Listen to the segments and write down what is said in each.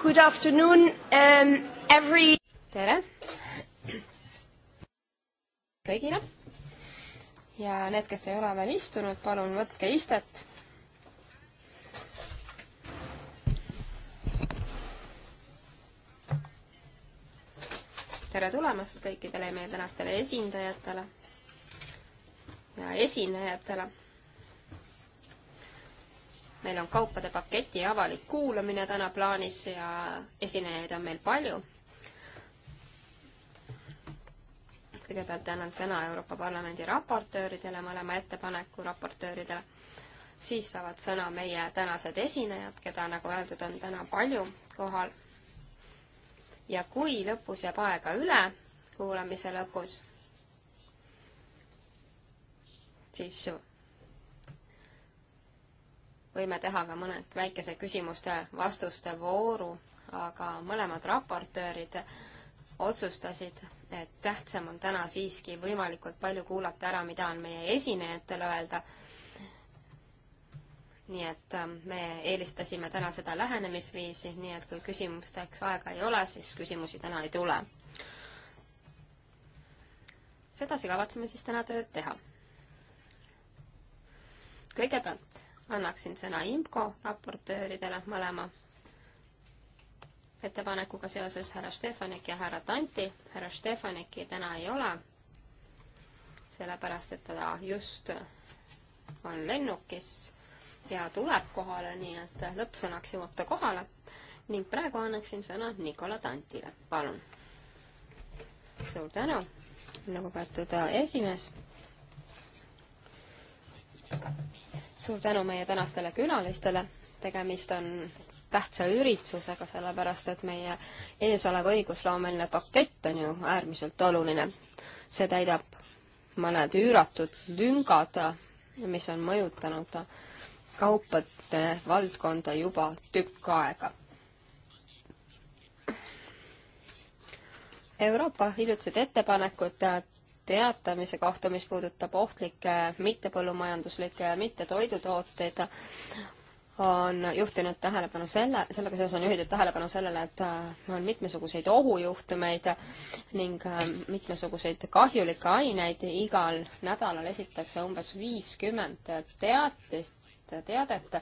Good afternoon um, every. tere kõigile. ja need, kes ei ole veel istunud, palun võtke istet. tere tulemast kõikidele meie tänastele esindajatele ja esinejatele meil on kaupade paketi avalik kuulamine täna plaanis ja esinejaid on meil palju. kõigepealt annan sõna Euroopa Parlamendi raportööridele, mõlema ettepaneku raportööridele. siis saavad sõna meie tänased esinejad, keda, nagu öeldud, on täna palju kohal. ja kui lõpus jääb aega üle, kuulamise lõpus, siis võime teha ka mõned väikese küsimuste-vastuste vooru, aga mõlemad raportöörid otsustasid, et tähtsam on täna siiski võimalikult palju kuulata ära, mida on meie esinejatele öelda. nii et ähm, me eelistasime täna seda lähenemisviisi, nii et kui küsimusteks aega ei ole, siis küsimusi täna ei tule. sedasi kavatseme siis täna tööd teha. kõigepealt annaksin sõna IMCO raportööridele mõlema ettepanekuga seoses härra Stefanik ja härra Tanti. härra Stefaniki täna ei ole, sellepärast et ta just on lennukis ja tuleb kohale, nii et lõppsõnaks jõuab ta kohale ning praegu annaksin sõna Nikola Tantile, palun. suur tänu, lugupeetud esimees suur tänu meie tänastele külalistele, tegemist on tähtsa üritusega, sellepärast et meie eesolev õigusloomeline pakett on ju äärmiselt oluline. see täidab mõned üüratud lüngad, mis on mõjutanud kaupade valdkonda juba tükk aega. Euroopa hiljutised ettepanekud teatamise kohta, mis puudutab ohtlikke mittepõllumajanduslikke ja mittetoidutooteid, on juhtinud tähelepanu selle, sellega seoses on juhitud tähelepanu sellele, et äh, on mitmesuguseid ohujuhtumeid ning äh, mitmesuguseid kahjulikke aineid. igal nädalal esitatakse umbes viiskümmend teatist teadet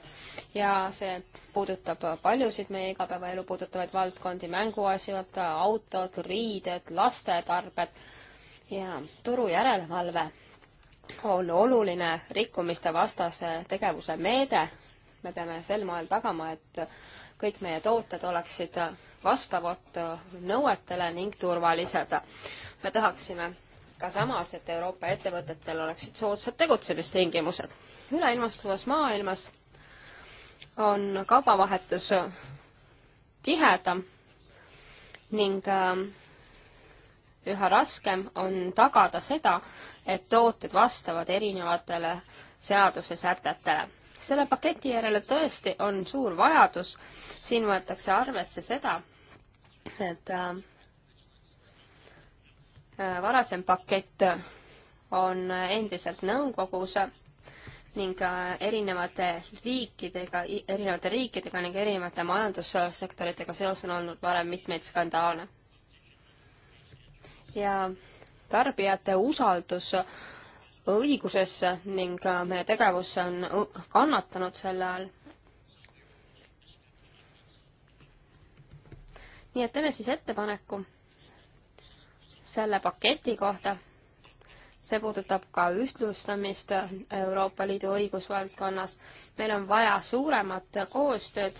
ja see puudutab paljusid meie igapäevaelu puudutavaid valdkondi, mänguasjad, autod, riided, lastetarbed ja turu järelevalve on oluline rikkumiste vastase tegevuse meede. me peame sel moel tagama, et kõik meie tooted oleksid vastavad nõuetele ning turvalised. me tahaksime ka samas, et Euroopa ettevõtetel oleksid soodsad tegutsemistingimused. üleilmastuvas maailmas on kaubavahetus tihedam ning äh, üha raskem on tagada seda, et tooted vastavad erinevatele seadusesätetele. selle paketi järele tõesti on suur vajadus, siin võetakse arvesse seda, et äh, äh varasem pakett on endiselt nõukogus ning äh, erinevate riikidega, erinevate riikidega ning erinevate majandussektoritega seoses on olnud varem mitmeid skandaale ja tarbijate usaldus õigusesse ning äh, meie tegevus on kannatanud selle all. nii et teeme siis ettepaneku selle paketi kohta. see puudutab ka ühtlustamist Euroopa Liidu õigusvaldkonnas. meil on vaja suuremat koostööd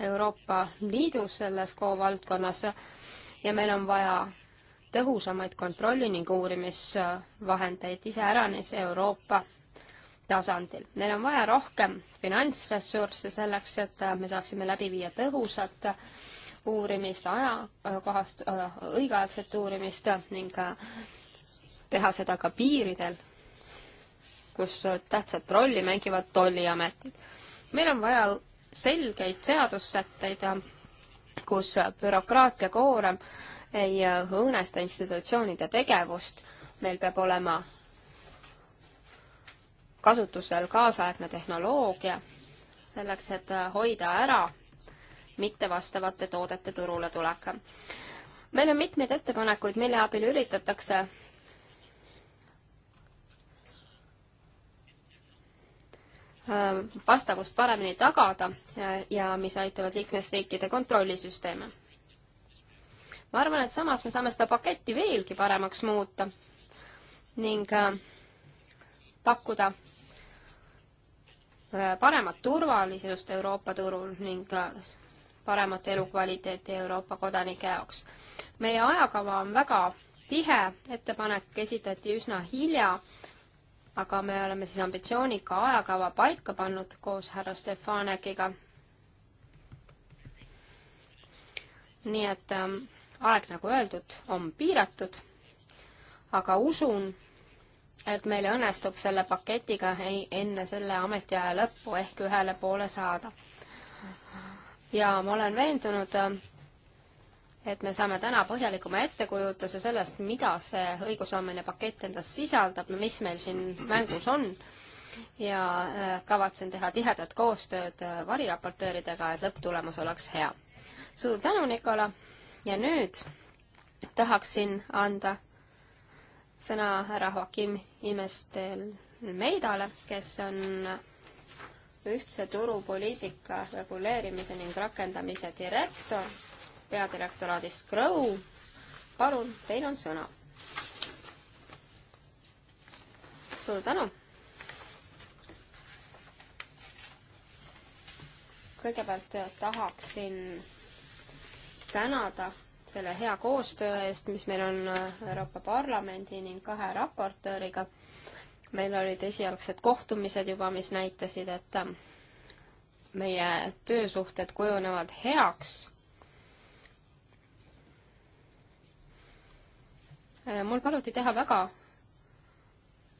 Euroopa Liidus selles valdkonnas ja meil on vaja tõhusamaid kontrolli ning uurimisvahendeid iseäranis Euroopa tasandil. meil on vaja rohkem finantsressursse selleks, et äh, me saaksime läbi viia tõhusat äh, uurimist, ajakohast, äh, õigeaegset uurimist ning teha seda ka piiridel, kus tähtsat rolli mängivad tolliametid. meil on vaja selgeid seadussätteid kus bürokraatia koorem ei õõnesta institutsioonide tegevust, meil peab olema kasutusel kaasaegne tehnoloogia, selleks et hoida ära mittevastavate toodete turule tulek. meil on mitmeid ettepanekuid, mille abil üritatakse Äh, vastavust paremini tagada ja, ja mis aitavad liikmesriikide kontrollisüsteeme. ma arvan, et samas me saame seda paketti veelgi paremaks muuta ning äh, pakkuda äh, paremat turvalisust Euroopa turul ning paremat elukvaliteeti Euroopa kodanike jaoks. meie ajakava on väga tihe, ettepanek esitati üsna hilja aga me oleme siis ambitsioonika ajakava paika pannud koos härra Stefanekiga. nii et ähm, aeg, nagu öeldud, on piiratud, aga usun, et meil õnnestub selle paketiga ei, enne selle ametiaja lõppu ehk ühele poole saada. ja ma olen veendunud äh,, et me saame täna põhjalikuma ettekujutuse sellest, mida see õigusloomine pakett endas sisaldab, mis meil siin mängus on ja äh, kavatsen teha tihedat koostööd äh, variraportööridega, et lõpptulemus oleks hea. suur tänu, Nikola, ja nüüd tahaksin anda sõna härra Joakim Imestel Meidale, kes on ühtse turupoliitika reguleerimise ning rakendamise direktor peadirektoraadist Grow. palun, teil on sõna. suur tänu. kõigepealt tahaksin tänada selle hea koostöö eest, mis meil on Euroopa Parlamendi ning kahe raportööriga. meil olid esialgsed kohtumised juba, mis näitasid, et meie töösuhted kujunevad heaks Äh, mul paluti teha väga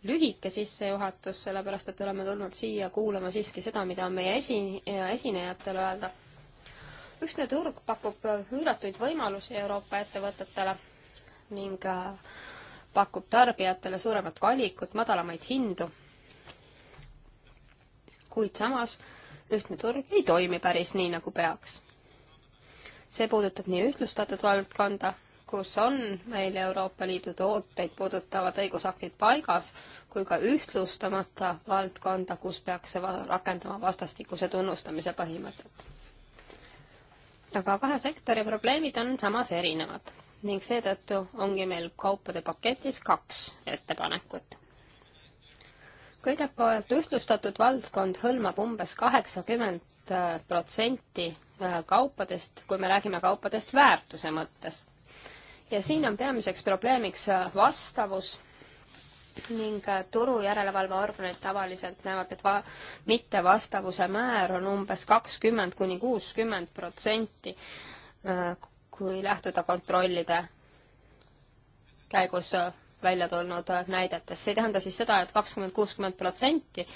lühike sissejuhatus, sellepärast et oleme tulnud siia kuulama siiski seda, mida on meie esi, esinejatel öelda. ühtne turg pakub üüratuid võimalusi Euroopa ettevõtetele ning äh, pakub tarbijatele suuremat valikut, madalamaid hindu. kuid samas ühtne turg ei toimi päris nii, nagu peaks. see puudutab nii ühtlustatud valdkonda kus on meil Euroopa Liidu tooteid puudutavad õigusaktid paigas, kui ka ühtlustamata valdkonda, kus peaks rakendama vastastikuse tunnustamise põhimõtet. aga kahe sektori probleemid on samas erinevad ning seetõttu ongi meil kaupade paketis kaks ettepanekut. kõigepealt ühtlustatud valdkond hõlmab umbes kaheksakümmend äh, protsenti äh, kaupadest, kui me räägime kaupadest väärtuse mõttes ja siin on peamiseks probleemiks äh, vastavus ning äh, turu järelevalveorganid tavaliselt näevad, et va-, mittevastavuse määr on umbes kakskümmend kuni kuuskümmend protsenti, äh, kui lähtuda kontrollide käigus välja tulnud näidetest. see ei tähenda siis seda et, et kakskümmend, kuuskümmend protsenti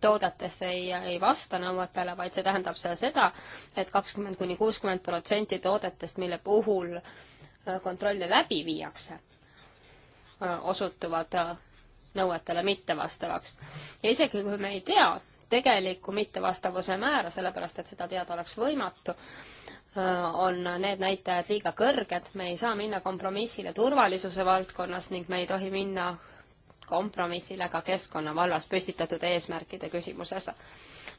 toodetest ei, ei vasta nõuetele, vaid see tähendab see seda et, et kakskümmend kuni kuuskümmend protsenti toodetest, mille puhul äh, kontrolle läbi viiakse, äh, osutuvad äh, nõuetele mittevastavaks. ja isegi kui me ei tea tegelikku mittevastavuse määra, sellepärast et seda teada oleks võimatu, äh, on need näitajad liiga kõrged, me ei saa minna kompromissile turvalisuse valdkonnas ning me ei tohi minna kompromissile ka keskkonna vallas püstitatud eesmärkide küsimuses.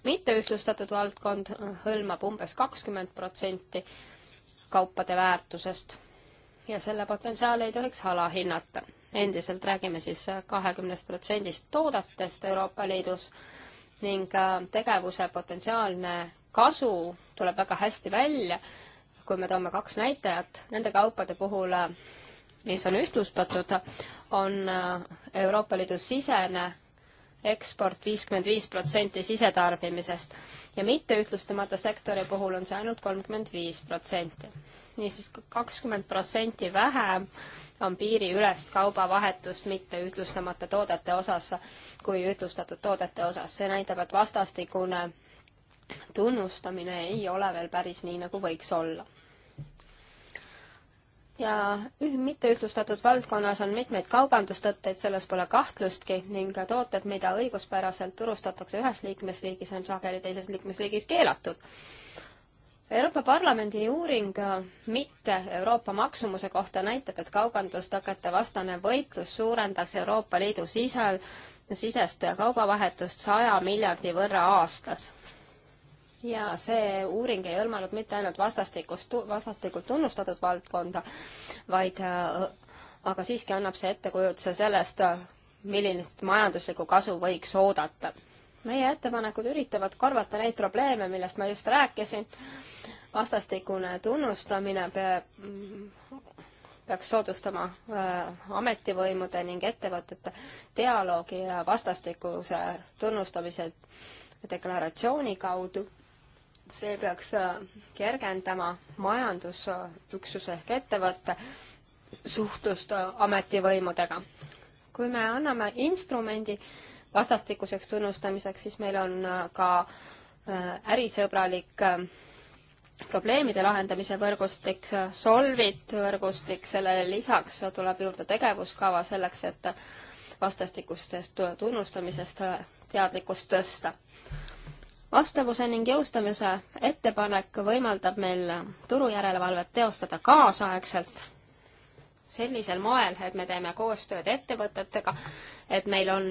mitteühtlustatud valdkond hõlmab umbes kakskümmend protsenti kaupade väärtusest ja selle potentsiaali ei tohiks alahinnata. endiselt räägime siis kahekümnest protsendist toodetest Euroopa Liidus ning äh, tegevuse potentsiaalne kasu tuleb väga hästi välja, kui me toome kaks näitajat, nende kaupade puhul, äh, mis on ühtlustatud, on äh, Euroopa Liidu sisene eksport viiskümmend viis protsenti sisetarbimisest ja mitteühtlustamata sektori puhul on see ainult kolmkümmend viis protsenti niisiis kakskümmend protsenti vähem on piiriülest kaubavahetust mitte ühtlustamata toodete osas kui ühtlustatud toodete osas. see näitab, et vastastikune tunnustamine ei ole veel päris nii, nagu võiks olla. ja mitteühtlustatud valdkonnas on mitmeid kaubandustõtteid, selles pole kahtlustki, ning tooted, mida õiguspäraselt turustatakse ühes liikmesriigis, on sageli teises liikmesriigis keelatud Euroopa Parlamendi uuring mitte Euroopa maksumuse kohta näitab, et kaubandustakete vastane võitlus suurendaks Euroopa Liidu sisal, sisest kaubavahetust saja miljardi võrra aastas. ja see uuring ei hõlmanud mitte ainult vastastikust, vastastikult tunnustatud valdkonda, vaid äh, aga siiski annab see ettekujutuse sellest, millist majanduslikku kasu võiks oodata meie ettepanekud üritavad korvata neid probleeme, millest ma just rääkisin. vastastikune tunnustamine peab, peaks soodustama äh, ametivõimude ning ettevõtete dialoogi ja vastastikuse tunnustamise deklaratsiooni kaudu. see peaks äh, kergendama majandusüksuse ehk ettevõtte suhtlust äh, ametivõimudega. kui me anname instrumendi, vastastikuseks tunnustamiseks, siis meil on äh, ka äh, ärisõbralik äh, probleemide lahendamise võrgustik, Solvit võrgustik, sellele lisaks tuleb juurde tegevuskava selleks, et vastastikustest tunnustamisest teadlikkust tõsta. vastavuse ning jõustamise ettepanek võimaldab meil turujärelevalvet teostada kaasaegselt, sellisel moel, et me teeme koostööd ettevõtetega, et meil on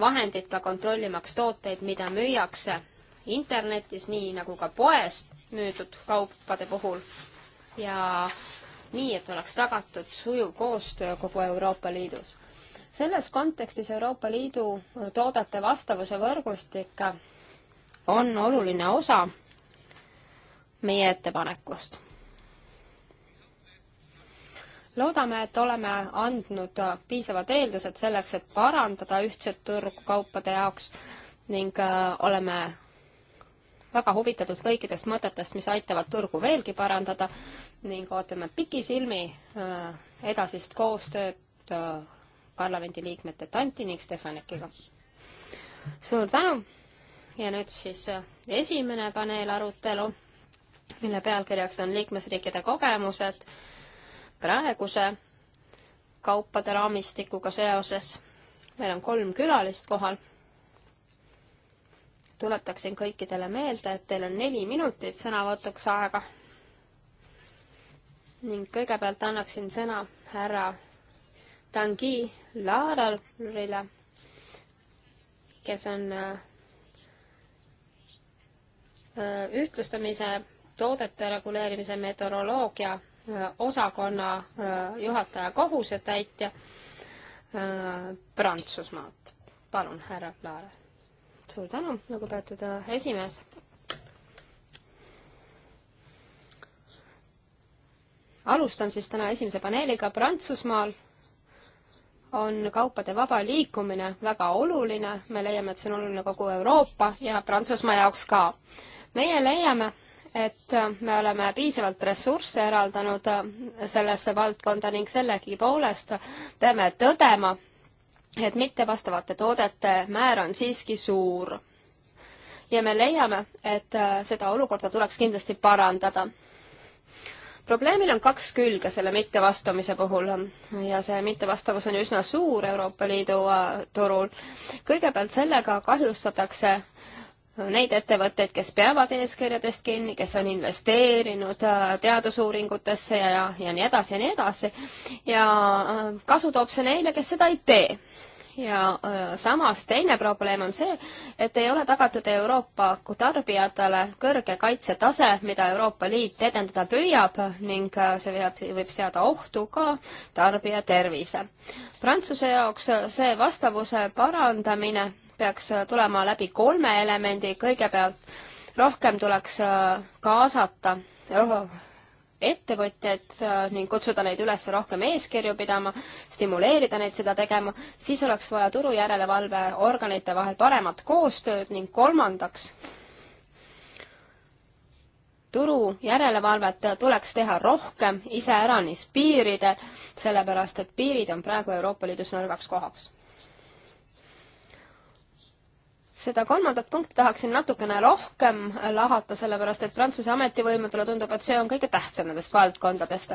vahendid ka kontrollimaks tooteid, mida müüakse internetis, nii nagu ka poest müüdud kaupade puhul ja nii, et oleks tagatud sujuv koostöö kogu Euroopa Liidus. selles kontekstis Euroopa Liidu toodete vastavuse võrgustik on oluline osa meie ettepanekust loodame, et oleme andnud piisavad eeldused selleks, et parandada ühtset turgu kaupade jaoks ning äh, oleme väga huvitatud kõikidest mõtetest, mis aitavad turgu veelgi parandada ning ootame pikisilmi äh, edasist koostööd äh, parlamendiliikmete Tanti ning Stefanekiga. suur tänu ja nüüd siis esimene paneelarutelu, mille pealkirjaks on liikmesriikide kogemused praeguse kaupade raamistikuga seoses. meil on kolm külalist kohal. tuletaksin kõikidele meelde, et teil on neli minutit sõnavõtuks aega. ning kõigepealt annaksin sõna härra Tangi Laararile, kes on äh, ühtlustamise toodete reguleerimise meteoroloogia osakonna äh, juhataja kohusetäitja äh, Prantsusmaalt. palun, härra Laare. suur tänu, lugupeetud äh, esimees. alustan siis täna esimese paneeliga Prantsusmaal on kaupade vaba liikumine väga oluline, me leiame, et see on oluline kogu Euroopa ja Prantsusmaa jaoks ka. meie leiame, et me oleme piisavalt ressursse eraldanud äh, sellesse valdkonda ning sellegipoolest peame tõdema, et mittevastavate toodete määr on siiski suur. ja me leiame, et äh, seda olukorda tuleks kindlasti parandada. probleemil on kaks külge selle mittevastamise puhul ja see mittevastavus on üsna suur Euroopa Liidu äh, turul. kõigepealt sellega kahjustatakse äh, neid ettevõtteid, kes peavad eeskirjadest kinni, kes on investeerinud äh, teadusuuringutesse ja, ja, ja nii edasi ja nii edasi. ja äh, kasu toob see neile, kes seda ei tee. ja äh, samas teine probleem on see, et ei ole tagatud Euroopa tarbijatele kõrge kaitsetase, mida Euroopa Liit edendada püüab ning see võib, võib seada ohtu ka tarbija tervise. Prantsuse jaoks see vastavuse parandamine peaks äh, tulema läbi kolme elemendi, kõigepealt rohkem tuleks äh, kaasata ettevõtjaid äh, ning kutsuda neid üles rohkem eeskirju pidama, stimuleerida neid seda tegema, siis oleks vaja turu järelevalveorganite vahel paremat koostööd ning kolmandaks, turu järelevalvet tuleks teha rohkem iseäranis piiridel, sellepärast et piirid on praegu Euroopa Liidus nõrgaks kohaks. seda kolmandat punkti tahaksin natukene rohkem lahata, sellepärast et Prantsuse ametivõimudele tundub, et see on kõige tähtsam nendest valdkondadest.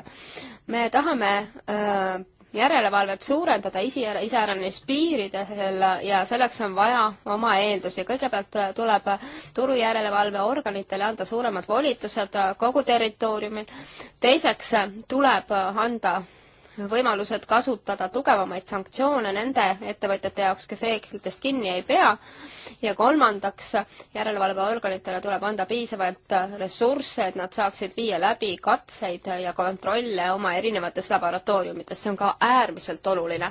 me tahame äh, järelevalvet suurendada isi, iseäranis piiridel ja selleks on vaja oma eeldusi. kõigepealt äh, tuleb turujärelevalveorganitele anda suuremad volitused äh, kogu territooriumil. teiseks äh, tuleb anda võimalused kasutada tugevamaid sanktsioone nende ettevõtjate jaoks, kes reeglitest kinni ei pea. ja kolmandaks, järelevalveorganitele tuleb anda piisavalt ressursse, et nad saaksid viia läbi katseid ja kontrolle oma erinevates laboratooriumites, see on ka äärmiselt oluline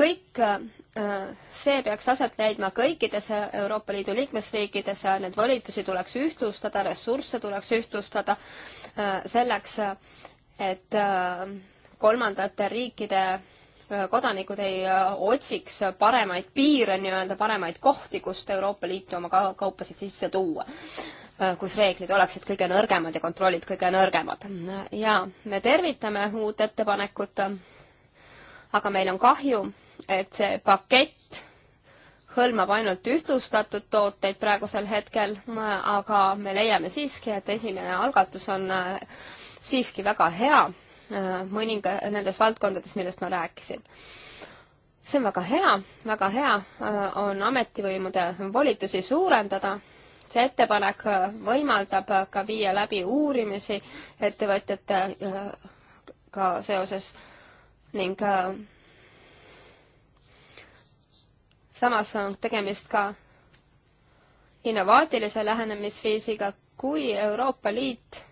kõik äh, see peaks aset leidma kõikides Euroopa Liidu liikmesriikides, need volitusi tuleks ühtlustada, ressursse tuleks ühtlustada äh, selleks, et äh, kolmandate riikide äh, kodanikud ei äh, otsiks paremaid piire, nii-öelda paremaid kohti, kust Euroopa Liitu oma kaupasid sisse tuua, kus reeglid oleksid kõige nõrgemad ja kontrollid kõige nõrgemad. ja me tervitame uut ettepanekut, aga meil on kahju, et see pakett hõlmab ainult ühtlustatud tooteid praegusel hetkel, aga me leiame siiski, et esimene algatus on äh, siiski väga hea äh, mõninga nendes valdkondades, millest ma rääkisin. see on väga hea, väga hea äh, on ametivõimude volitusi suurendada, see ettepanek äh, võimaldab ka viia läbi uurimisi ettevõtjatega seoses ning samas on tegemist ka innovaatilise lähenemisviisiga, kui Euroopa Liit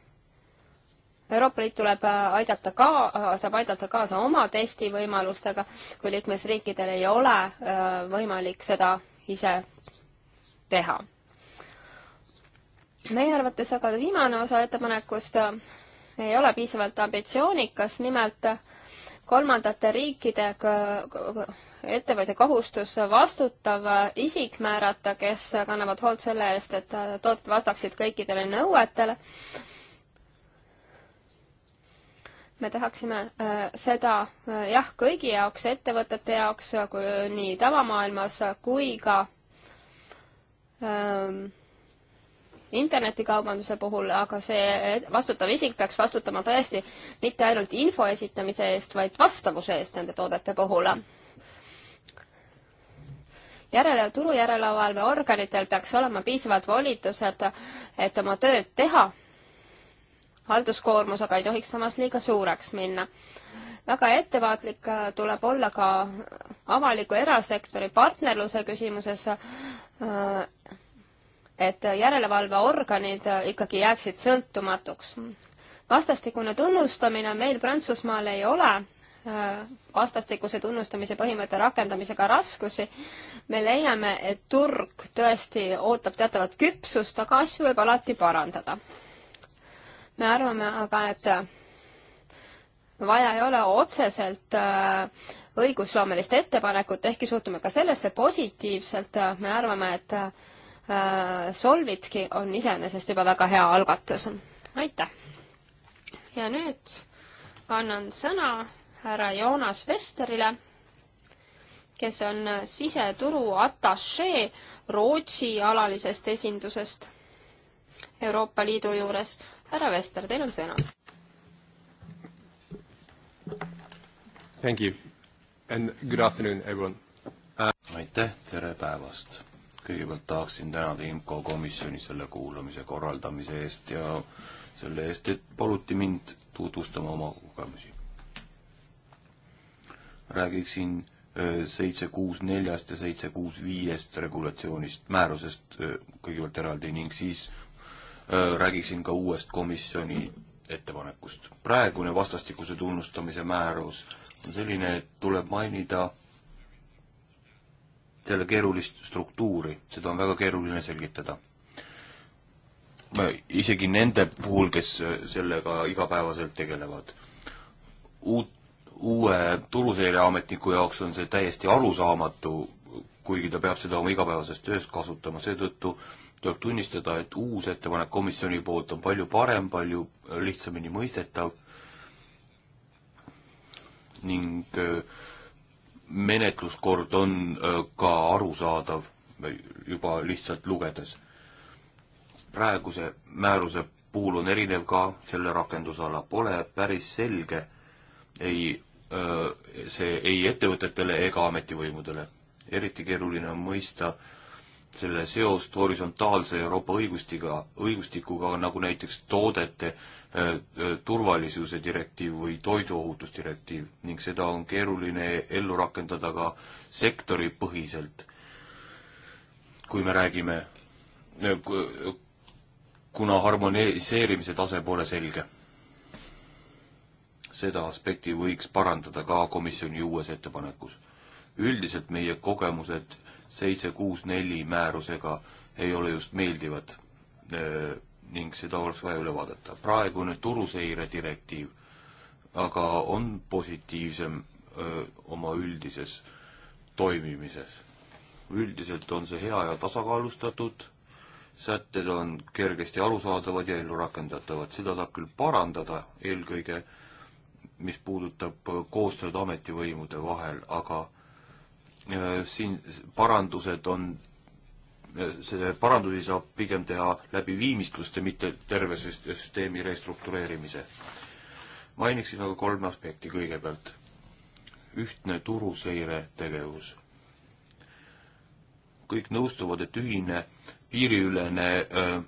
Euroopa Liit tuleb äh, aidata ka, äh, saab aidata kaasa oma testivõimalustega, kui liikmesriikidel ei ole äh, võimalik seda ise teha. meie arvates aga viimane osa ettepanekust ei ole piisavalt ambitsioonikas, nimelt kolmandate riikide ettevõtja kohustus vastutav isik määrata, kes kannavad hoolt selle eest, et tooted vastaksid kõikidele nõuetele me tahaksime äh, seda äh, jah, kõigi jaoks, ettevõtete jaoks, äh, nii tavamaailmas kui ka ähm, internetikaubanduse puhul, aga see vastutav isik peaks vastutama tõesti mitte ainult info esitamise eest, vaid vastavuse eest nende toodete puhul järele, turu järelevalveorganitel peaks olema piisavad volitused, et oma tööd teha halduskoormus aga ei tohiks samas liiga suureks minna. väga ettevaatlik äh, tuleb olla ka avaliku erasektori partnerluse küsimuses, äh, et järelevalveorganid äh, ikkagi jääksid sõltumatuks. vastastikune tunnustamine meil Prantsusmaal ei ole, vastastikuse tunnustamise põhimõtte rakendamisega raskusi, me leiame, et turg tõesti ootab teatavat küpsust, aga asju võib alati parandada me arvame aga, et vaja ei ole otseselt äh, õigusloomelist ettepanekut, ehkki suhtume ka sellesse positiivselt, me arvame, et äh, Solvitki on iseenesest juba väga hea algatus. aitäh! ja nüüd annan sõna härra Joonas Vesterile, kes on siseturu atašee Rootsi alalisest esindusest Euroopa Liidu juures härra Vester, teil on sõna. Thank you and good afternoon everyone uh.... aitäh, tere päevast. kõigepealt tahaksin tänada IMCO komisjoni selle kuulamise korraldamise eest ja selle eest, et paluti mind tutvustama oma kogemusi. räägiksin äh, seitse kuus neljast ja seitse kuus viiest regulatsioonist, määrusest äh, kõigepealt eraldi ning siis räägiksin ka uuest komisjoni ettepanekust. praegune vastastikuse tunnustamise määrus on selline, et tuleb mainida selle keerulist struktuuri, seda on väga keeruline selgitada. isegi nende puhul, kes sellega igapäevaselt tegelevad. uut, uue turuseireametniku jaoks on see täiesti arusaamatu, kuigi ta peab seda oma igapäevases töös kasutama, seetõttu äh, tuleb tunnistada, et uus ettepanek komisjoni poolt on palju parem, palju äh, lihtsamini mõistetav ning äh, menetluskord on äh, ka arusaadav juba lihtsalt lugedes. praeguse määruse puhul on erinev ka, selle rakendusala pole päris selge, ei, see ei ettevõtetele ega ametivõimudele. eriti keeruline on mõista äh, selle seost horisontaalse Euroopa õigustiga, õigustikuga, nagu näiteks toodete äh, äh, turvalisuse direktiiv või toiduohutusdirektiiv ning seda on keeruline ellu rakendada ka sektoripõhiselt. kui me räägime, äh, kuna harmoniseerimise tase pole selge. seda aspekti võiks parandada ka komisjoni uues ettepanekus. üldiselt meie kogemused seitse kuus neli määrusega ei ole just meeldivad ning seda oleks vaja üle vaadata. praegune turuseire direktiiv aga on positiivsem öö, oma üldises toimimises. üldiselt on see hea ja tasakaalustatud, sätted on kergesti arusaadavad ja ellurakendatavad, seda saab küll parandada eelkõige, mis puudutab koostööd ametivõimude vahel, aga Äh, siin parandused on, äh, see parandusi saab pigem teha läbi viimistluste, mitte terve süsteemi restruktureerimise. mainiksin aga kolme aspekti kõigepealt. ühtne turuseire tegevus. kõik nõustuvad, et ühine piiriülene öö,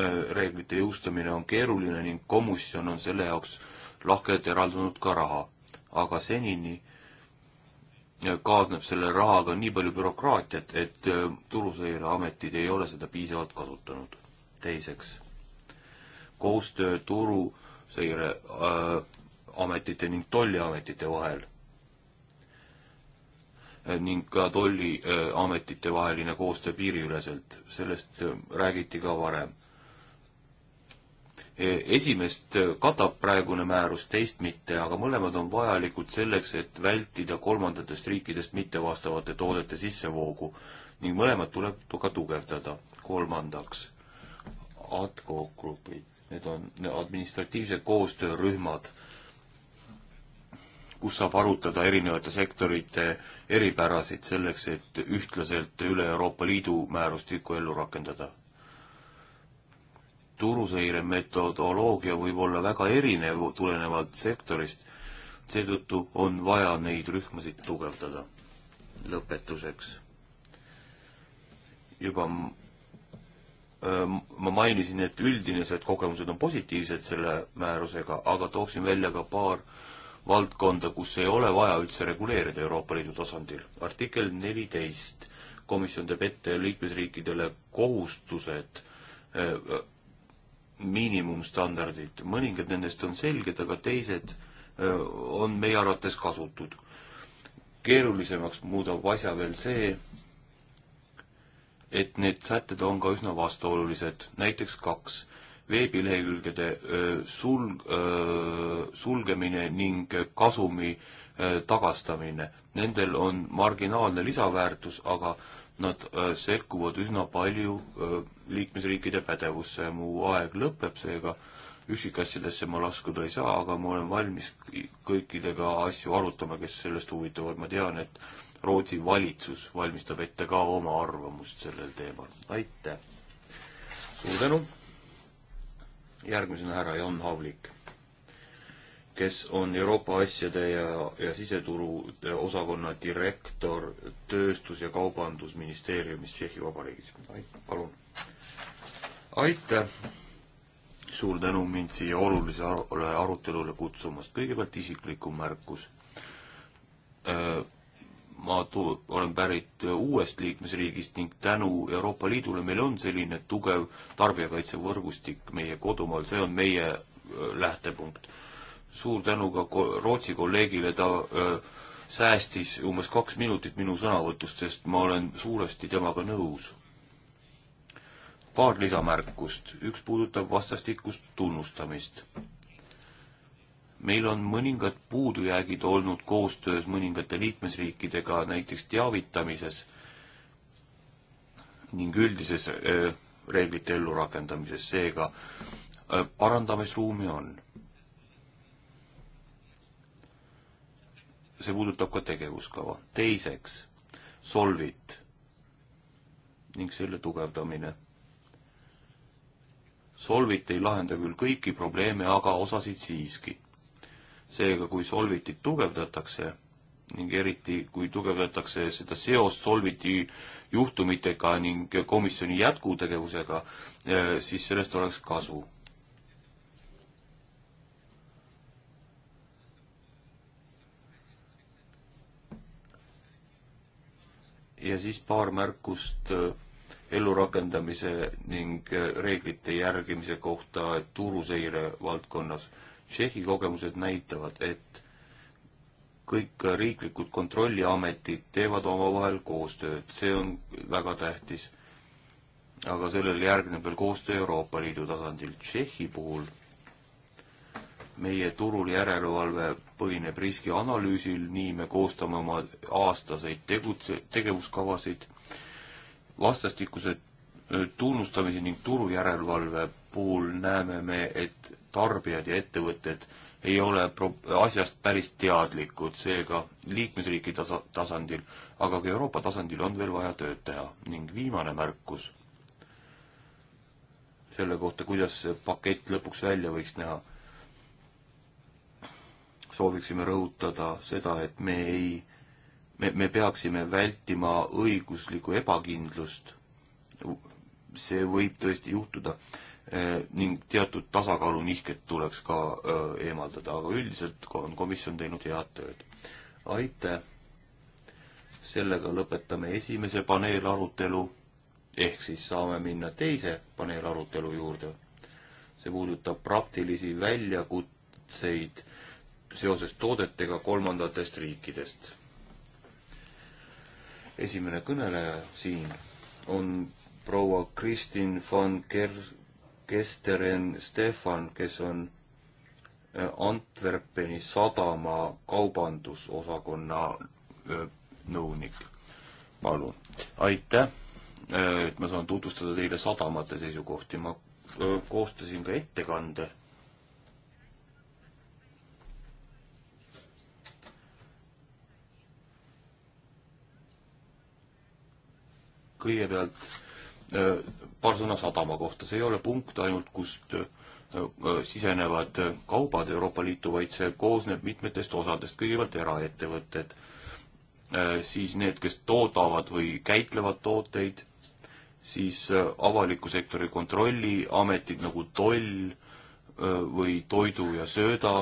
äh, reeglite jõustamine on keeruline ning komisjon on selle jaoks lahkelt eraldanud ka raha. aga senini kaasneb selle rahaga nii palju bürokraatiat, et äh, turuseireametid ei ole seda piisavalt kasutanud. teiseks, koostöö turuseireametite äh, ning tolliametite vahel äh, ning ka tolliametite vaheline koostöö piiriüleselt, sellest räägiti ka varem. E, esimest e, katab praegune määrus, teist mitte, aga mõlemad on vajalikud selleks, et vältida kolmandatest riikidest mittevastavate toodete sissevoogu ning mõlemad tuleb ka tugevdada. kolmandaks, ATCO grupid, need on administratiivse koostöörühmad, kus saab arutada erinevate sektorite eripärasid selleks, et ühtlaselt üle Euroopa Liidu määrustikku ellu rakendada turuseire metodoloogia võib olla väga erinev tulenevalt sektorist, seetõttu on vaja neid rühmasid tugevdada. lõpetuseks. juba ähm, ma mainisin, et üldised kogemused on positiivsed selle määrusega, aga tooksin välja ka paar valdkonda, kus ei ole vaja üldse reguleerida Euroopa Liidu tasandil. artikkel neliteist, komisjon teeb ette liikmesriikidele kohustused äh, miinimumstandardid, mõningad nendest on selged, aga teised on meie arvates kasutud. keerulisemaks muudab asja veel see, et need sätted on ka üsna vastuolulised, näiteks kaks, veebilehekülgede sul-, sulgemine ning kasumi tagastamine. Nendel on marginaalne lisaväärtus, aga äh, nad äh, sekkuvad üsna palju äh, liikmesriikide pädevusse, mu aeg lõpeb seega, üksikasjadesse ma laskuda ei saa, aga ma olen valmis kõikidega asju arutama, kes sellest huvitavad, ma tean, et Rootsi valitsus valmistab ette ka oma arvamust sellel teemal. aitäh! suur tänu! järgmisena härra Jan Havlik kes on Euroopa asjade ja, ja siseturu osakonna direktor Tööstus- ja Kaubandusministeeriumis Tšehhi Vabariigis. palun. aitäh! suur tänu mind siia olulisele arutelule kutsumast. kõigepealt isiklikum märkus. ma tu-, olen pärit uuest liikmesriigist ning tänu Euroopa Liidule meil on selline tugev tarbijakaitsevõrgustik meie kodumaal, see on meie lähtepunkt suur tänu ka Rootsi kolleegile, ta öö, äh, säästis umbes kaks minutit minu sõnavõtust, sest ma olen suuresti temaga nõus. paar lisamärkust, üks puudutab vastastikust tunnustamist. meil on mõningad puudujäägid olnud koostöös mõningate liikmesriikidega, näiteks teavitamises ning üldises öö, äh, reeglite ellurakendamises, seega äh, parandamisruumi on see puudutab ka tegevuskava. teiseks, Solvit ning selle tugevdamine. Solvit ei lahenda küll kõiki probleeme, aga osasid siiski. seega, kui Solvitit tugevdatakse ning eriti, kui tugevdatakse seda seost Solviti juhtumitega ning komisjoni jätkutegevusega, eh, siis sellest oleks kasu. ja siis paar märkust äh, ellurakendamise ning äh, reeglite järgimise kohta turuseire valdkonnas. Tšehhi kogemused näitavad, et kõik äh, riiklikud kontrolliametid teevad omavahel koostööd, see on väga tähtis. aga sellele järgneb veel koostöö Euroopa Liidu tasandil. Tšehhi puhul meie turul järelevalve põhineb riskianalüüsil, nii me koostame oma aastaseid tegutse, tegevuskavasid, vastastikuse tunnustamise ning turujärelevalve puhul näeme me, et tarbijad ja ettevõtted ei ole pro-, asjast päris teadlikud, seega liikmesriigi tasa-, tasandil, aga ka Euroopa tasandil on veel vaja tööd teha ning viimane märkus selle kohta, kuidas see pakett lõpuks välja võiks näha sooviksime rõhutada seda, et me ei, me, me peaksime vältima õiguslikku ebakindlust. see võib tõesti juhtuda eh, ning teatud tasakaalunihked tuleks ka eh, eemaldada, aga üldiselt on komisjon teinud head tööd. aitäh! sellega lõpetame esimese paneelarutelu, ehk siis saame minna teise paneelarutelu juurde. see puudutab praktilisi väljakutseid seoses toodetega kolmandatest riikidest. esimene kõneleja siin on proua Kristin van Ker-, Kesteren Stefan, kes on äh, Antwerpeni sadama kaubandusosakonna äh, nõunik. palun. aitäh, äh, et ma saan tutvustada teile sadamate seisukohti, ma koostasin ka ettekande kõigepealt äh, paar sõna sadama kohta, see ei ole punkt ainult, kust äh, äh, sisenevad kaubad Euroopa Liitu, vaid see koosneb mitmetest osadest, kõigepealt eraettevõtted, siis need, kes toodavad või käitlevad tooteid, siis avaliku sektori kontrolliametid nagu toll või toidu ja sööda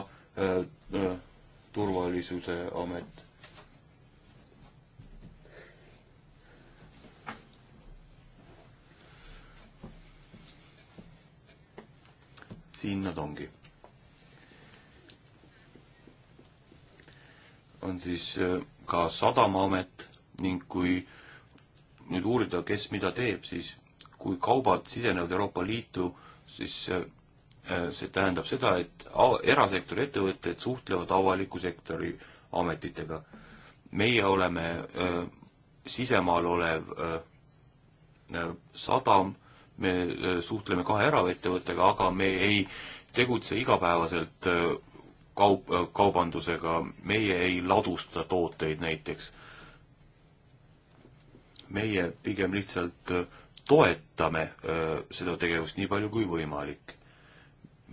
turvalisuse amet siin nad ongi. on siis äh, ka sadamaamet ning kui nüüd uurida, kes mida teeb, siis kui kaubad sisenevad Euroopa Liitu, siis äh, äh, see tähendab seda, et erasektori ettevõtted suhtlevad avaliku sektori ametitega. meie oleme öö, sisemaal olev öö, sadam me äh, suhtleme kahe eraettevõttega, aga me ei tegutse igapäevaselt äh, kaup, äh, kaubandusega, meie ei ladusta tooteid näiteks. meie pigem lihtsalt toetame seda tegevust nii palju kui võimalik.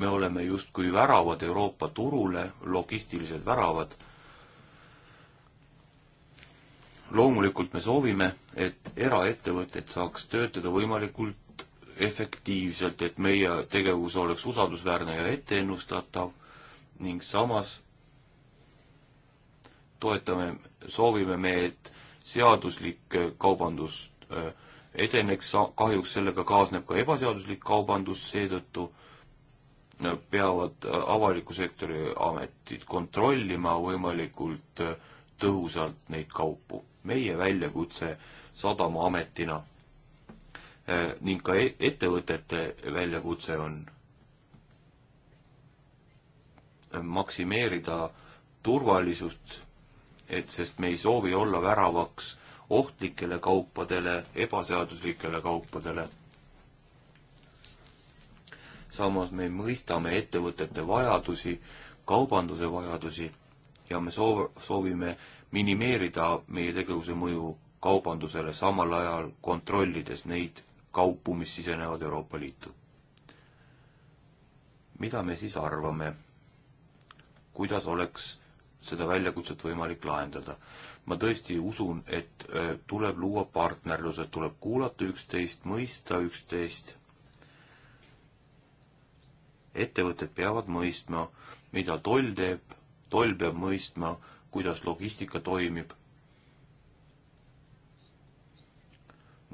me oleme justkui väravad Euroopa turule, logistilised väravad. loomulikult me soovime, et eraettevõtted saaks töötada võimalikult efektiivselt, et meie tegevus oleks usaldusväärne ja etteennustatav ning samas toetame, soovime me, et seaduslik äh, kaubandus äh, edeneks, kahjuks sellega kaasneb ka ebaseaduslik kaubandus, seetõttu äh, peavad avaliku sektori ametid kontrollima võimalikult tõhusalt neid kaupu. meie väljakutse sadamaametina Äh, ning ka e-, ettevõtete väljakutse on maksimeerida turvalisust, et sest me ei soovi olla väravaks ohtlikele kaupadele, ebaseaduslikele kaupadele. samas me mõistame ettevõtete vajadusi, kaubanduse vajadusi ja me soov, soovime minimeerida meie tegevuse mõju kaubandusele, samal ajal kontrollides neid kaupu, mis sisenevad Euroopa Liitu. mida me siis arvame? kuidas oleks seda väljakutset võimalik lahendada? ma tõesti usun, et äh, tuleb luua partnerlused, tuleb kuulata üksteist, mõista üksteist. ettevõtted peavad mõistma, mida toll teeb, toll peab mõistma, kuidas logistika toimib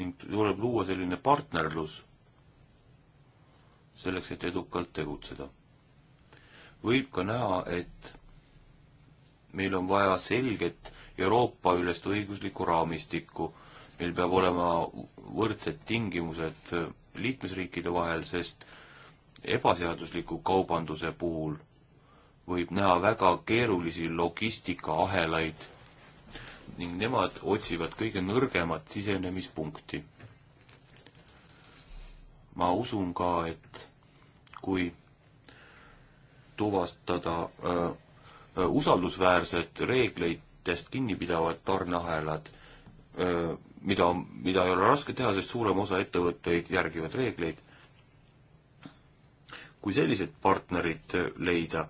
ning tuleb luua selline partnerlus selleks, et edukalt tegutseda. võib ka näha, et meil on vaja selget Euroopa-ülest õiguslikku raamistikku, meil peab olema võrdsed tingimused liikmesriikide vahel, sest ebaseadusliku kaubanduse puhul võib näha väga keerulisi logistikaahelaid ning nemad otsivad kõige nõrgemat sisenemispunkti. ma usun ka, et kui tuvastada öö, äh, äh, usaldusväärsed reeglitest kinnipidavad tarneahelad, äh, mida, mida ei ole raske teha, sest suurem osa ettevõtteid järgivad reegleid. kui sellised partnerid leida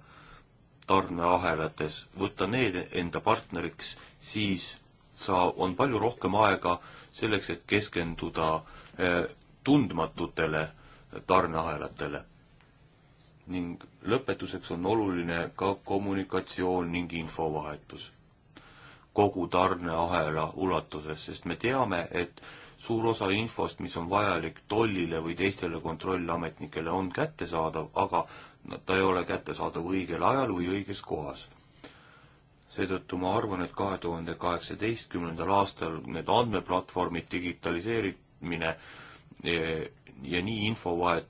tarneahelates, võtta need enda partneriks siis saa-, on palju rohkem aega selleks, et keskenduda eh, tundmatutele tarneahelatele. ning lõpetuseks on oluline ka kommunikatsioon ning infovahetus kogu tarneahela ulatuses, sest me teame, et suur osa infost, mis on vajalik tollile või teistele kontrollametnikele, on kättesaadav, aga ta ei ole kättesaadav õigel ajal või õiges kohas seetõttu ma arvan, et kahe tuhande kaheksateistkümnendal aastal need andmeplatvormid, digitaliseerimine e, ja nii infovahet,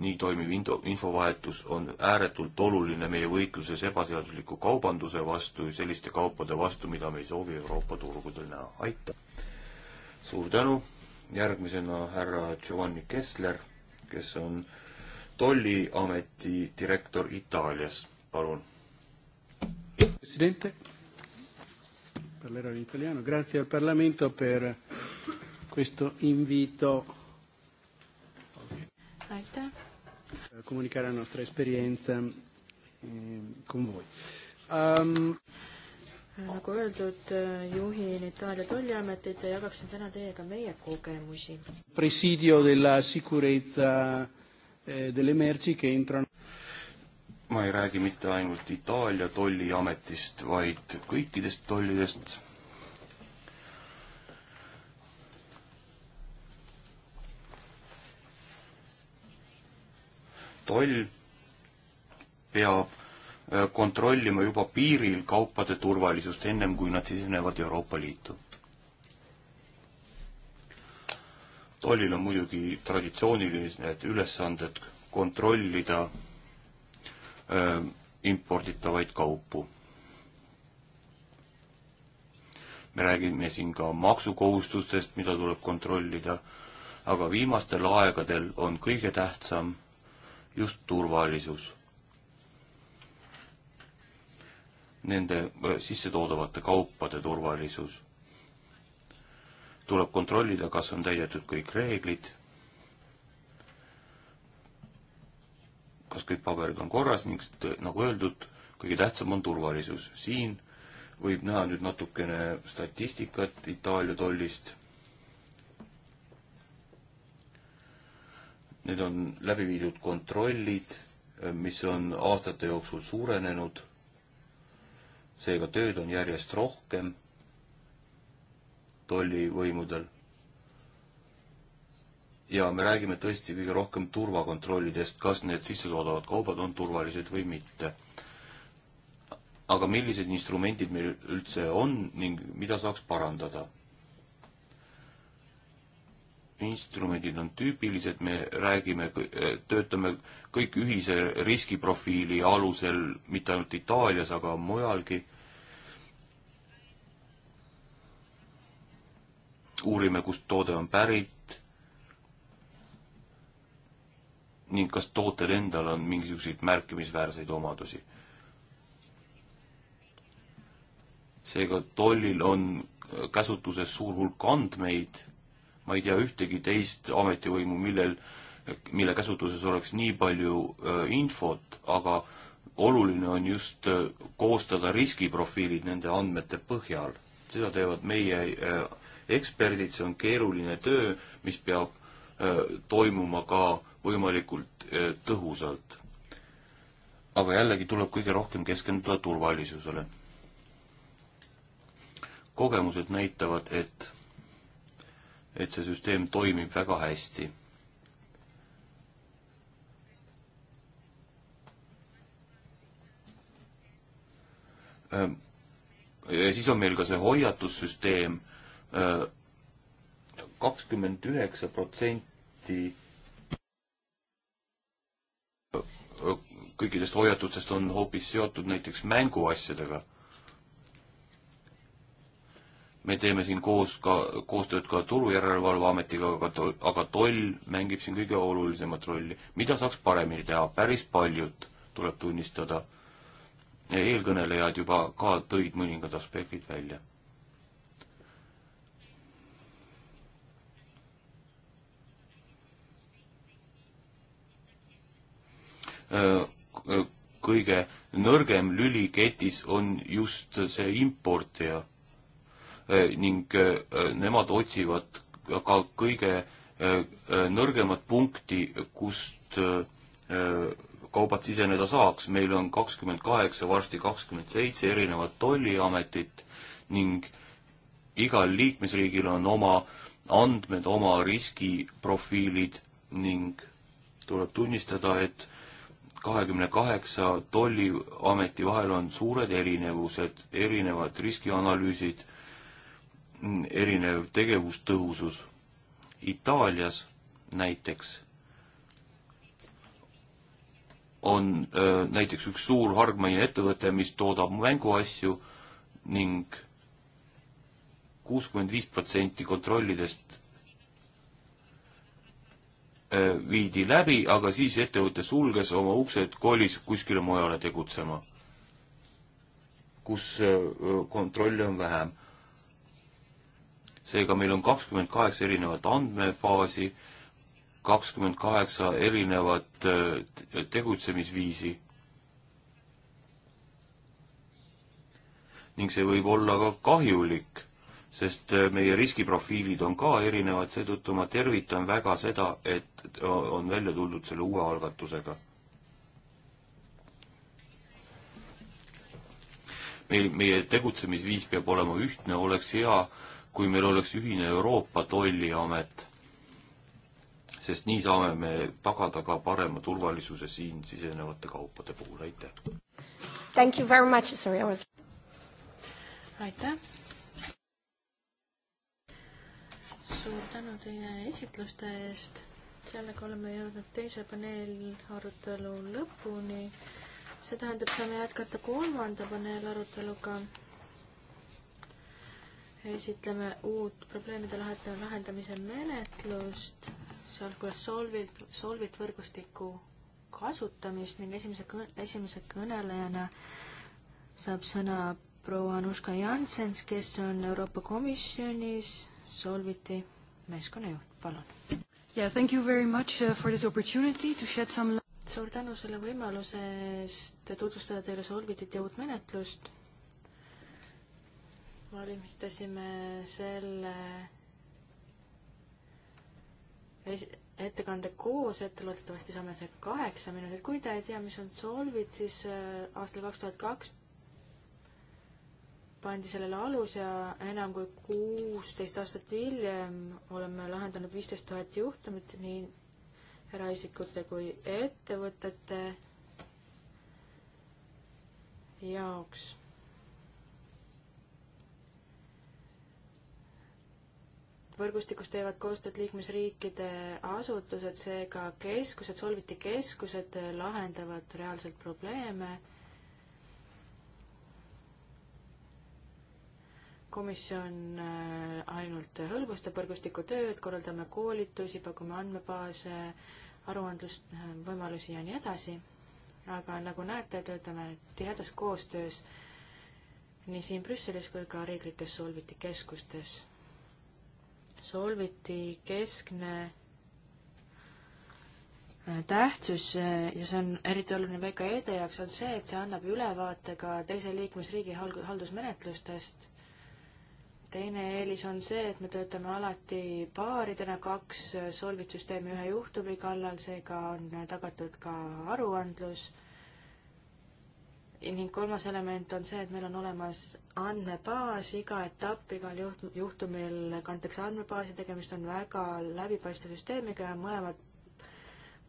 nii toimiv info, infovahetus on ääretult oluline meie võitluses ebaseadusliku kaubanduse vastu ja selliste kaupade vastu, mida me ei soovi Euroopa turgudel näha. aitäh! suur tänu! järgmisena härra Giovanni Kessler, kes on tolliameti direktor Itaalias. palun! president, parlerò in italiano, grazie al Parlamento per questo invito aitäh. comunicare la nostra esperienza ehm, con voi um.... nagu öeldud, eh, juhin Itaalia tolliametit ja jagaksin täna teiega meie kogemusi. Presidio della sicurezza eh, delle merci che entrano ma ei räägi mitte ainult Itaalia tolliametist, vaid kõikidest tollidest. toll peab äh, kontrollima juba piiril kaupade turvalisust, ennem kui nad sisenevad Euroopa Liitu. tollil on muidugi traditsioonilised ülesanded kontrollida Ähm, imporditavaid kaupu. me räägime siin ka maksukohustustest, mida tuleb kontrollida, aga viimastel aegadel on kõige tähtsam just turvalisus. Nende äh, sissetoodavate kaupade turvalisus tuleb kontrollida, kas on täidetud kõik reeglid kas kõik paberid on korras ning nagu öeldud, kõige tähtsam on turvalisus. siin võib näha nüüd natukene statistikat Itaalia tollist. Need on läbi viidud kontrollid, mis on aastate jooksul suurenenud. seega tööd on järjest rohkem tollivõimudel ja me räägime tõesti kõige rohkem turvakontrollidest, kas need sissetoodavad kaubad on turvalised või mitte. aga millised instrumendid meil üldse on ning mida saaks parandada? instrumendid on tüüpilised, me räägime, töötame kõik ühise riskiprofiili alusel, mitte ainult Itaalias, aga mujalgi uurime, kust toode on pärit, ning kas tootel endal on mingisuguseid märkimisväärseid omadusi. seega tollil on käsutuses suur hulk andmeid, ma ei tea ühtegi teist ametivõimu, millel, mille käsutuses oleks nii palju äh, infot, aga oluline on just äh, koostada riskiprofiilid nende andmete põhjal. seda teevad meie äh, eksperdid, see on keeruline töö, mis peab toimuma ka võimalikult eh, tõhusalt. aga jällegi tuleb kõige rohkem keskenduda turvalisusele. kogemused näitavad, et, et see süsteem toimib väga hästi. Ehm, ja siis on meil ka see hoiatussüsteem ehm, kakskümmend üheksa protsenti kõikidest hoiatustest on hoopis seotud näiteks mänguasjadega. me teeme siin koos ka, koostööd ka Turujärelevalveametiga, aga to-, aga toll mängib siin kõige olulisemat rolli. mida saaks paremini teha? päris paljut, tuleb tunnistada. eelkõnelejad juba ka tõid mõningad aspektid välja Äh, äh, kõige nõrgem lüli ketis on just see importija äh, ning nemad otsivad ka kõige nõrgemat punkti, kust kaubad siseneda saaks. meil on kakskümmend kaheksa, varsti kakskümmend seitse erinevat tolliametit ning igal liikmesriigil on oma andmed, oma riskiprofiilid ning tuleb tunnistada, et kahekümne kaheksa tolliameti vahel on suured erinevused, erinevad riskianalüüsid, erinev tegevustõhusus. Itaalias näiteks on öö, näiteks üks suur hargmaine ettevõte, mis toodab mänguasju ning kuuskümmend viis protsenti kontrollidest Äh, viidi läbi, aga siis ettevõte sulges oma uksed, kolis kuskile mujale tegutsema, kus äh, kontrolli on vähem. seega meil on kakskümmend kaheksa erinevat andmebaasi, kakskümmend kaheksa erinevat äh, tegutsemisviisi. ning see võib olla ka kahjulik sest äh, meie riskiprofiilid on ka erinevad, seetõttu ma tervitan väga seda, et on välja tuldud selle uue algatusega. meil, meie tegutsemisviis peab olema ühtne, oleks hea, kui meil oleks ühine Euroopa tolliamet, sest nii saame me tagada ka parema turvalisuse siin sisenevate kaupade puhul, aitäh! Thank you very much, sorry I was aitäh! suur tänu teie esitluste eest. sellega oleme jõudnud teise paneelarutelu lõpuni. see tähendab, saame jätkata kolmanda paneelaruteluga esitleme uut probleemide lahendamise menetlust, sealhulgas Solvit, Solvit võrgustiku kasutamist ning esimese kõne, esimese kõnelejana saab sõna proua Anuška Janssens, kes on Euroopa Komisjonis Solviti meeskonnajuht, palun. Yeah, thank you very much uh, for this opportunity to shed some suur tänu selle võimaluse eest tutvustada teile Solvitit ja uut menetlust. valmistasime selle ettekande koos ette, loodetavasti saame see kaheksa minutit. kui te ei tea, mis on Solvit, siis äh, aastal kaks tuhat kaks pandi sellele alus ja enam kui kuusteist aastat hiljem oleme lahendanud viisteist tuhat juhtumit nii eraisikute kui ettevõtete jaoks. võrgustikus teevad koostööd liikmesriikide asutused, seega keskused, Solviti keskused lahendavad reaalselt probleeme komisjon äh, ainult hõlbustab võrgustiku tööd, korraldame koolitusi, pakume andmebaase, aruandlust, äh, võimalusi ja nii edasi. aga nagu näete, töötame tihedas koostöös nii siin Brüsselis kui ka riiklikes Solviti keskustes. Solviti keskne äh, tähtsus ja see on eriti oluline VKE-de jaoks, on see, et see annab ülevaate ka teise liikmesriigi haldusmenetlustest teine eelis on see, et me töötame alati paaridena, kaks solvitsüsteemi ühe juhtumi kallal, seega on tagatud ka aruandlus. ning kolmas element on see, et meil on olemas andmebaas, iga etapp igal juht-, juhtumil kantakse andmebaasi, tegemist on väga läbipaistva süsteemiga ja mõlemad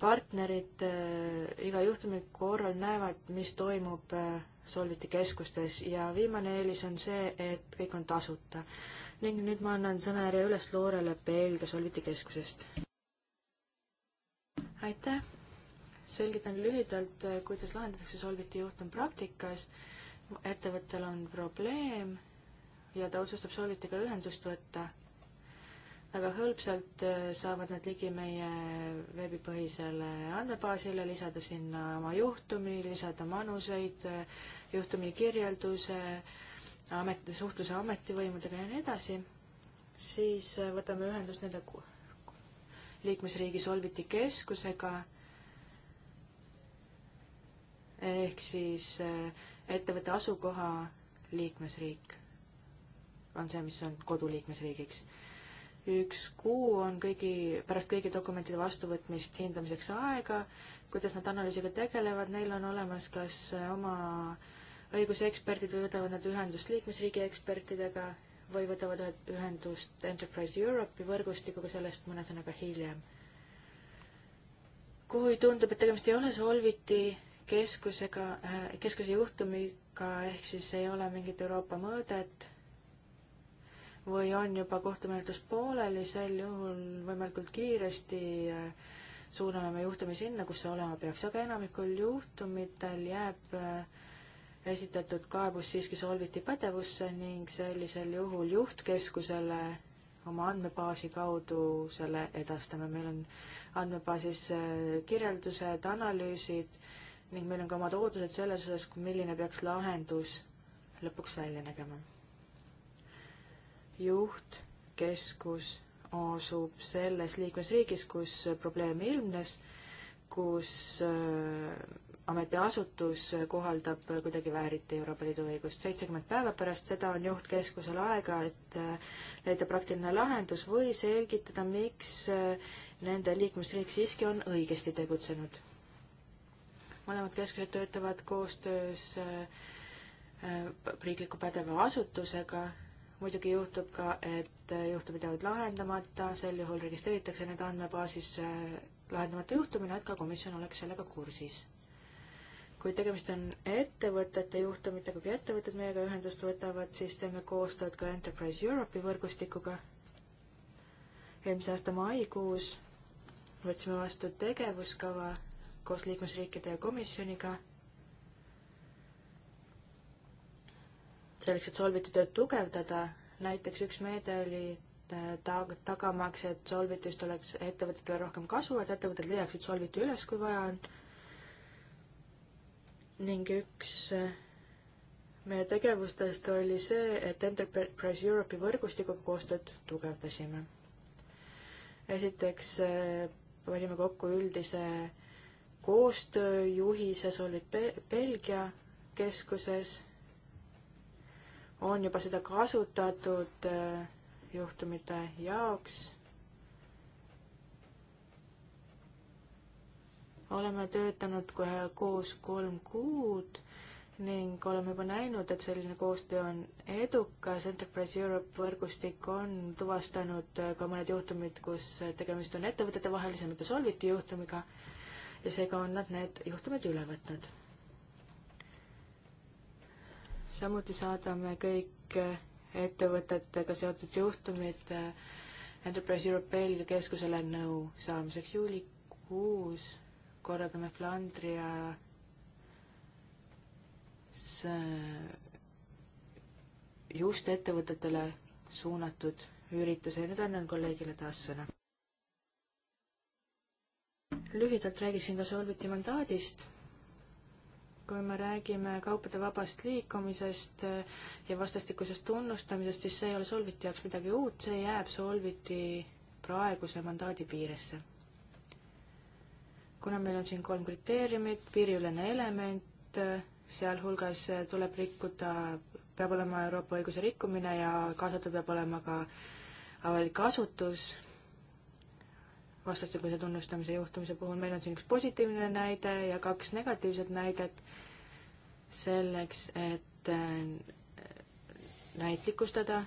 partnerid äh, iga juhtumi korral näevad, mis toimub äh, Solviti keskustes ja viimane eelis on see, et kõik on tasuta. ning nüüd ma annan sõnajärje üles Loorele Belgia Solviti keskusest. aitäh! selgitan lühidalt, äh, kuidas lahendatakse Solviti juhtum praktikas. ettevõttel on probleem ja ta otsustab Solvitiga ühendust võtta väga hõlpsalt äh, saavad nad ligi meie veebipõhisele andmebaasile, lisada sinna oma juhtumi, lisada manuseid, äh, juhtumi kirjelduse, amet, suhtluse ametivõimudega ja nii edasi, siis äh, võtame ühendust nende liikmesriigi Solviti keskusega ehk siis ettevõtte asukoha liikmesriik on see, mis on koduliikmesriigiks üks kuu on kõigi, pärast kõigi dokumentide vastuvõtmist hindamiseks aega, kuidas nad analüüsiga tegelevad, neil on olemas kas oma õiguseksperdid või võtavad nad ühendust liikmesriigi ekspertidega või võtavad ühendust Enterprise Europe'i võrgustikuga, sellest mõne sõnaga hiljem. kui tundub, et tegemist ei ole Solviti keskusega, äh, keskuse juhtumiga, ehk siis ei ole mingit Euroopa mõõdet, või on juba kohtumenetlus pooleli, sel juhul võimalikult kiiresti äh, suuname me juhtumi sinna, kus see olema peaks, aga enamikul juhtumitel jääb äh, esitatud kaebus siiski solviti pädevusse ning sellisel juhul juhtkeskusele oma andmebaasi kaudu selle edastame. meil on andmebaasis äh, kirjeldused, analüüsid ning meil on ka omad ootused selles osas, milline peaks lahendus lõpuks välja nägema juhtkeskus asub selles liikmesriigis, kus probleem ilmnes, kus äh, ametiasutus kohaldab kuidagi vääriti Euroopa Liidu õigust. seitsekümmend päeva pärast seda on juhtkeskusel aega, et äh, leida praktiline lahendus või selgitada, miks äh, nende liikmesriik siiski on õigesti tegutsenud. mõlemad keskused töötavad koostöös riikliku pädeva asutusega muidugi juhtub ka, et juhtumid jäävad lahendamata, sel juhul registreeritakse need andmebaasis äh, lahendamata juhtumina, et ka komisjon oleks sellega kursis. kui tegemist on ettevõtete juhtumitega, kui ettevõtted meiega ühendust võtavad, siis teeme koostööd ka Enterprise Europe'i võrgustikuga. eelmise aasta maikuus võtsime vastu tegevuskava koos liikmesriikide ja komisjoniga selleks, et Solviti tööd tugevdada, näiteks üks meede oli äh, tag-, tagamaks, et Solvitist oleks ettevõtetele rohkem kasu, et ettevõtted leiaksid Solviti üles, kui vaja on. ning üks äh, meie tegevustest oli see, et Enterprise Europe'i võrgustikuga koostööd tugevdasime. esiteks äh, panime kokku üldise koostööjuhise Solvit Belgia keskuses on juba seda kasutatud äh, juhtumite jaoks. oleme töötanud kohe koos kolm kuud ning oleme juba näinud, et selline koostöö on edukas. Enterprise Europe võrgustik on tuvastanud äh, ka mõned juhtumid, kus äh, tegemist on ettevõtete vahelise, mitte solviti juhtumiga ja seega on nad need juhtumid üle võtnud samuti saadame kõik eh, ettevõtetega seotud juhtumid eh, Enterprise Europe Belgia keskusele nõu saamiseks. juulikuus korraldame Flandrias just ettevõtetele suunatud ürituse ja nüüd annan kolleegile taas sõna. lühidalt räägiksin ka Solviti mandaadist kui me räägime kaupade vabast liikumisest eh, ja vastastikusest tunnustamisest, siis see ei ole Solviti jaoks midagi uut, see jääb Solviti praeguse mandaadi piiresse. kuna meil on siin kolm kriteeriumit, piiriülene element, eh, sealhulgas eh, tuleb rikkuda, peab olema Euroopa õiguse rikkumine ja kaasatud peab olema ka avalik asutus vastastikuse tunnustamise juhtumise puhul. meil on siin üks positiivne näide ja kaks negatiivset näidet selleks, et äh, näitlikustada,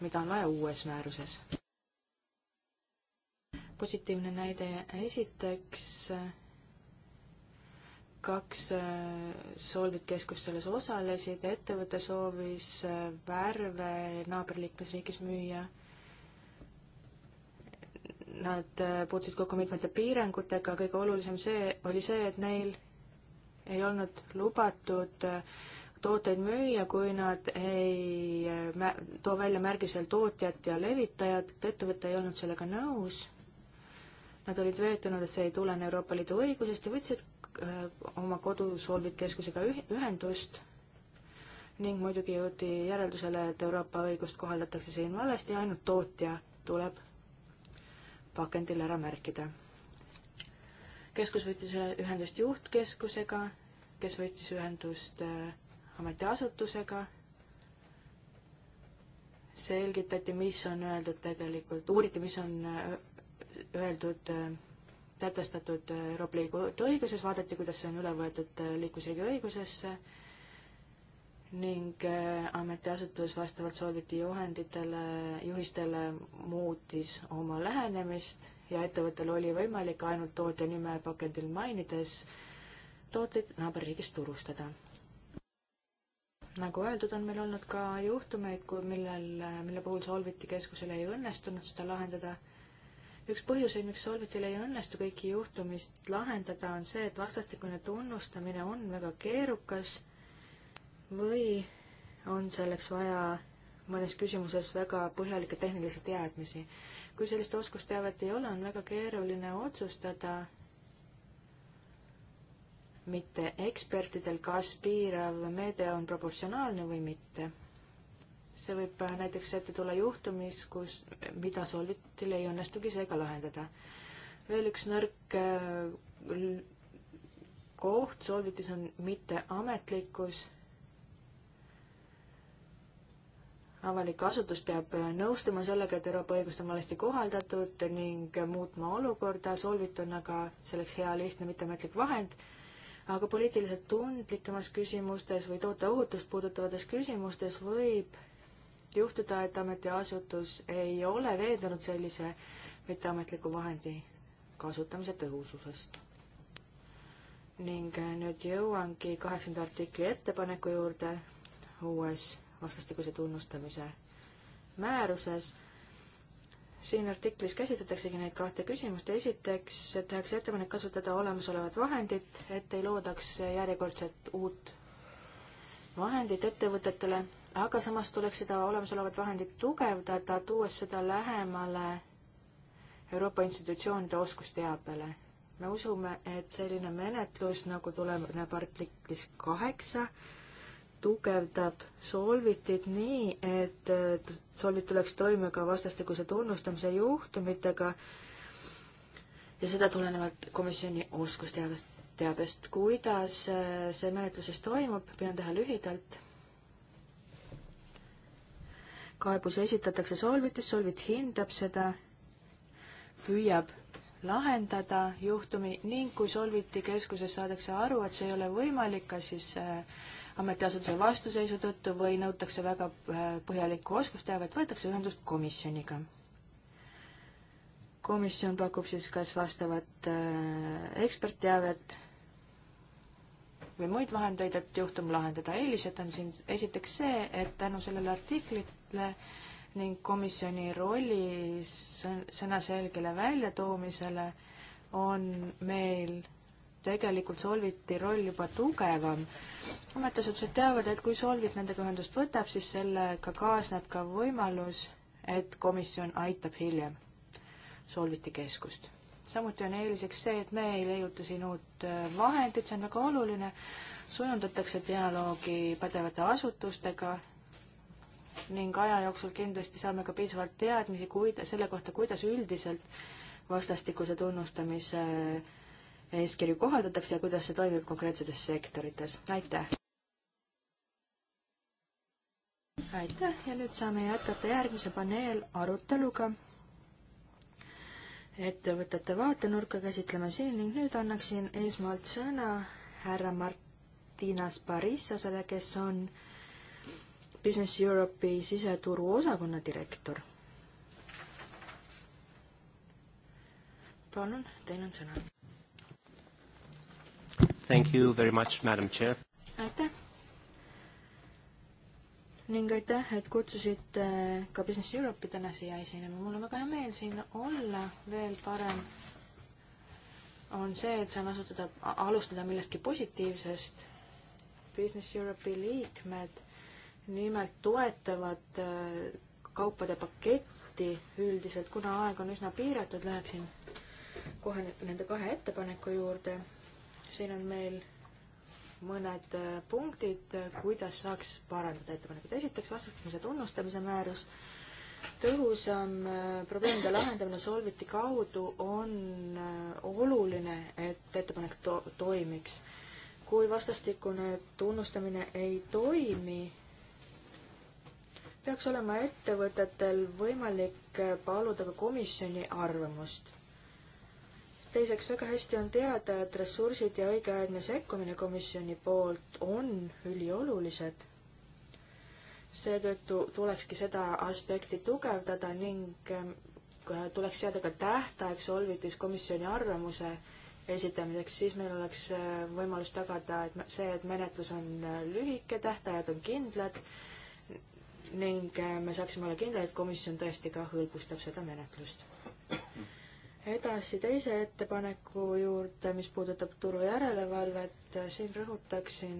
mida on vaja uues määruses. positiivne näide esiteks, kaks äh, Solvit keskust selles osalesid, ettevõte soovis äh, värve naaberliikmesriigis müüa nad äh, puutusid kokku mitmete piirangutega, kõige olulisem see, oli see, et neil ei olnud lubatud äh, tooteid müüa, kui nad ei äh, too välja märgisel tootjat ja levitajat, et ettevõte ei olnud sellega nõus. Nad olid veetunud, et see ei tulene Euroopa Liidu õigusest ja võtsid oma kodus hoolduskeskusega ühendust ning muidugi jõuti järeldusele, et Euroopa õigust kohaldatakse siin valesti ja ainult tootja tuleb pakendil ära märkida. keskus võttis ühendust juhtkeskusega, kes võttis ühendust äh, ametiasutusega, selgitati, mis on öeldud tegelikult, uuriti, mis on äh, öeldud äh, sätestatud Euroopa Liidu õiguses, vaadati, kuidas see on üle võetud liiklusriigi õigusesse ning äh, ametiasutus vastavalt sooviti juhenditele, juhistele muutis oma lähenemist ja ettevõttel oli võimalik ainult tootja nime pakendil mainides tooteid naaberriigis turustada. nagu öeldud, on meil olnud ka juhtumeid, millel, äh, mille puhul Solviti keskusel ei õnnestunud seda lahendada üks põhjuseid, miks Solvitil ei õnnestu kõiki juhtumist lahendada, on see, et vastastikune tunnustamine on väga keerukas või on selleks vaja mõnes küsimuses väga põhjalikke tehnilisi teadmisi. kui sellist oskusteavet ei ole, on väga keeruline otsustada, mitte ekspertidel, kas piirav meede on proportsionaalne või mitte. see võib näiteks ette tulla juhtumis, kus, mida solvitil ei õnnestugi seega lahendada. veel üks nõrk äh, koht solvitis on mitteametlikkus avalik asutus peab nõustuma sellega, et Euroopa õigust on valesti kohaldatud ning muutma olukorda, solvit on aga selleks hea lihtne mitteametlik vahend, aga poliitiliselt tundlikemas küsimustes või toote ohutust puudutavates küsimustes võib juhtuda, et ametiasutus ei ole veendunud sellise mitteametliku vahendi kasutamise tõhususest. ning nüüd jõuangi kaheksanda artikli ettepaneku juurde uues vastastikuse tunnustamise määruses. siin artiklis käsitletaksegi neid kahte küsimust. esiteks tehakse ettepanek kasutada olemasolevat vahendit, et ei loodaks järjekordset uut vahendit ettevõtetele, aga samas tuleks seda olemasolevat vahendit tugevdada, tuues seda lähemale Euroopa institutsioonide oskusteabele. me usume, et selline menetlus, nagu tuleneb artiklis kaheksa, tugevdab solvitit nii, et solvit tuleks toime ka vastastikuse tunnustamise juhtumitega ja seda tulenevalt komisjoni oskusteabest, teabest. kuidas äh, see menetluses toimub, püüan teha lühidalt. kaebus esitatakse solvitis, solvit hindab seda, püüab lahendada juhtumi ning kui solviti keskuses saadakse aru, et see ei ole võimalik, kas siis äh, ametiasutuse vastuseisu tõttu või nõutakse väga äh, põhjalikku oskusteavet, võetakse ühendust komisjoniga. komisjon pakub siis kas vastavat äh, ekspertteavet või muid vahendeid, et juhtum lahendada. eelised on siin esiteks see, et tänu sellele artiklitele ning komisjoni rolli sõnaselgele väljatoomisele on meil tegelikult Solviti roll juba tugevam. ametiasutused teavad, et kui Solvit nendega ühendust võtab, siis sellega kaasneb ka võimalus, et komisjon aitab hiljem Solviti keskust. samuti on eeliseks see, et me ei leiuta siin uut äh, vahendit, see on väga oluline, sujundatakse dialoogi pädevate asutustega ning aja jooksul kindlasti saame ka piisavalt teadmisi kuida-, selle kohta, kuidas üldiselt vastastikuse tunnustamise äh, eeskirju kohaldatakse ja kuidas see toimib konkreetsetes sektorites. aitäh! aitäh ja nüüd saame jätkata järgmise paneelaruteluga. ettevõtete vaatenurka käsitleme siin ning nüüd annaksin esmalt sõna härra Martina Sparissasele, kes on Business Europe'i siseturu osakonna direktor. palun, teil on sõna Thank you very much, madam chair. aitäh. ning aitäh, et kutsusite eh, ka Business Europe'i täna siia esinema. mul on väga hea meel siin olla, veel parem on see, et saan asutada, alustada millestki positiivsest. Business Europe'i liikmed nimelt toetavad eh, kaupade paketti üldiselt, kuna aeg on üsna piiratud, läheksin kohe nende kahe ettepaneku juurde siin on meil mõned äh, punktid, äh, kuidas saaks parandada ettepanekut. esiteks vastustamise tunnustamise määrus. tõhusam äh, probleemide lahendamine Solviti kaudu on oluline, et ettepanek to toimiks. kui vastastikune tunnustamine ei toimi, peaks olema ettevõtetel võimalik paluda ka komisjoni arvamust teiseks, väga hästi on teada, et ressursid ja õigeaegne sekkumine komisjoni poolt on üliolulised. seetõttu tulekski seda aspekti tugevdada ning ähm, tuleks seada ka tähtaeg Solvitis komisjoni arvamuse esitamiseks, siis meil oleks äh, võimalus tagada, et see, et menetlus on äh, lühike, tähtajad on kindlad ning äh, me saaksime olla kindlad, et komisjon tõesti ka hõlbustab seda menetlust mm edasi teise ettepaneku juurde, mis puudutab turujärelevalvet, siin rõhutaksin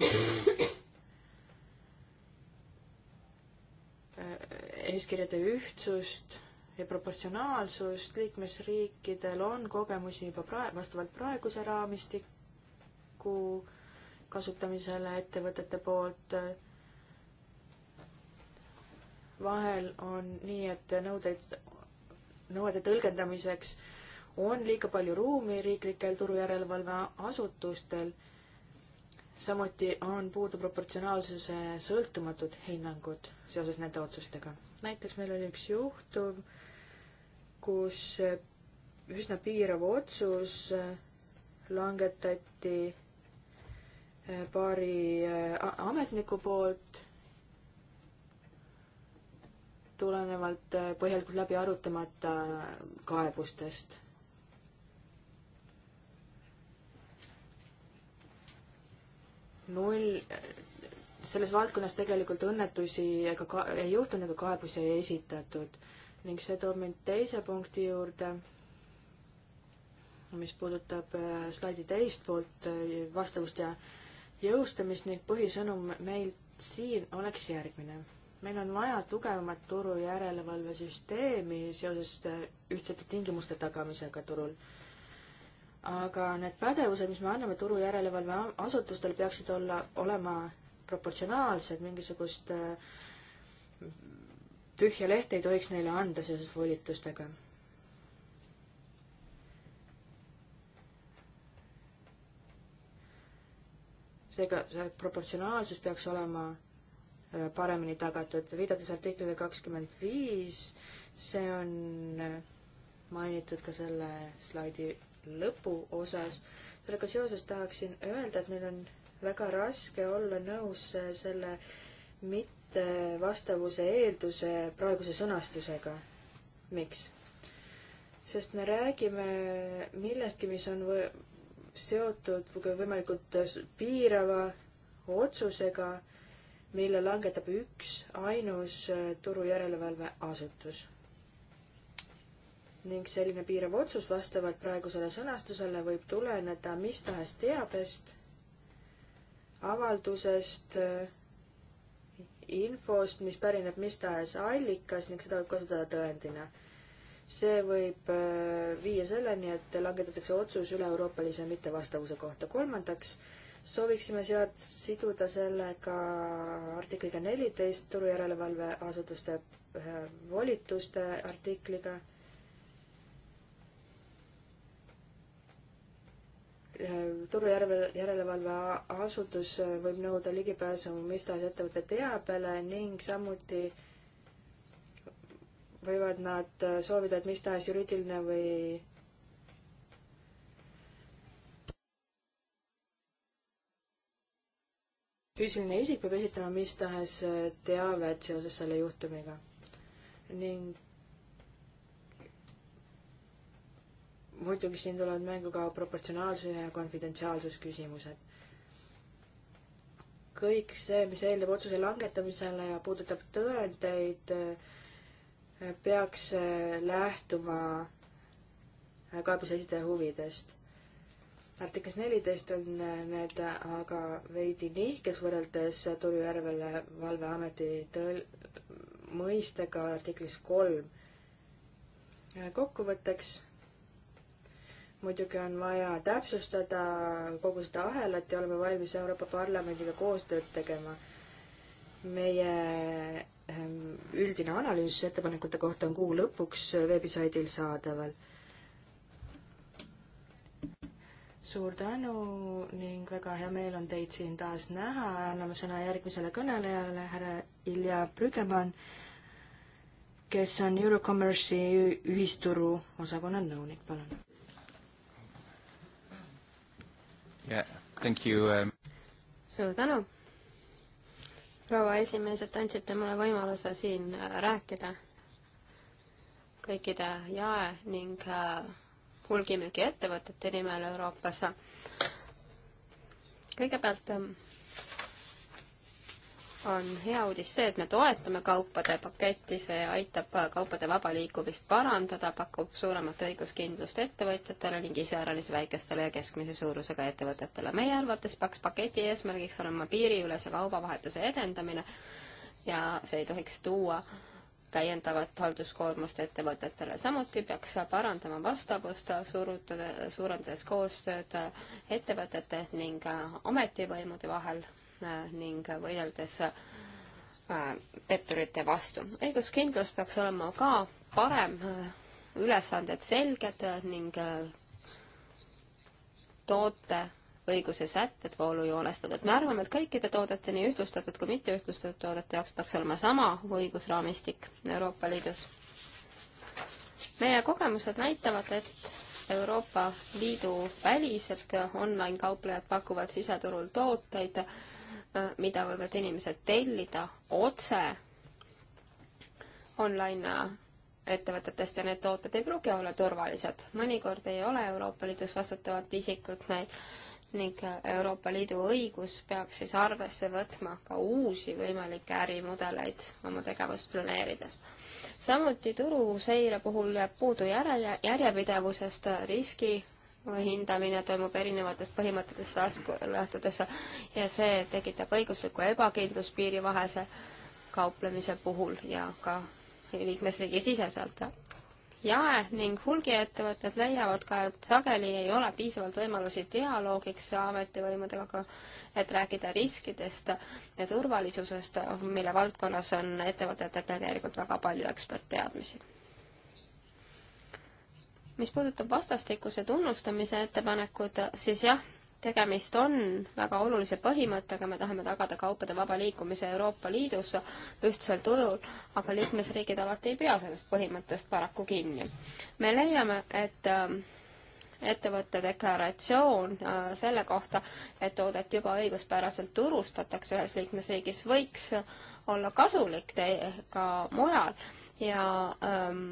äh, eeskirjade ühtsust ja proportsionaalsust, liikmesriikidel on kogemusi juba praegu, vastavalt praeguse raamistiku kasutamisele ettevõtete poolt. vahel on nii, et nõudeid, nõuete tõlgendamiseks on liiga palju ruumi riiklikel turujärelevalveasutustel. samuti on puudu proportsionaalsuse sõltumatud hinnangud seoses nende otsustega. näiteks meil oli üks juhtum, kus üsna piirav otsus langetati eh, paari eh, ametniku poolt tulenevalt eh, põhjalikult läbi arutamata kaebustest. null, selles valdkonnas tegelikult õnnetusi ega ka, ei juhtunud ega kaebusi ei esitatud. ning see toob mind teise punkti juurde, mis puudutab äh, slaidi teist poolt äh, vastavust ja jõustamist ning põhisõnum meil siin oleks järgmine. meil on vaja tugevamat turu järelevalvesüsteemi seoses äh, ühtsete tingimuste tagamisega turul aga need pädevused, mis me anname turu järelevalve asutustel, peaksid olla, olema proportsionaalsed, mingisugust äh, tühja lehte ei tohiks neile anda seoses volitustega. seega see proportsionaalsus peaks olema äh, paremini tagatud, viidates artiklile kakskümmend viis, see on äh, mainitud ka selle slaidi lõpuosas. sellega seoses tahaksin öelda, et meil on väga raske olla nõus selle mittevastavuse eelduse praeguse sõnastusega. miks? sest me räägime millestki, mis on või, seotud võimalikult piirava otsusega, mille langetab üks ainus turu järelevalveasutus ning selline piirav otsus vastavalt praegusele sõnastusele võib tuleneda mis tahes teabest, avaldusest, infost, mis pärineb mis tahes allikas ning seda võib kasutada tõendina. see võib äh, viia selleni, et langetatakse otsus üle-euroopalise mittevastavuse kohta. kolmandaks sooviksime sealt siduda sellega artikliga neliteist turujärelevalveasutuste äh, volituste artikliga Äh, turu järve, järelevalveasutus äh, võib nõuda ligipääsu mis tahes ettevõtte teabele ning samuti võivad nad äh, soovida, et mis tahes juriidiline või füüsiline isik peab esitama mis tahes teavet seoses selle juhtumiga ning muidugi siin tulevad mängu ka proportsionaalsuse ja konfidentsiaalsusküsimused. kõik see, mis eeldab otsuse langetamisele ja puudutab tõendeid, peaks lähtuma kaebuse esitaja huvidest. artiklis neliteist on need aga veidi nihkes võrreldes Turju järelevalveameti tõl-, mõistega artiklis kolm. kokkuvõtteks muidugi on vaja täpsustada kogu seda ahelat ja oleme valmis Euroopa Parlamendiga koostööd tegema. meie ehm, üldine analüüs ettepanekute kohta on kuu lõpuks veebisaidil saadaval. suur tänu ning väga hea meel on teid siin taas näha, anname sõna järgmisele kõnelejale, härra Ilja Prügemann, kes on Eurocommerce'i ühisturu osakonna nõunik, palun yeah,. Um... suur tänu, proua esimees, et andsite mulle võimaluse siin äh, rääkida kõikide jae- ning äh, hulgimüügiettevõtete nimel Euroopas. kõigepealt ähm, on hea uudis see, et me toetame kaupade paketti, see aitab kaupade vaba liikumist parandada, pakub suuremat õiguskindlust ettevõtjatele ning iseäranis väikestele ja keskmise suurusega ettevõtetele. meie arvates peaks paketi eesmärgiks olema piiriülese kaubavahetuse edendamine ja see ei tohiks tuua täiendavat halduskoormust ettevõtetele. samuti peaks parandama vastavust, suurutada, suurendades koostööd ettevõtete ning ametivõimude vahel ning võideldes äh, petturite vastu. õiguskindlus peaks olema ka parem, äh, ülesanded selged äh, ning toote õiguse sätted voolujoonestatult. me arvame, et kõikide toodete, nii ühtlustatud kui mitteühtlustatud toodete jaoks peaks olema sama õigusraamistik Euroopa Liidus. meie kogemused näitavad, et Euroopa Liidu välised online kauplejad pakuvad siseturul tooteid, Äh, mida võivad inimesed tellida otse online äh, ettevõtetest ja need tooted ei pruugi olla turvalised. mõnikord ei ole Euroopa Liidus vastutavat isikut neil ning äh, Euroopa Liidu õigus peaks siis arvesse võtma ka uusi võimalikke ärimudeleid oma tegevust planeerides. samuti turuseire puhul jääb puudu järje, järjepidevusest riski hindamine toimub erinevatest põhimõtetest lasku-, lähtudes ja see tekitab õiguslikku ebakindlust piirivahese kauplemise puhul ja ka liikmesriigi siseselt. jae- ning hulgiettevõtted leiavad ka, et sageli ei ole piisavalt võimalusi dialoogiks ametivõimudega, aga et rääkida riskidest ja turvalisusest, mille valdkonnas on ettevõtetel tegelikult väga palju ekspertteadmisi mis puudutab vastastikuse tunnustamise ettepanekut, siis jah, tegemist on väga olulise põhimõttega, me tahame tagada kaupade vaba liikumise Euroopa Liidus ühtsel turul, aga liikmesriigid alati ei pea sellest põhimõttest paraku kinni. me leiame, et ähm, ettevõtte deklaratsioon äh, selle kohta, et toodet juba õiguspäraselt turustatakse ühes liikmesriigis, võiks olla kasulik ka mujal ja ähm,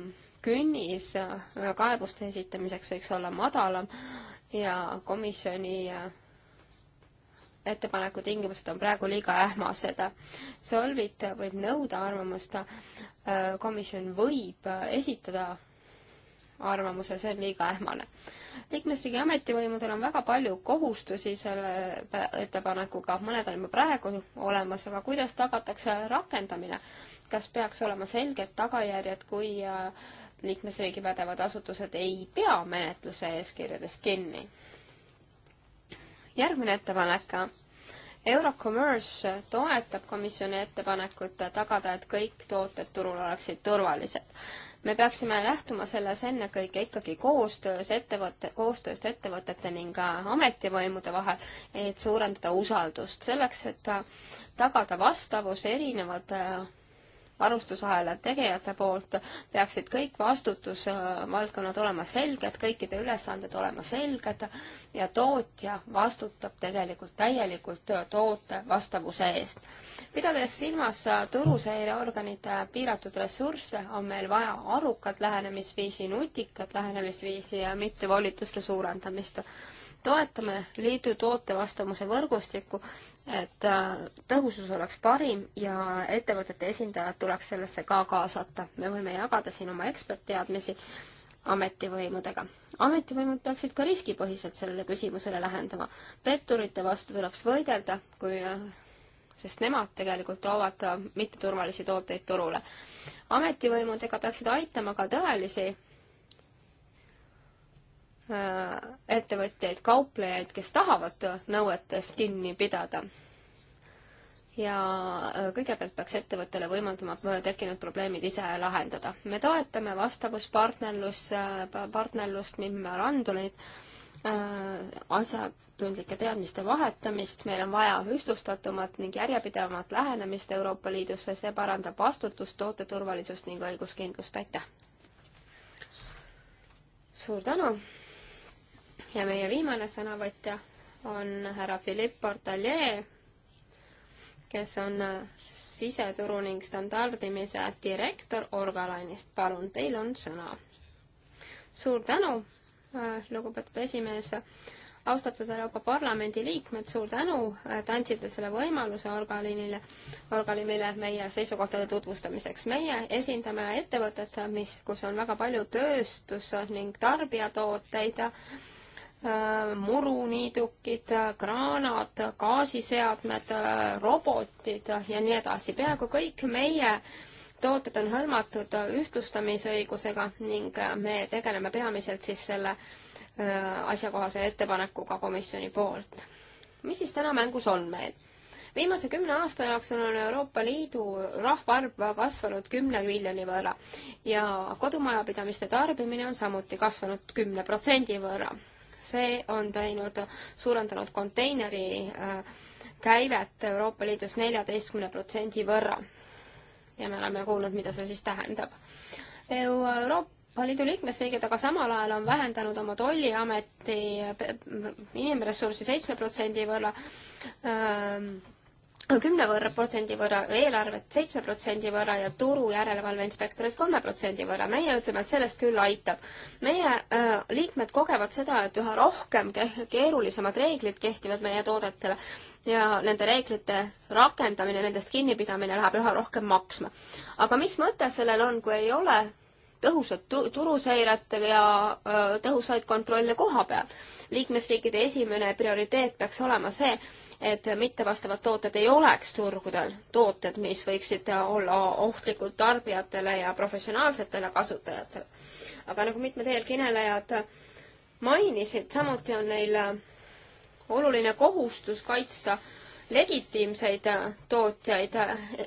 künnis äh, kaebuste esitamiseks võiks olla madalam ja komisjoni äh, ettepaneku tingimused on praegu liiga ähmased. Solvit võib nõuda arvamust, äh, komisjon võib esitada arvamuse, see on liiga ähmane. liikmesriigi ametivõimudel on väga palju kohustusi selle ettepanekuga, mõned on juba praegu olemas, aga kuidas tagatakse rakendamine? kas peaks olema selged tagajärjed, kui äh, liikmesriigi pädevad asutused ei pea menetluse eeskirjadest kinni. järgmine ettepanek. Eurocommerce toetab komisjoni ettepanekut tagada, et kõik tooted turul oleksid turvalised. me peaksime lähtuma selles ennekõike ikkagi koostöös ettevõtte, koostööst ettevõtete ning ametivõimude vahel, et suurendada usaldust. selleks, et tagada vastavus, erinevad äh, varustusahela tegijate poolt, peaksid kõik vastutusvaldkonnad olema selged, kõikide ülesanded olema selged ja tootja vastutab tegelikult täielikult toote vastavuse eest. pidades silmas turuseireorganite piiratud ressursse, on meil vaja arukat lähenemisviisi, nutikat lähenemisviisi ja mitte volituste suurendamist toetame liidu tootevastavuse võrgustikku et äh, tõhusus oleks parim ja ettevõtete esindajad tuleks sellesse ka kaasata. me võime jagada siin oma ekspertteadmisi ametivõimudega. ametivõimud peaksid ka riskipõhiselt sellele küsimusele lähendama. petturite vastu tuleks võidelda, kui äh, sest nemad tegelikult toovad äh, mitteturvalisi tooteid turule. ametivõimud ega peaksid aitama ka tõelisi Äh, ettevõtjaid, kauplejaid, kes tahavad nõuetest kinni pidada. ja äh, kõigepealt peaks ettevõttele võimaldama tekkinud probleemid ise lahendada. me toetame vastavuspartnerlus, äh, partnerlust, memorandumit, asjatundlike teadmiste vahetamist, meil on vaja ühtlustatumat ning järjepidevamat lähenemist Euroopa Liidus ja see parandab vastutust, tooteturvalisust ning õiguskindlust, aitäh! suur tänu! ja meie viimane sõnavõtja on härra Philippe Portalier, kes on äh, siseturu ning standardimise direktor Orgalanist. palun, teil on sõna. suur tänu, äh, lugupeetud esimees austatud Euroopa Parlamendi liikmed, suur tänu, et andsite selle võimaluse organile, organile meie seisukohtade tutvustamiseks. meie esindame ettevõtet, mis, kus on väga palju tööstus- ning tarbijatooteid Äh, muruniidukid, kraanad, gaasiseadmed, äh, robotid ja nii edasi. peaaegu kõik meie tooted on hõlmatud ühtlustamisõigusega ning me tegeleme peamiselt siis selle äh, asjakohase ettepanekuga komisjoni poolt. mis siis täna mängus on meil? viimase kümne aasta jooksul on Euroopa Liidu rahvaarv kasvanud kümne miljoni võrra ja kodumajapidamiste tarbimine on samuti kasvanud kümne protsendi võrra see on teinud, suurendanud konteineri äh, käivet Euroopa Liidus neljateistkümne protsendi võrra. ja me oleme kuulnud, mida see siis tähendab. Euroopa Euroopa Liidu liikmesriigid aga samal ajal on vähendanud oma tolliameti inimressurssi seitsme protsendi võrra ähm, kümne võrra protsendi võrra, eelarvet seitsme protsendi võrra ja turu järelevalve inspektorid kolme protsendi võrra. meie ütleme, et sellest küll aitab. meie äh, liikmed kogevad seda, et üha rohkem keerulisemad reeglid kehtivad meie toodetele ja nende reeglite rakendamine, nendest kinnipidamine läheb üha rohkem maksma. aga mis mõte sellel on, kui ei ole tõhusat tu turuseiret ja öö, äh, tõhusaid kontrolle koha peal? liikmesriikide esimene prioriteet peaks olema see, et mittevastavad tooted ei oleks turgudel tooted, mis võiksid olla ohtlikud tarbijatele ja professionaalsetele kasutajatele. aga nagu mitmed eelkõnelejad mainisid, samuti on neil oluline kohustus kaitsta legitiimseid tootjaid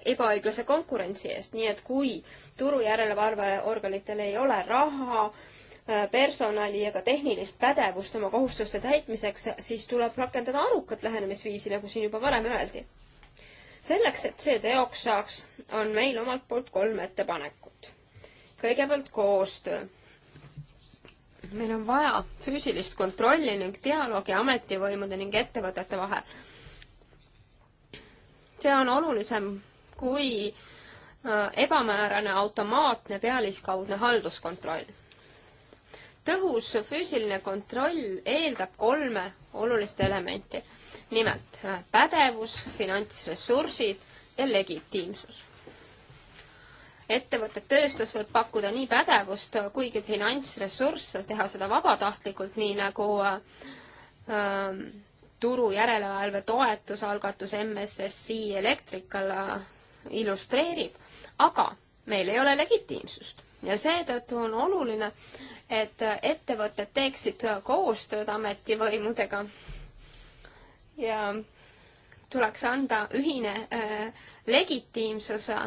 ebaõiglase konkurentsi eest, nii et kui turujärelevalveorganitel ei ole raha, Äh, personali ja ka tehnilist pädevust oma kohustuste täitmiseks, siis tuleb rakendada arukat lähenemisviisi, nagu siin juba varem öeldi. selleks, et see teoks saaks, on meil omalt poolt kolm ettepanekut. kõigepealt koostöö. meil on vaja füüsilist kontrolli ning dialoogi ametivõimude ning ettevõtete vahel. see on olulisem kui äh, ebamäärane automaatne pealiskaudne halduskontroll tõhus füüsiline kontroll eeldab kolme olulist elementi. nimelt pädevus, finantsressursid ja legitiimsus. ettevõtte tööstus võib pakkuda nii pädevust kui ka finantsressursse, teha seda vabatahtlikult, nii nagu äh, turu järelevalve toetusalgatus MSSI Electrical illustreerib, aga meil ei ole legitiimsust ja seetõttu on oluline, et ettevõtted teeksid koostööd ametivõimudega ja tuleks anda ühine äh, legitiimsus äh,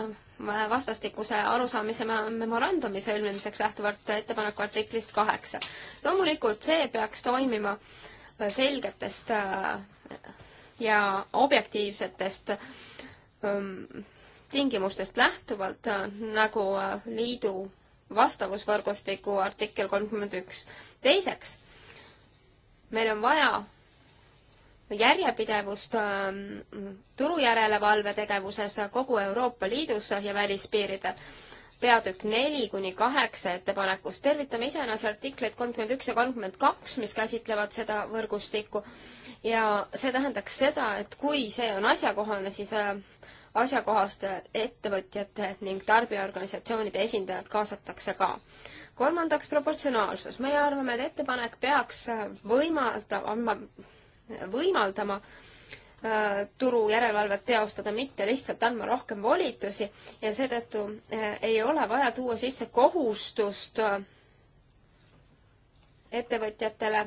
vastastikuse arusaamise memorandumi sõlmimiseks lähtuvalt ettepaneku artiklist kaheksa. loomulikult see peaks toimima äh, selgetest äh, ja objektiivsetest ähm, tingimustest lähtuvalt, nagu liidu vastavusvõrgustiku artikkel kolmkümmend üks. teiseks, meil on vaja järjepidevust ähm, turujärelevalve tegevuses kogu Euroopa Liidus ja välispiiridel. peatükk neli kuni kaheksa ettepanekust tervitame iseenesest artikleid kolmkümmend üks ja kolmkümmend kaks, mis käsitlevad seda võrgustikku ja see tähendaks seda, et kui see on asjakohane, siis äh, asjakohaste ettevõtjate ning tarbijaorganisatsioonide esindajad kaasatakse ka. kolmandaks, proportsionaalsus. meie arvame, et ettepanek peaks võimaldama, võimaldama äh, turu järelevalvet teostada, mitte lihtsalt andma rohkem volitusi ja seetõttu äh, ei ole vaja tuua sisse kohustust äh, ettevõtjatele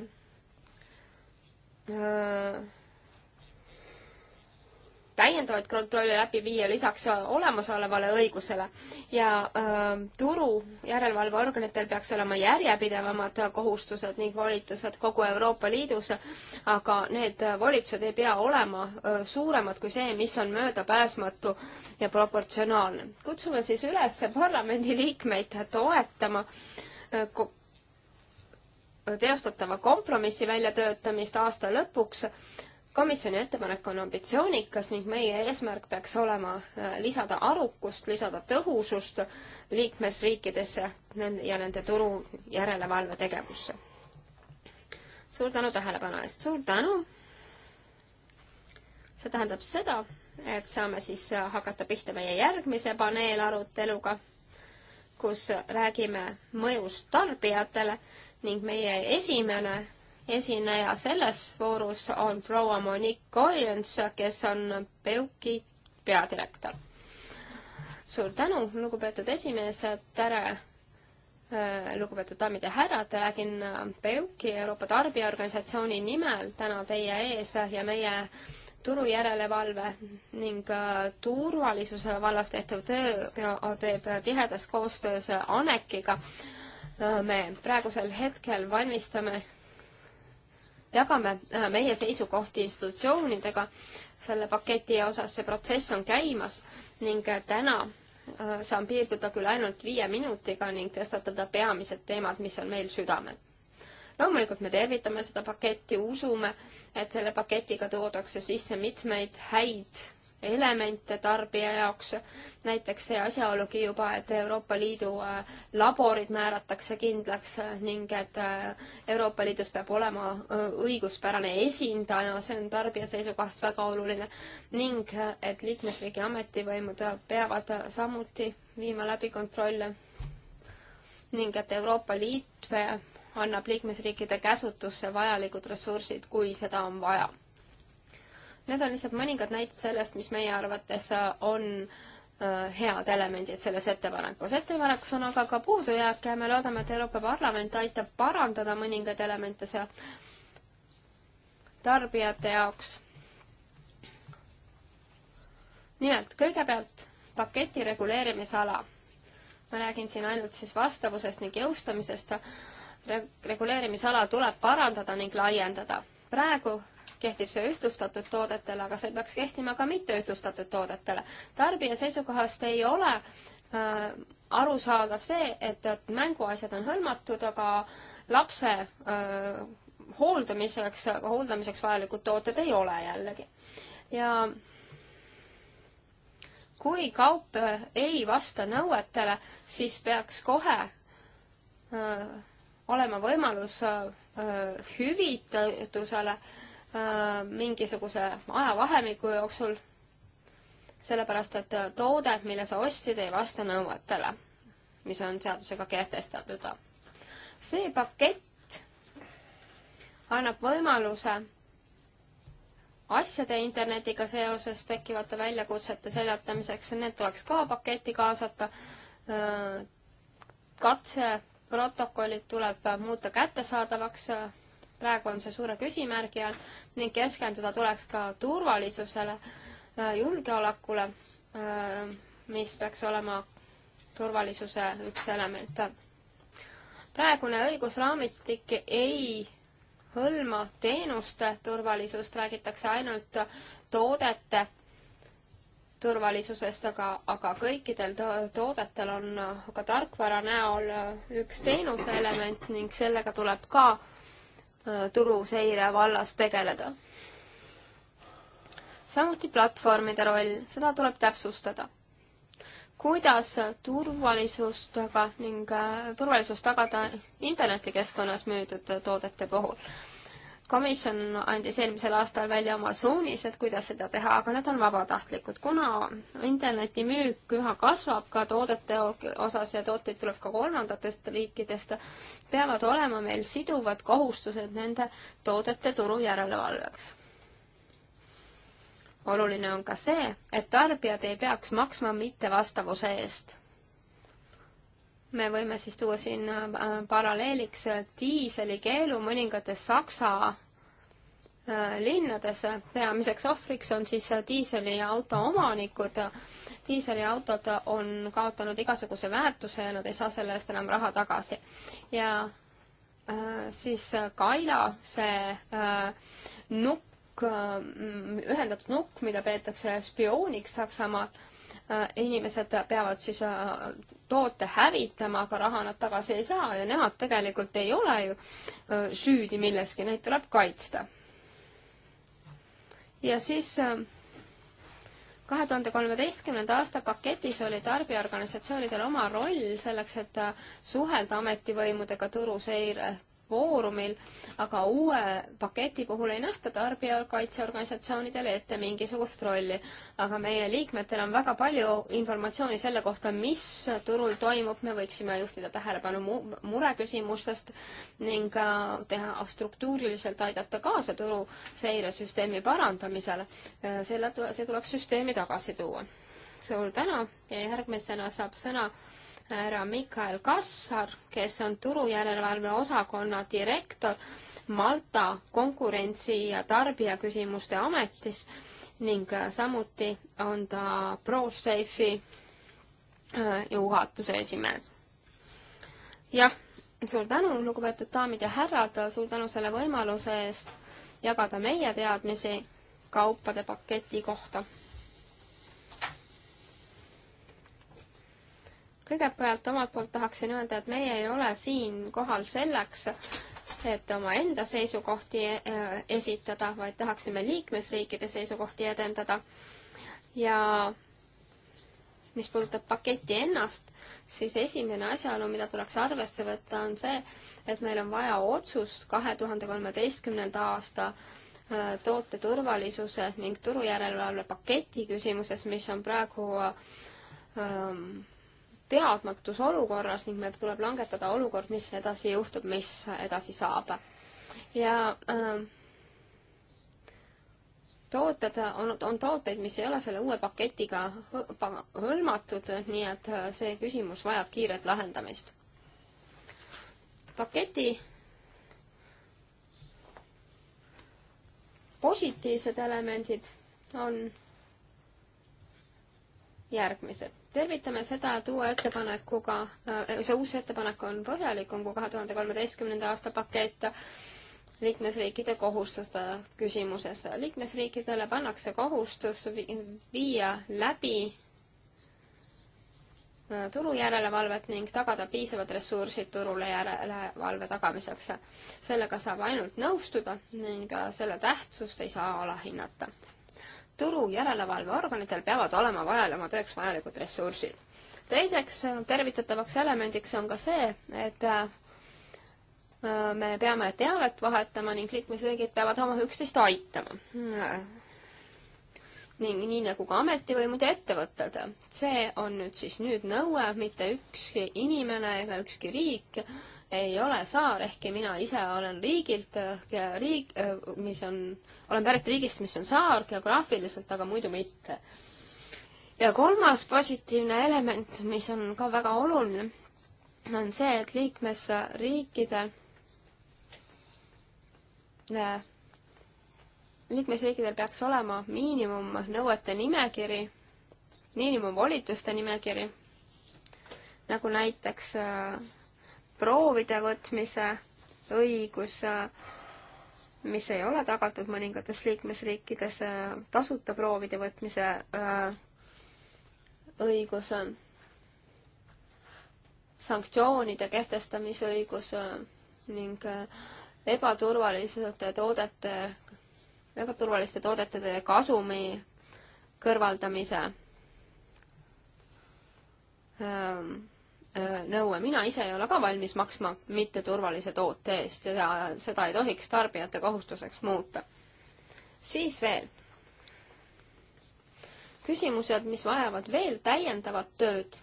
täiendavaid kontrolle läbi viia lisaks olemasolevale õigusele ja öö, ähm, turu järelevalveorganitel peaks olema järjepidevamad kohustused ning volitused kogu Euroopa Liidus, aga need volitused ei pea olema öö, äh, suuremad kui see, mis on möödapääsmatu ja proportsionaalne. kutsume siis üles parlamendiliikmeid toetama öö, äh, teostatava kompromissi väljatöötamist aasta lõpuks komisjoni ettepanek on ambitsioonikas ning meie eesmärk peaks olema äh, lisada arukust, lisada tõhusust liikmesriikidesse ja nende turu järelevalve tegevusse. suur tänu tähelepanu eest, suur tänu. see tähendab seda, et saame siis äh, hakata pihta meie järgmise paneelaruteluga, kus räägime mõjust tarbijatele ning meie esimene esineja selles voorus on proua Monique Goyens, kes on Peuki peadirektor. suur tänu, lugupeetud esimees, tere äh, lugupeetud daamid ja härrad, räägin äh, Peuki Euroopa Tarbijaorganisatsiooni nimel täna teie ees ja meie turujärelevalve ning äh, turvalisuse vallas tehtav töö teeb tihedas koostöös ANEK-iga. me praegusel hetkel valmistame jagame äh, meie seisukohti institutsioonidega selle paketi osas, see protsess on käimas ning äh, täna äh, saan piirduda küll ainult viie minutiga ning tõstatada peamised teemad, mis on meil südamel. loomulikult me tervitame seda paketti, usume, et selle paketiga toodakse sisse mitmeid häid elemente tarbija jaoks. näiteks see asjaolugi juba, et Euroopa Liidu äh, laborid määratakse kindlaks ning et äh, Euroopa Liidus peab olema äh, õiguspärane esindaja, see on tarbija seisukohast väga oluline. ning et liikmesriigi ametivõimud peavad samuti viima läbi kontrolle ning et Euroopa Liit annab liikmesriikide käsutusse vajalikud ressursid, kui seda on vaja Need on lihtsalt mõningad näited sellest, mis meie arvates äh, on äh, head elemendid selles ettepanekus. ettepanekus on aga ka puudujääke ja me loodame, et Euroopa Parlament aitab parandada mõningaid elemente seal tarbijate jaoks. nimelt, kõigepealt paketi reguleerimisala. ma räägin siin ainult siis vastavusest ning jõustamisest Re. reguleerimisala tuleb parandada ning laiendada. praegu kehtib see ühtlustatud toodetele, aga see peaks kehtima ka mitteühtlustatud toodetele. tarbija seisukohast ei ole äh, arusaadav see, et, et mänguasjad on hõlmatud, aga lapse äh, hooldamiseks, hooldamiseks vajalikud tooted ei ole jällegi. ja kui kaup äh, ei vasta nõuetele, siis peaks kohe öö, äh, olema võimalus öö, äh, hüvitusele Äh, mingisuguse ajavahemiku jooksul, sellepärast et toode, mille sa ostsid, ei vasta nõuetele, mis on seadusega kehtestatud. see pakett annab võimaluse asjade internetiga seoses tekkivate väljakutsete seletamiseks, need tuleks ka paketti kaasata. Äh, katseprotokollid tuleb muuta kättesaadavaks praegu on see suure küsimärgi all ning keskenduda tuleks ka turvalisusele, äh, julgeolekule, äh, mis peaks olema turvalisuse üks element. praegune õigusraamistik ei hõlma teenuste turvalisust, räägitakse ainult toodete turvalisusest, aga, aga kõikidel to toodetel on ka tarkvara näol üks teenuse element ning sellega tuleb ka äh, turuseire vallas tegeleda. samuti platvormide roll, seda tuleb täpsustada. kuidas turvalisustega ning turvalisust tagada internetikeskkonnas müüdud toodete puhul? komisjon andis eelmisel aastal välja oma suunised, kuidas seda teha, aga need on vabatahtlikud. kuna internetimüük üha kasvab ka toodete osas ja tooteid tuleb ka kolmandatest riikidest, peavad olema meil siduvad kohustused nende toodete turu järelevalveks. oluline on ka see, et tarbijad ei peaks maksma mittevastavuse eest me võime siis tuua siin äh, paralleeliks äh, diiseli keelu mõningates Saksa äh, linnades. peamiseks ohvriks on siis diiseliauto omanikud. diiseliautod on kaotanud igasuguse väärtuse ja nad ei saa selle eest enam raha tagasi. ja siis Kaila, see nukk, ühendatud nukk, mida peetakse spiooniks Saksamaal Äh, inimesed peavad siis äh, toote hävitama, aga raha nad tagasi ei saa ja nemad tegelikult ei ole ju äh, süüdi milleski, neid tuleb kaitsta. ja siis kahe tuhande kolmeteistkümnenda aasta paketis oli tarbijaorganisatsioonidel oma roll selleks, et suhelda ametivõimudega turuseire foorumil, aga uue paketi puhul ei nähta tarbijakaitseorganisatsioonidele ette mingisugust rolli. aga meie liikmetel on väga palju informatsiooni selle kohta, mis turul toimub, me võiksime juhtida tähelepanu mu mureküsimustest ning äh, teha äh, struktuuriliselt aidata kaasa turu seiresüsteemi parandamisele. Äh, selle, see tuleks süsteemi tagasi tuua. suur tänu ja järgmisena saab sõna härra Mikael Kassar, kes on turujärelevalve osakonna direktor Malta konkurentsi- ja tarbijaküsimuste ametis ning äh, samuti on ta ProSafe'i äh, juhatuse esimees. jah, suur tänu, lugupeetud daamid ja härrad, suur tänu selle võimaluse eest jagada meie teadmisi kaupade paketi kohta kõigepealt omalt poolt tahaksin öelda, et meie ei ole siin kohal selleks, et omaenda seisukohti äh, esitada, vaid tahaksime liikmesriikide seisukohti edendada. ja mis puudutab paketi ennast, siis esimene asjaolu, mida tuleks arvesse võtta, on see, et meil on vaja otsust kahe tuhande kolmeteistkümnenda aasta äh, toote turvalisuse ning turujärelevalve paketi küsimuses, mis on praegu äh, ähm, teadmatus olukorras ning meil tuleb langetada olukord, mis edasi juhtub, mis edasi saab. ja äh, tooted on, on tooteid, mis ei ole selle uue paketiga hõlmatud, nii et äh, see küsimus vajab kiiret lahendamist. paketi positiivsed elemendid on järgmised tervitame seda, et uue ettepanekuga, äh, see uus ettepanek on põhjalikum kui kahe tuhande kolmeteistkümnenda aasta pakett liikmesriikide kohustuste küsimuses. liikmesriikidele pannakse kohustus viia läbi äh, turujärelevalvet ning tagada piisavad ressursid turule järelevalve tagamiseks. sellega saab ainult nõustuda ning äh, selle tähtsust ei saa alahinnata turu järelevalveorganitel peavad olema vajal oma tööks vajalikud ressursid. teiseks äh, tervitatavaks elemendiks on ka see, et äh, äh, me peame teavet vahetama ning liikmesriigid peavad oma üksteist aitama. ning nii nagu ka ametivõimud ja ettevõtted. see on nüüd siis nüüd nõue, mitte ükski inimene ega ükski riik ei ole saar, ehkki mina ise olen riigilt, äh, riik, äh, mis on, olen pärit riigist, mis on saar geograafiliselt, aga muidu mitte. ja kolmas positiivne element, mis on ka väga oluline, on see, et liikmesriikide, äh, liikmesriikidel peaks olema miinimumnõuete nimekiri, miinimumvolituste nimekiri, nagu näiteks äh, proovide võtmise õigus, mis ei ole tagatud mõningates liikmesriikides, tasuta proovide võtmise äh, õigus, sanktsioonide kehtestamise õigus äh, ning äh, ebaturvalisuse toodete, ebaturvaliste toodete kasumi kõrvaldamise Äh, nõue, mina ise ei ole ka valmis maksma mitteturvalise toote eest ja seda ei tohiks tarbijate kohustuseks muuta. siis veel. küsimused, mis vajavad veel täiendavat tööd.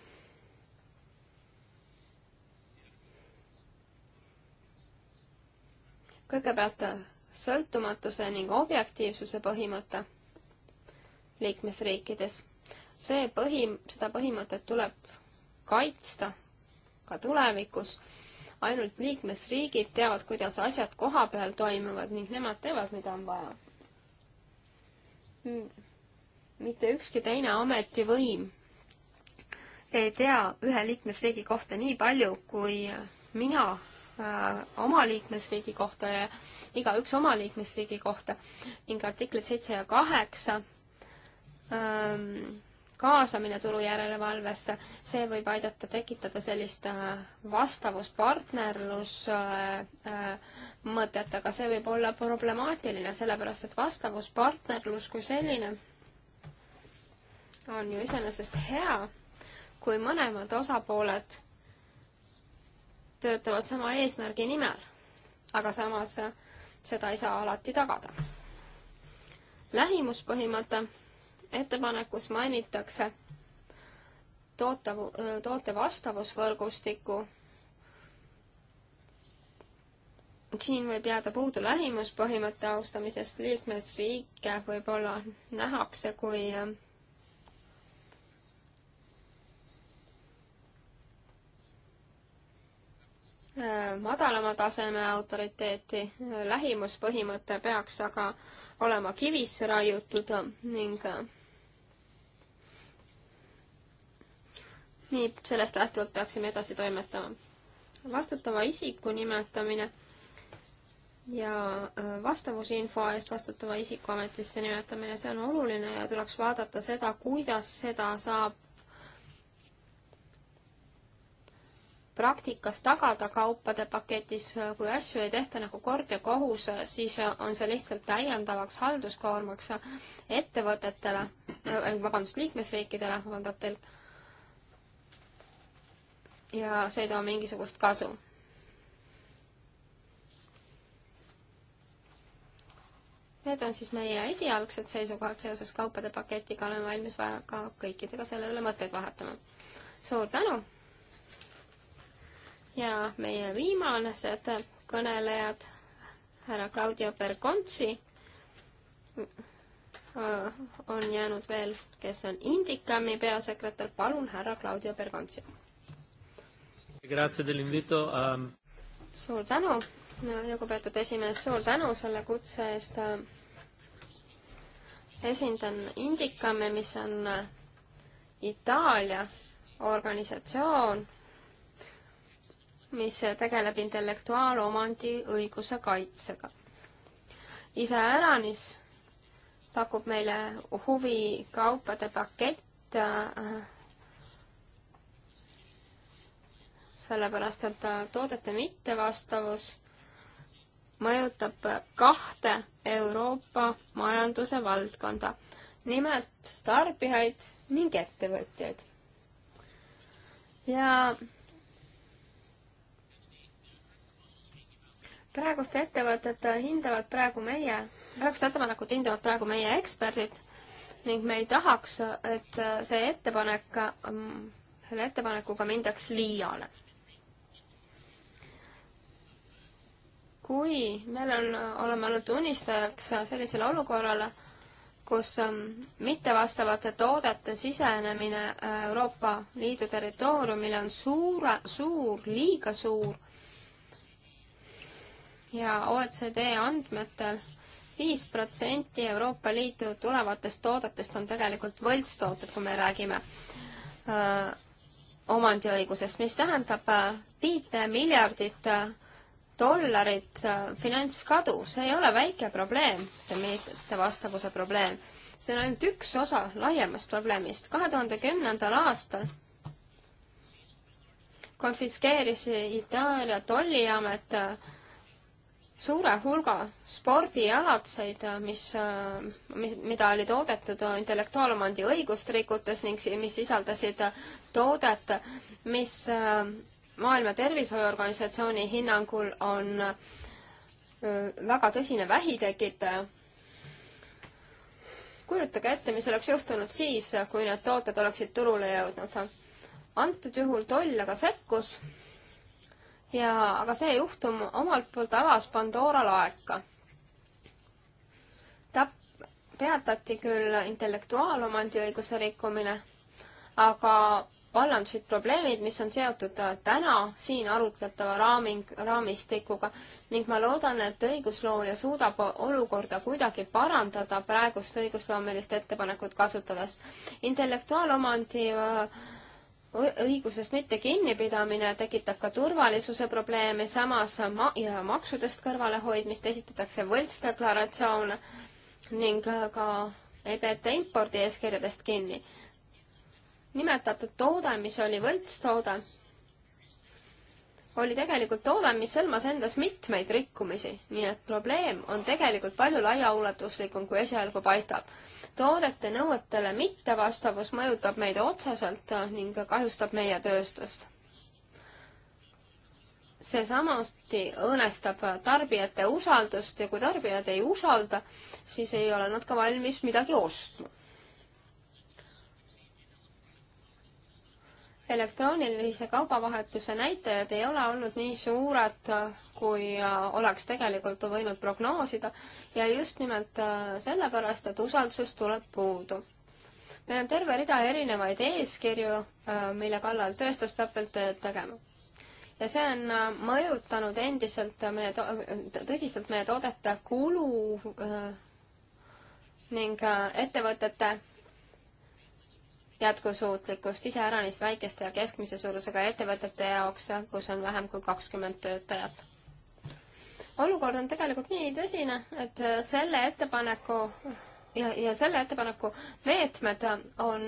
kõigepealt sõltumatuse ning objektiivsuse põhimõte liikmesriikides. see põhi, seda põhimõtet tuleb kaitsta ka tulevikus. ainult liikmesriigid teavad, kuidas asjad kohapeal toimuvad ning nemad teevad, mida on vaja. Hmm. mitte ükski teine ametivõim ei tea ühe liikmesriigi kohta nii palju, kui mina äh, oma liikmesriigi kohta ja igaüks oma liikmesriigi kohta ning artiklid seitse ja kaheksa ähm, kaasamine turujärelevalvesse, see võib aidata tekitada sellist äh, vastavuspartnerlus äh, äh, mõtet, aga see võib olla problemaatiline, sellepärast et vastavuspartnerlus kui selline on ju iseenesest hea, kui mõlemad osapooled töötavad sama eesmärgi nimel, aga samas seda ei saa alati tagada. lähimuspõhimõte ettepanekus mainitakse tootavu, toote vastavusvõrgustikku. siin võib jääda puudu lähimuspõhimõtte austamisest, liikmesriike võib-olla nähakse kui äh, madalama taseme autoriteeti, lähimuspõhimõte peaks aga olema kivisse raiutud ning äh, nii, sellest lähtuvalt peaksime edasi toimetama. vastutava isiku nimetamine ja äh, vastavusinfo eest vastutava isiku ametisse nimetamine, see on oluline ja tuleks vaadata seda, kuidas seda saab praktikas tagada kaupade paketis, kui asju ei tehta nagu kord ja kohus, siis on see lihtsalt täiendavaks halduskoormaks ettevõtetele, äh, vabandust, liikmesriikidele, vabandab teil ja see ei too mingisugust kasu. Need on siis meie esialgsed seisukohad seoses kaupade paketiga, olen valmis ka kõikidega selle üle mõtteid vahetama. suur tänu! ja meie viimased kõnelejad, härra Claudio Bergonzi äh, on jäänud veel, kes on Indicami peasekretär, palun härra Claudio Bergonzi suur tänu, lugupeetud esimees, suur tänu selle kutse eest. esindan Indicami, mis on Itaalia organisatsioon, mis tegeleb intellektuaalomandi õiguse kaitsega. iseäranis pakub meile huvi kaupade pakett, äh, sellepärast et äh, toodete mittevastavus mõjutab äh, kahte Euroopa majanduse valdkonda, nimelt tarbijaid ning ettevõtjaid. ja praegust ettevõtet hindavad praegu meie, praegust ettepanekut hindavad praegu meie eksperdid ning me ei tahaks, et äh, see ettepanek, selle ettepanekuga mindaks liiale kui meil on, oleme olnud tunnistajaks sellisele olukorrale, kus ähm, mittevastavate toodete sisenemine äh, Euroopa Liidu territooriumile on suure, suur, liiga suur ja OECD andmetel viis protsenti Euroopa Liidu tulevatest toodetest on tegelikult võltstooted, kui me räägime öö, äh, omandiõigusest, mis tähendab äh, viite miljardit öö, dollarit äh, finantskadu, see ei ole väike probleem, see meetmete vastavuse probleem. see on ainult üks osa laiemast probleemist. kahe tuhande kümnendal aastal konfiskeeris Itaalia tolliamet äh, suure hulga spordialatseid, äh, mis, mis, mida oli toodetud intellektuaalomandi õigust rikutes ning mis sisaldasid toodet, mis Maailma Tervishoiuorganisatsiooni hinnangul on väga tõsine vähitekitaja. kujutage ette, mis oleks juhtunud siis, kui need tooted oleksid turule jõudnud. antud juhul toll aga sekkus ja, aga see juhtum omalt poolt avas Pandora laeka. ta peatati küll intellektuaalomandiõiguse rikkumine, aga vallandusid probleemid, mis on seotud äh, täna siin arutletava raaming, raamistikuga ning ma loodan, et õiguslooja suudab olukorda kuidagi parandada praegust õigusloomelist ettepanekut kasutades. intellektuaalomandi äh, õigusest mitte kinnipidamine tekitab ka turvalisuse probleeme, samas ma- ja maksudest kõrvalehoidmist esitatakse võltsdeklaratsioone ning äh, ka ei peeta impordieeskirjadest kinni nimetatud toode, mis oli võltstoode, oli tegelikult toode, mis hõlmas endas mitmeid rikkumisi, nii et probleem on tegelikult palju laiaulatuslikum, kui esialgu paistab. toodete nõuetele mittevastavus mõjutab meid otseselt ning kahjustab meie tööstust. see samuti õõnestab tarbijate usaldust ja kui tarbijad ei usalda, siis ei ole nad ka valmis midagi ostma elektroonilise kaubavahetuse näitajad ei ole olnud nii suured, kui oleks tegelikult võinud prognoosida ja just nimelt äh, sellepärast, et usaldusest tuleb puudu. meil on terve rida erinevaid eeskirju, äh, mille kallal tööstus peab veel tööd tegema. ja see on äh, mõjutanud endiselt meie, tõsiselt meie toodete kulu ning ettevõtete jätkusuutlikkust iseäranis väikeste ja keskmise suurusega ettevõtete jaoks, kus on vähem kui kakskümmend töötajat. olukord on tegelikult nii tõsine, et selle ettepaneku ja, ja selle ettepaneku meetmed on,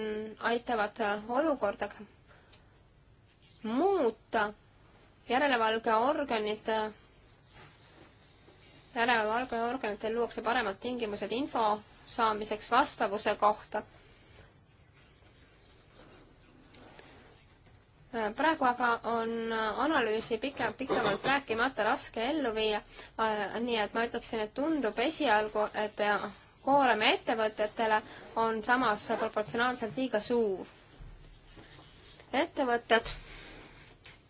aitavad olukorda muuta järelevalveorganid, järelevalveorganitel luuakse paremad tingimused info saamiseks vastavuse kohta praegu aga on analüüsi pika, pikemalt rääkimata raske ellu viia, nii et ma ütleksin, et tundub esialgu, et koorem ettevõtetele on samas proportsionaalselt liiga suur. ettevõtted,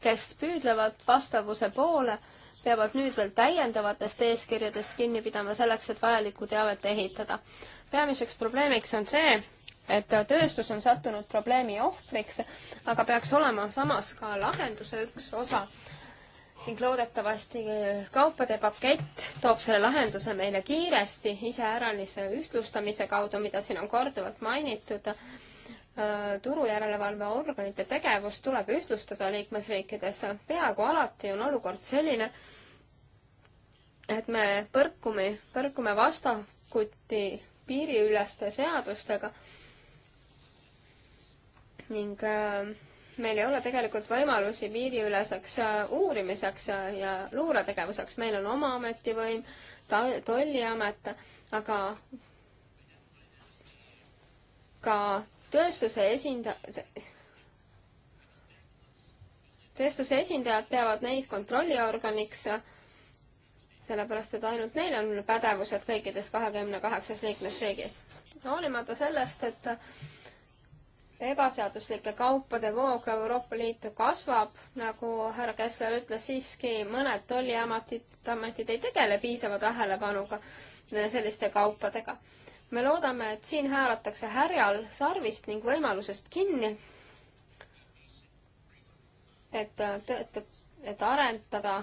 kes püüdlevad vastavuse poole, peavad nüüd veel täiendavatest eeskirjadest kinni pidama selleks, et vajalikku teavet ehitada. peamiseks probleemiks on see, et tööstus on sattunud probleemi ohvriks, aga peaks olema samas ka lahenduse üks osa. ning loodetavasti kaupade pakett toob selle lahenduse meile kiiresti iseäralise ühtlustamise kaudu, mida siin on korduvalt mainitud turujärelevalveorganite tegevust tuleb ühtlustada liikmesriikides. peaaegu alati on olukord selline, et me põrkume, põrkume vastakuti piiriüleste seadustega ning äh, meil ei ole tegelikult võimalusi piiriüleseks äh, uurimiseks ja luuretegevuseks, meil on oma ametivõim, tolliamet, aga ka tööstuse esinda-, tööstuse esindajad peavad neid kontrolliorganiks, sellepärast et ainult neil on pädevused kõikides kahekümne kaheksas liikmesriigis. hoolimata sellest, et ebaseaduslike kaupade voog Euroopa Liitu kasvab, nagu härra Kessler ütles, siiski mõned tolliametid, ametid ei tegele piisava tähelepanuga selliste kaupadega. me loodame, et siin haaratakse härjal sarvist ning võimalusest kinni, et töötab, et arendada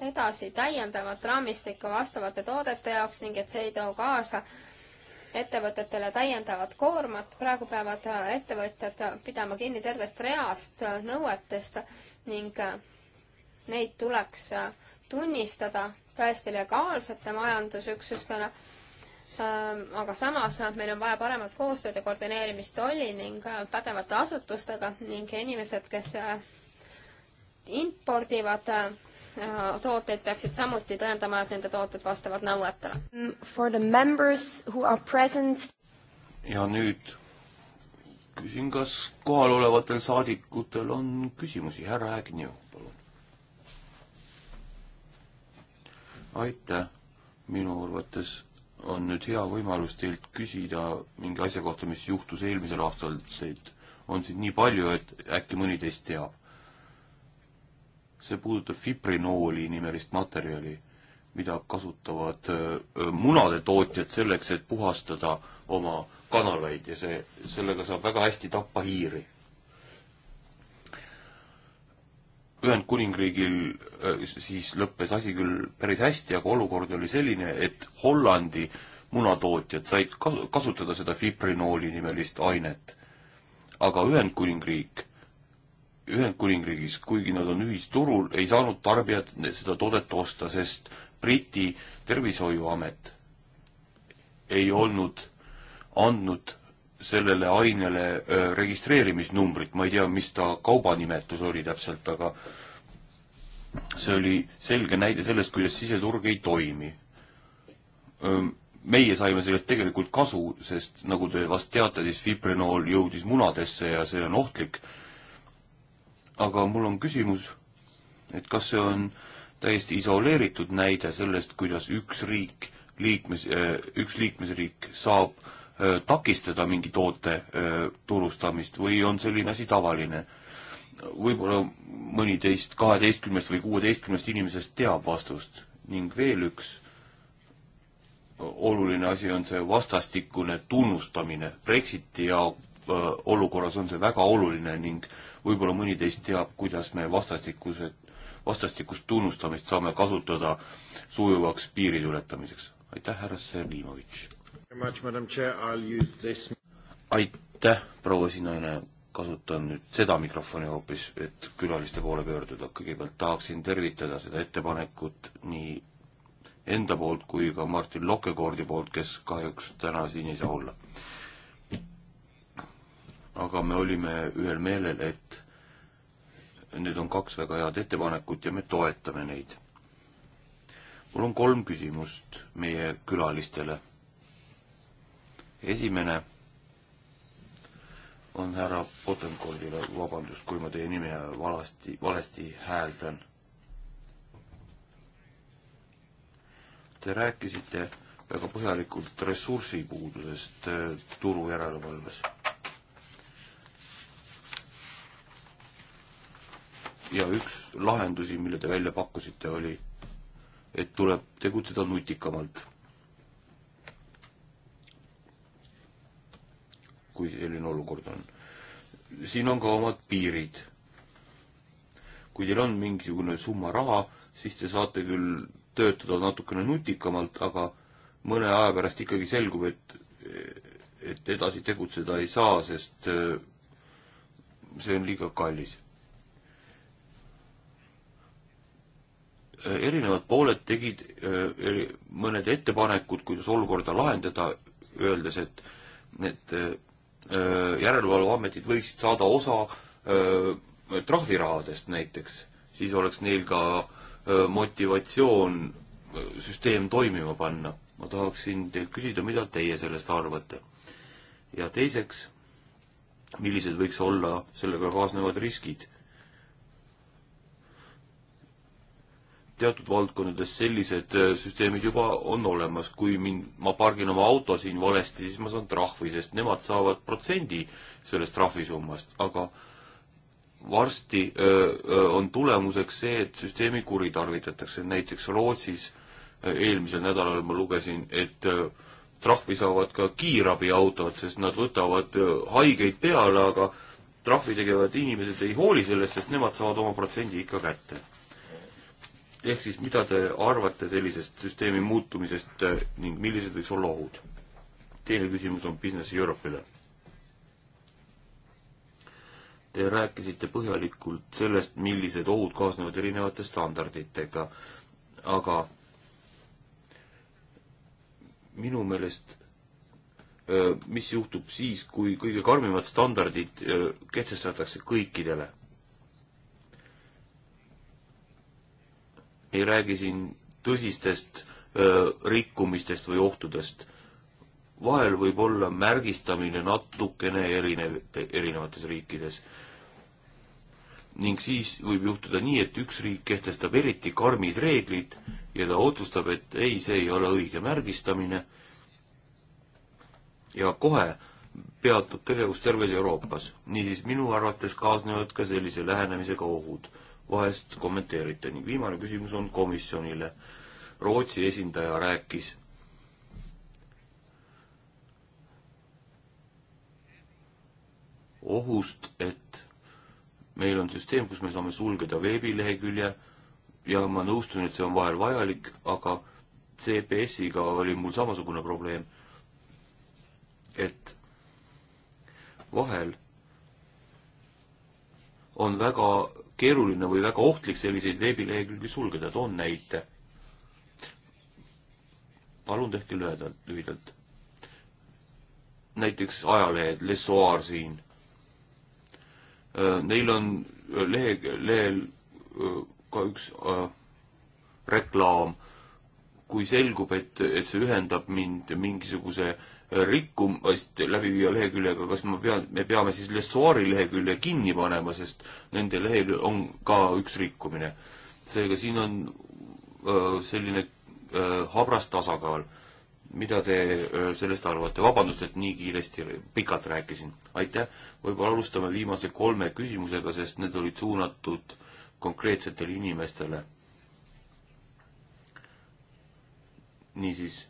edasi täiendavat raamistikku vastavate toodete jaoks ning et see ei too kaasa äh, ettevõtetele täiendavat koormat, praegu peavad ettevõtjad pidama kinni tervest reast nõuetest ning neid tuleks tunnistada täiesti legaalsete majandusüksustena, ähm, aga samas meil on vaja paremat koostööd ja koordineerimist tolli ning pädevate asutustega ning inimesed, kes impordivad Äh, tooteid peaksid samuti tõendama, et nende tooted vastavad nõuetele. For the members who are present. ja nüüd küsin, kas kohalolevatel saadikutel on küsimusi, härra Agnew, palun. aitäh, minu arvates on nüüd hea võimalus teilt küsida mingi asja kohta, mis juhtus eelmisel aastal, teid on siin nii palju, et äkki mõni teist teab see puudutab fibrinooli nimelist materjali, mida kasutavad munade tootjad selleks, et puhastada oma kanalaid ja see, sellega saab väga hästi tappa hiiri. Ühendkuningriigil siis lõppes asi küll päris hästi, aga olukord oli selline, et Hollandi munatootjad said kasutada seda fibrinooli nimelist ainet. aga Ühendkuningriik Ühendkuningriigis, kuigi nad on ühisturul, ei saanud tarbijad seda toodet osta, sest Briti tervishoiuamet ei olnud andnud sellele ainele registreerimisnumbrit, ma ei tea, mis ta kaubanimetus oli täpselt, aga see oli selge näide sellest, kuidas siseturg ei toimi. meie saime sellest tegelikult kasu, sest nagu te vast teate, siis fibrinool jõudis munadesse ja see on ohtlik aga mul on küsimus, et kas see on täiesti isoleeritud näide sellest, kuidas üks riik, liikmes, äh, üks liikmesriik saab äh, takistada mingi toote äh, turustamist või on selline asi tavaline? võib-olla mõni teist kaheteistkümnest või kuueteistkümnest inimesest teab vastust ning veel üks oluline asi on see vastastikune tunnustamine. Brexiti ja äh, olukorras on see väga oluline ning äh, võib-olla mõni teist teab, kuidas me vastastikused, vastastikust tunnustamist saame kasutada sujuvaks piiri ületamiseks. aitäh, härra Serlimovitš! aitäh, proua Sinaine, kasutan nüüd seda mikrofoni hoopis, et külaliste poole pöörduda. kõigepealt tahaksin tervitada seda ettepanekut nii enda poolt kui ka Martin Lokkekoordi poolt, kes kahjuks täna siin ei saa olla aga me olime ühel meelel, et need on kaks väga head ettepanekut ja me toetame neid. mul on kolm küsimust meie külalistele. esimene on härra Potenkoldile, vabandust, kui ma teie nime valasti, valesti hääldan. Te rääkisite väga põhjalikult ressursipuudusest äh, turu järelevalves ja üks lahendusi, mille te välja pakkusite, oli, et tuleb tegutseda nutikamalt. kui selline olukord on. siin on ka omad piirid. kui teil on mingisugune summa raha, siis te saate küll töötada natukene nutikamalt, aga mõne aja pärast ikkagi selgub, et, et edasi tegutseda ei saa, sest äh, see on liiga kallis erinevad pooled tegid äh, eri, mõned ettepanekud, kuidas olukorda lahendada, öeldes, et need äh, järelevalveametid võiksid saada osa äh, trahvirahadest näiteks, siis oleks neil ka motivatsioon süsteem toimima panna. ma tahaksin teilt küsida, mida teie sellest arvate? ja teiseks, millised võiks olla sellega kaasnevad riskid teatud valdkondades sellised äh, süsteemid juba on olemas, kui mind, ma pargin oma auto siin valesti, siis ma saan trahvi, sest nemad saavad protsendi sellest trahvisummast, aga varsti öö, äh, äh, on tulemuseks see, et süsteemi kuritarvitatakse, näiteks Rootsis eelmisel nädalal ma lugesin, et öö, trahvi saavad ka kiirabiautod, sest nad võtavad haigeid peale, aga trahvi tegevad inimesed ei hooli sellest, sest nemad saavad oma protsendi ikka kätte ehk siis, mida te arvate sellisest süsteemi muutumisest äh, ning millised võiks olla ohud? teine küsimus on Business Europe'ile. Te rääkisite põhjalikult sellest, millised ohud kaasnevad erinevate standarditega, aga minu meelest äh, mis juhtub siis, kui kõige karmimad standardid äh, kehtestatakse kõikidele ei räägi siin tõsistest öö, rikkumistest või ohtudest. vahel võib olla märgistamine natukene erinev, erinevates riikides. ning siis võib juhtuda nii, et üks riik kehtestab eriti karmid reeglid ja ta otsustab, et ei, see ei ole õige märgistamine. ja kohe peatub tegevus terves Euroopas. niisiis minu arvates kaasnevad ka sellise lähenemisega ohud vahest kommenteerite ning viimane küsimus on komisjonile. Rootsi esindaja rääkis ohust, et meil on süsteem, kus me saame sulgeda veebilehekülje ja ma nõustun, et see on vahel vajalik, aga CPS-iga oli mul samasugune probleem, et vahel on väga keeruline või väga ohtlik selliseid veebilehekülgi sulgeda, toon näite. palun tehke lühedalt, lühidalt. näiteks ajalehed, Les Soir siin. Neil on lehe, lehel ka üks äh, reklaam, kui selgub, et, et see ühendab mind mingisuguse äh, rikkumist läbi viia leheküljega, kas ma pean, me peame siis Lessuaari lehekülje kinni panema, sest nende lehel on ka üks rikkumine. seega siin on öö, selline öö, habras tasakaal. mida te öö, sellest arvate? vabandust, et nii kiiresti, pikalt rääkisin. aitäh, võib-olla alustame viimase kolme küsimusega, sest need olid suunatud konkreetsetele inimestele. niisiis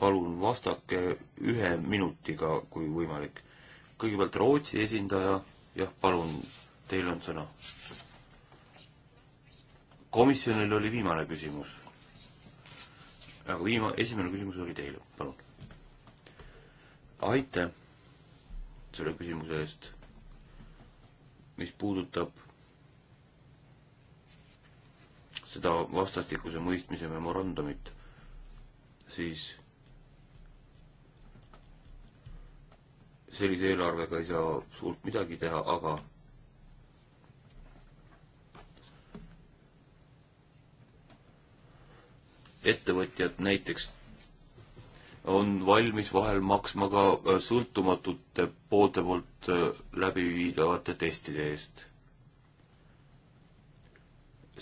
palun vastake ühe minutiga, kui võimalik. kõigepealt Rootsi esindaja, jah, palun, teil on sõna. komisjonil oli viimane küsimus. aga viima-, esimene küsimus oli teile, palun. aitäh selle küsimuse eest, mis puudutab seda vastastikuse mõistmise memorandumit, siis sellise eelarvega ei saa suurt midagi teha, aga ettevõtjad näiteks on valmis vahel maksma ka äh, sõltumatute poolte poolt äh, läbiviidavate testide eest.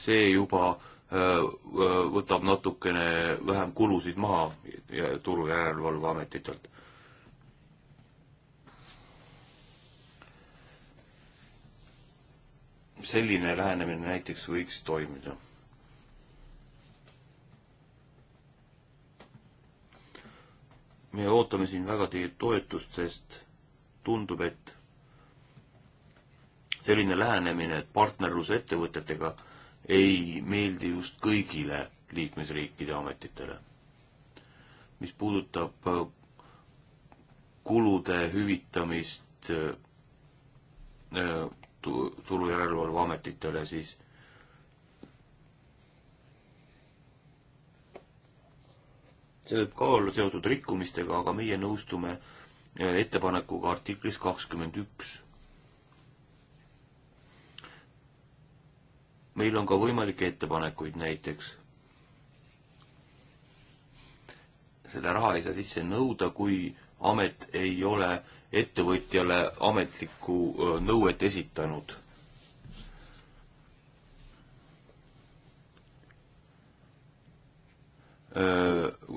see juba äh, võtab natukene vähem kulusid maha turu järelevalveametitelt selline lähenemine näiteks võiks toimida. me ootame siin väga teie toetust, sest tundub, et selline lähenemine partnerlus ettevõtetega ei meeldi just kõigile liikmesriikide ametitele. mis puudutab äh, kulude hüvitamist äh, turujärelevalveametitele siis see võib ka olla seotud rikkumistega, aga meie nõustume eh, ettepanekuga artiklis kakskümmend üks. meil on ka võimalikke ettepanekuid, näiteks selle raha ei saa sisse nõuda, kui amet ei ole ettevõtjale ametlikku nõuet esitanud.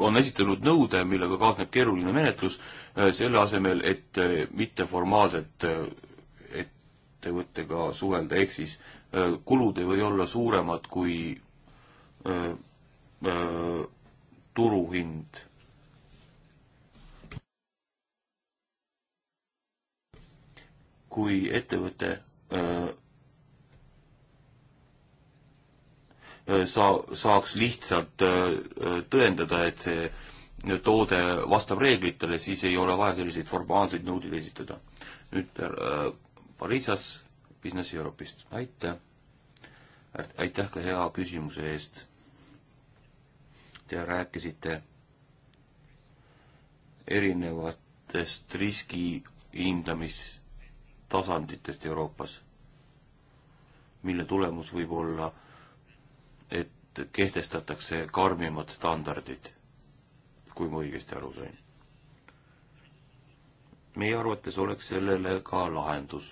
on esitanud nõude, millega kaasneb keeruline menetlus, selle asemel, et mitteformaalselt ettevõttega suhelda, ehk siis kulud ei või olla suuremad kui turuhind kui ettevõte öö, sa-, saaks lihtsalt tõendada, et see toode vastab reeglitele, siis ei ole vaja selliseid formaalseid nõudeid esitada. nüüd Parisas Business Europe'ist, aitäh! aitäh ka hea küsimuse eest! Te rääkisite erinevatest riski hindamis- tasanditest Euroopas, mille tulemus võib olla, et kehtestatakse karmimad standardid, kui ma õigesti aru sain. meie arvates oleks sellele ka lahendus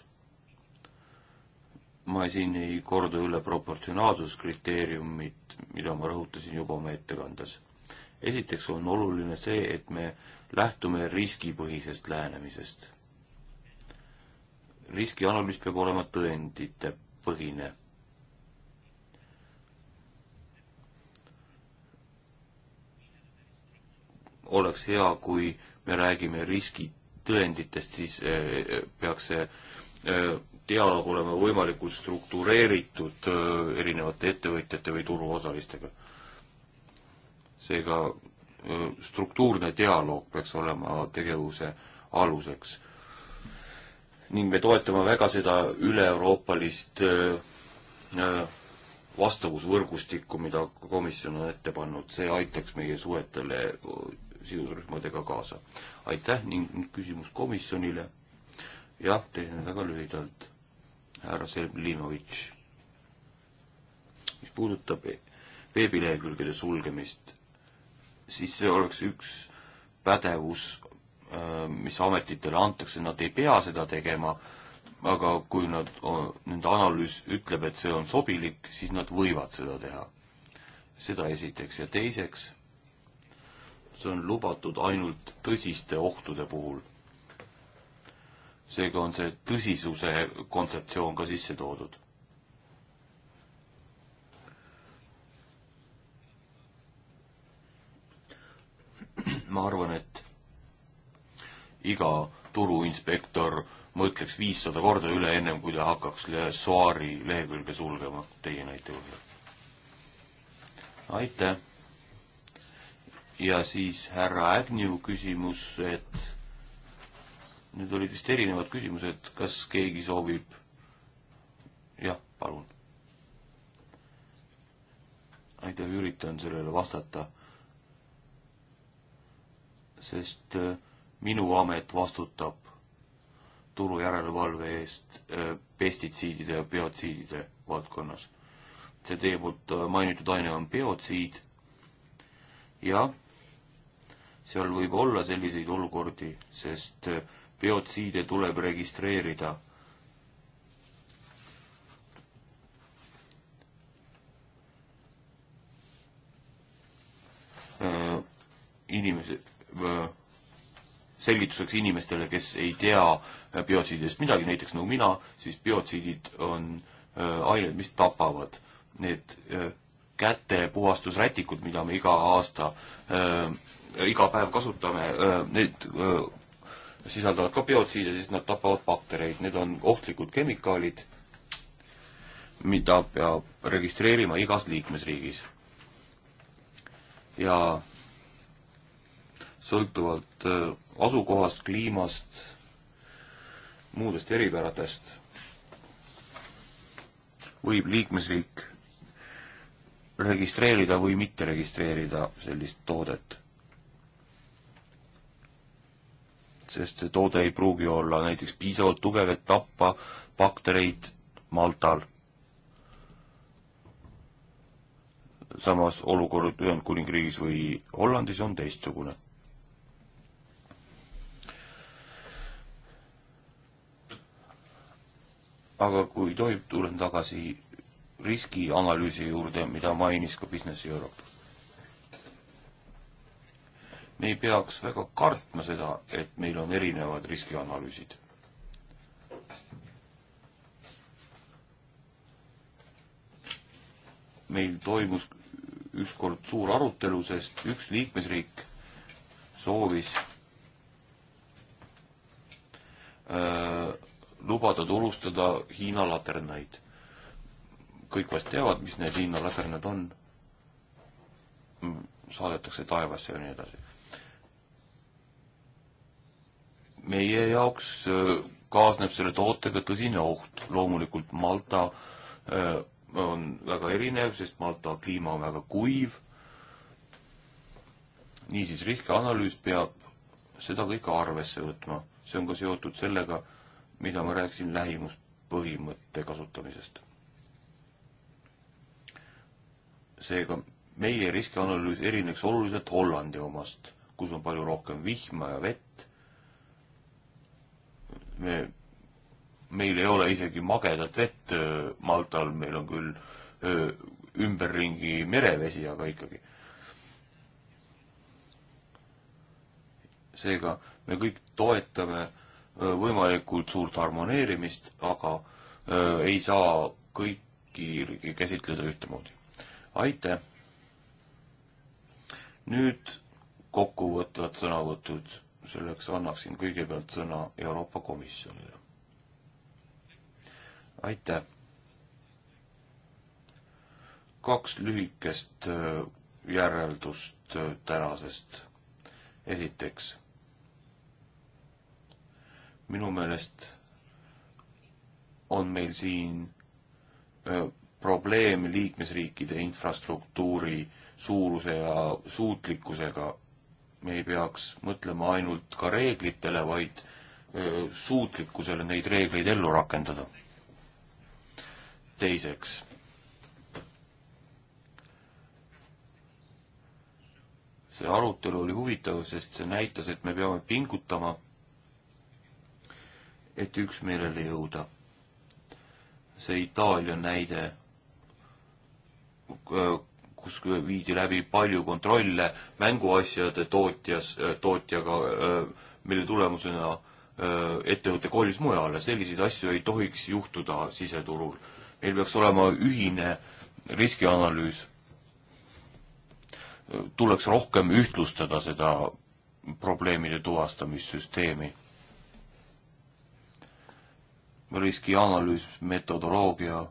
ma siin ei korda üle proportsionaalsuskriteeriumit, mida ma rõhutasin juba oma ettekandes. esiteks on oluline see, et me lähtume riskipõhisest lähenemisest riskianalüüs peab olema tõenditepõhine. oleks hea, kui me räägime riskitõenditest, siis eh, eh, peaks see eh, dialoog olema võimalikult struktureeritud erinevate ettevõtjate või turuosalistega. seega struktuurne dialoog peaks olema tegevuse aluseks ning me toetame väga seda üle-euroopalist äh, äh, vastavusvõrgustikku, mida komisjon on ette pannud, see aitaks meie suhetele äh, sidusrühmadega kaasa. aitäh ning nüüd küsimus komisjonile. jah, teen väga lühidalt, härra Selminovitš. mis puudutab e-, veebilehekülgede sulgemist, siis see oleks üks pädevus Äh, mis ametitele antakse, nad ei pea seda tegema, aga kui nad, nende analüüs ütleb, et see on sobilik, siis nad võivad seda teha. seda esiteks ja teiseks, see on lubatud ainult tõsiste ohtude puhul. seega on see tõsisuse kontseptsioon ka sisse toodud ma arvan, et iga turuinspektor mõtleks viissada korda üle, ennem kui ta hakkaks Soari lehekülge sulgema teie näite põhjal. aitäh. ja siis härra Agnew küsimus, et nüüd olid vist erinevad küsimused, kas keegi soovib? jah, palun. aitäh, üritan sellele vastata, sest äh, minu amet vastutab turujärelevalve eest äh, pestitsiidide ja biotsiidide valdkonnas. see teie poolt äh, mainitud aine on biotsiid ja seal võib olla selliseid olukordi, sest äh, biotsiide tuleb registreerida. inimesed selgituseks inimestele, kes ei tea äh, biotsiididest midagi, näiteks nagu mina, siis biotsiidid on äh, ained, mis tapavad. Need äh, kätepuhastusrätikud, mida me iga aasta äh,, iga päev kasutame äh,, need äh, sisaldavad ka biotsiide, sest nad tapavad baktereid, need on ohtlikud kemikaalid, mida peab registreerima igas liikmesriigis. ja sõltuvalt äh, asukohast, kliimast, muudest eripäradest võib liikmesriik registreerida või mitte registreerida sellist toodet. sest see toode ei pruugi olla näiteks piisavalt tugev, et tappa baktereid Maltal. samas olukord Ühendkuningriigis või Hollandis on teistsugune aga kui tohib, tulen tagasi riskianalüüsi juurde, mida mainis ka Business Europe. me ei peaks väga kartma seda, et meil on erinevad riskianalüüsid. meil toimus ükskord suur arutelu, sest üks liikmesriik soovis öö, äh, lubada turustada Hiina laternaid. kõik vast teavad, mis need Hiina laternad on. saadetakse taevasse ja nii edasi. meie jaoks äh, kaasneb selle tootega tõsine oht, loomulikult Malta öö, äh, on väga erinev, sest Malta kliima on väga kuiv. niisiis riskianalüüs peab seda kõike arvesse võtma, see on ka seotud sellega mida ma rääkisin lähimuspõhimõtte kasutamisest. seega meie riskianalüüs erineks oluliselt Hollandi omast, kus on palju rohkem vihma ja vett. me, meil ei ole isegi magedat vett Maltal, meil on küll öö, ümberringi merevesi, aga ikkagi. seega me kõik toetame Äh, võimalikult suurt harmoneerimist, aga öö, äh, ei saa kõiki käsitleda ühtemoodi. aitäh! nüüd kokkuvõtvad sõnavõtud, selleks annaksin kõigepealt sõna Euroopa Komisjonile. aitäh! kaks lühikest äh, järeldust tänasest. esiteks minu meelest on meil siin öö, probleem liikmesriikide infrastruktuuri suuruse ja suutlikkusega. me ei peaks mõtlema ainult ka reeglitele, vaid öö, suutlikkusele neid reegleid ellu rakendada. teiseks see arutelu oli huvitav, sest see näitas, et me peame pingutama et üksmeelele jõuda. see Itaalia näide, äh, kus viidi läbi palju kontrolle mänguasjade tootjas, äh, tootjaga, äh, mille tulemusena ettevõte kolis mujale, selliseid asju ei tohiks juhtuda siseturul. meil peaks olema ühine riskianalüüs. tuleks rohkem ühtlustada seda probleemide tuvastamissüsteemi riskianalüüs, metodoloogia,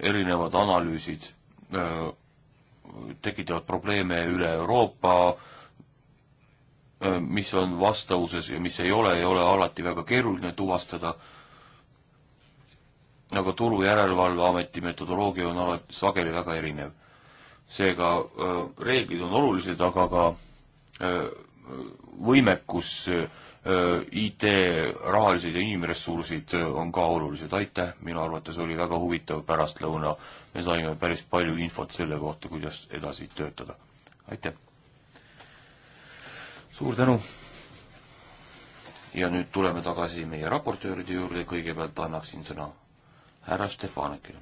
erinevad analüüsid äh, tekitavad probleeme üle Euroopa, äh, mis on vastavuses ja mis ei ole, ei ole alati väga keeruline tuvastada, aga Turu Järelevalveameti metodoloogia on alati sageli väga erinev. seega äh, reeglid on olulised, aga ka võimekus äh, Äh, IT, rahalised ja inimressursid äh, on ka olulised, aitäh, minu arvates oli väga huvitav pärastlõuna, me saime päris palju infot selle kohta, kuidas edasi töötada. aitäh! suur tänu! ja nüüd tuleme tagasi meie raportööride juurde, kõigepealt annaksin sõna härra Stefanekile.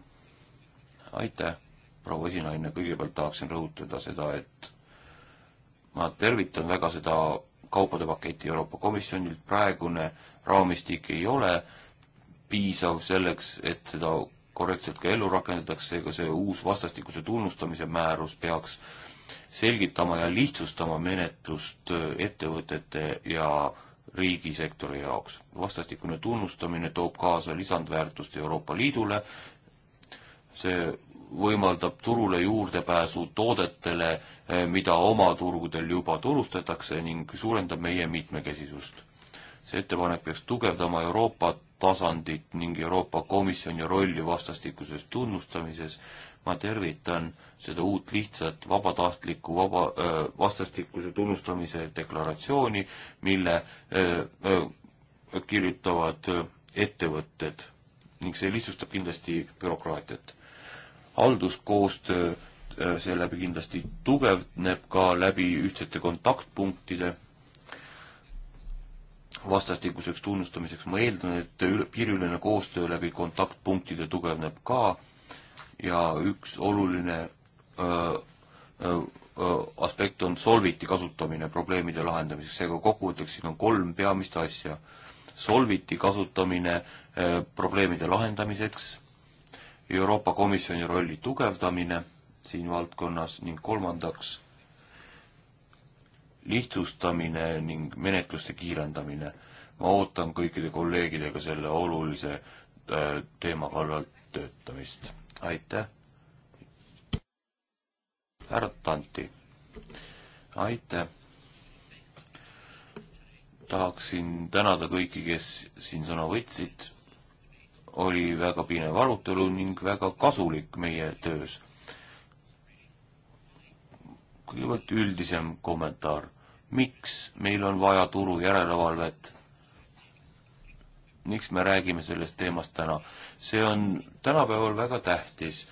aitäh, proua esinaine, kõigepealt tahaksin rõhutada seda, et ma tervitan väga seda kaupade paketi Euroopa Komisjonilt, praegune raamistik ei ole piisav selleks, et seda korrektselt ka ellu rakendatakse, seega see uus vastastikuse tunnustamise määrus peaks selgitama ja lihtsustama menetlust ettevõtete ja riigisektori jaoks. vastastikune tunnustamine toob kaasa lisandväärtust Euroopa Liidule, see võimaldab turule juurdepääsu toodetele, eh, mida oma turgudel juba turustatakse ning suurendab meie mitmekesisust. see ettepanek peaks tugevdama Euroopa tasandit ning Euroopa Komisjoni rolli vastastikuses tunnustamises. ma tervitan seda uut lihtsat vabatahtliku vaba, eh, vastastikuse tunnustamise deklaratsiooni, mille öö, eh, öö, kirjutavad ettevõtted ning see lihtsustab kindlasti bürokraatiat halduskoostöö äh, seeläbi kindlasti tugevneb ka läbi ühtsete kontaktpunktide vastastikuseks tunnustamiseks. ma eeldan, et piiriülene koostöö läbi kontaktpunktide tugevneb ka ja üks oluline öö, äh, öö, äh, aspekt on solviti kasutamine probleemide lahendamiseks, seega kokkuvõtteks siin on kolm peamist asja. solviti kasutamine öö, probleemide lahendamiseks Euroopa Komisjoni rolli tugevdamine siin valdkonnas ning kolmandaks lihtsustamine ning menetluste kiirendamine. ma ootan kõikide kolleegidega selle olulise äh, teema kallal töötamist. aitäh! härra Tanti, aitäh! tahaksin tänada kõiki, kes siin sõna võtsid oli väga pinev arutelu ning väga kasulik meie töös. kõigepealt üldisem kommentaar. miks meil on vaja turu järelevalvet? miks me räägime sellest teemast täna? see on tänapäeval väga tähtis.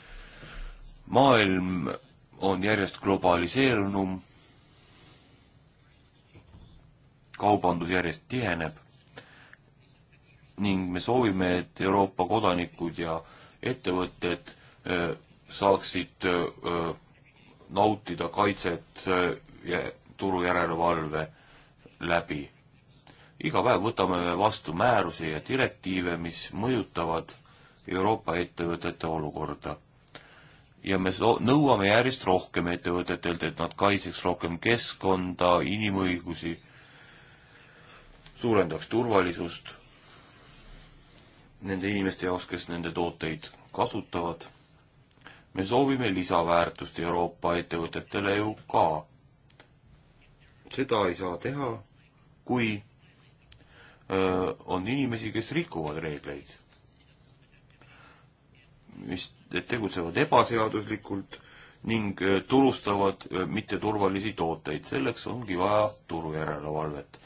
maailm on järjest globaliseerunum, kaubandus järjest tiheneb ning me soovime, et Euroopa kodanikud ja ettevõtted äh, saaksid äh, nautida kaitset äh, ja turujärelevalve läbi. iga päev võtame me vastu määrusi ja direktiive, mis mõjutavad Euroopa ettevõtete olukorda. ja me so-, nõuame järjest rohkem ettevõtetelt, et nad kaitseks rohkem keskkonda, inimõigusi, suurendaks turvalisust nende inimeste jaoks, kes nende tooteid kasutavad. me soovime lisaväärtust Euroopa ettevõtetele ju ka. seda ei saa teha, kui öö, on inimesi, kes rikuvad reegleid, mis tegutsevad ebaseaduslikult ning turustavad mitteturvalisi tooteid. selleks ongi vaja turujärelevalvet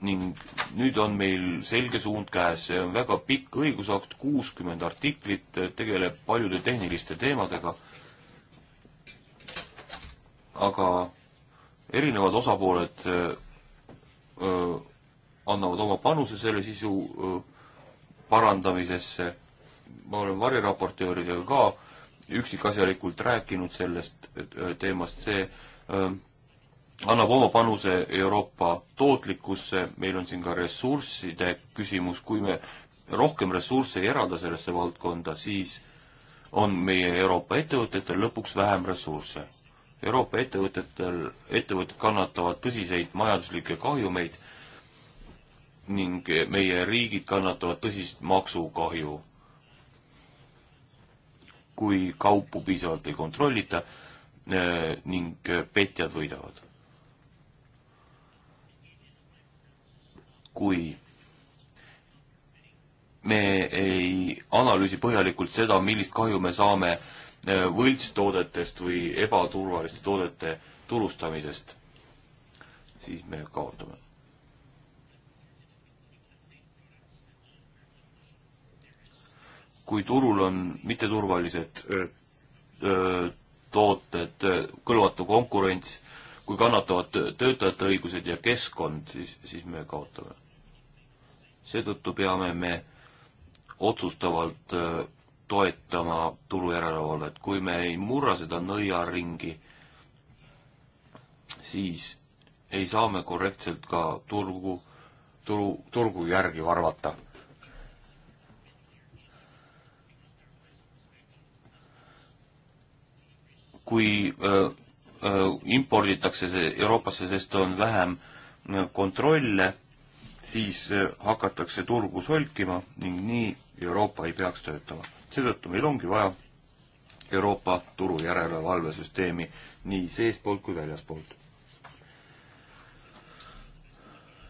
ning nüüd on meil selge suund käes, see on väga pikk õigusakt, kuuskümmend artiklit, tegeleb paljude tehniliste teemadega, aga erinevad osapooled öö, annavad oma panuse selle sisu öö, parandamisesse, ma olen variraportööridega ka üksikasjalikult rääkinud sellest teemast, see öö, annab oma panuse Euroopa tootlikkusse, meil on siin ka ressursside küsimus, kui me rohkem ressursse ei eralda sellesse valdkonda, siis on meie Euroopa ettevõtetel lõpuks vähem ressursse. Euroopa ettevõtetel, ettevõtted kannatavad tõsiseid majanduslikke kahjumeid ning meie riigid kannatavad tõsist maksukahju, kui kaupu piisavalt ei kontrollita eh, ning petjad võidavad kui me ei analüüsi põhjalikult seda, millist kahju me saame äh, võltstoodetest või ebaturvaliste toodete turustamisest, siis me kaotame. kui turul on mitteturvalised äh, äh, tooted, kõlvatu konkurents, kui kannatavad töötajate õigused ja keskkond, siis, siis me kaotame seetõttu peame me otsustavalt äh, toetama turujärelevalvet, kui me ei murra seda nõiaringi, siis ei saa me korrektselt ka turgu, turu, turgu järgi varvata. kui öö, äh, öö, äh, imporditakse see Euroopasse, sest on vähem kontrolle siis eh, hakatakse turgu solkima ning nii Euroopa ei peaks töötama. seetõttu meil ongi vaja Euroopa turu järelevalvesüsteemi nii seestpoolt kui väljaspoolt.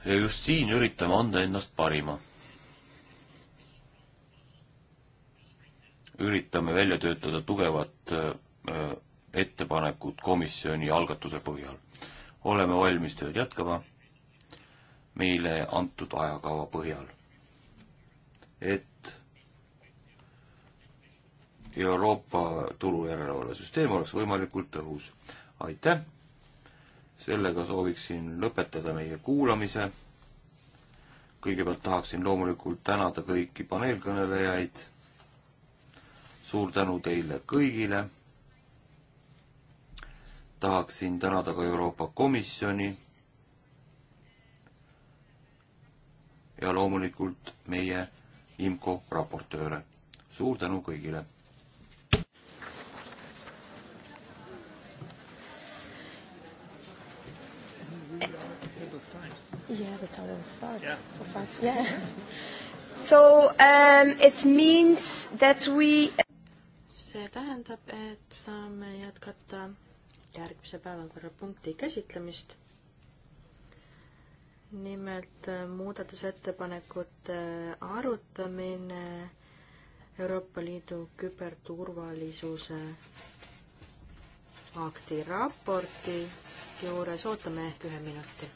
ja just siin üritame anda endast parima. üritame välja töötada tugevat eh, ettepanekut komisjoni algatuse põhjal. oleme valmis tööd jätkama meile antud ajakava põhjal. et Euroopa turujärelevalvesüsteem oleks võimalikult tõhus. aitäh! sellega sooviksin lõpetada meie kuulamise. kõigepealt tahaksin loomulikult tänada kõiki paneelkõnelejaid. suur tänu teile kõigile tahaksin tänada ka Euroopa Komisjoni ja loomulikult meie IMCO raportööre. suur tänu kõigile! Yeah, that's how we'll start. Yeah. For fast. Yeah. So um, it means that we... see tähendab, et saame jätkata järgmise päevakorrapunkti käsitlemist nimelt äh, muudatusettepanekute äh, arutamine Euroopa Liidu küberturvalisuse akti raporti juures, ootame ehk ühe minuti.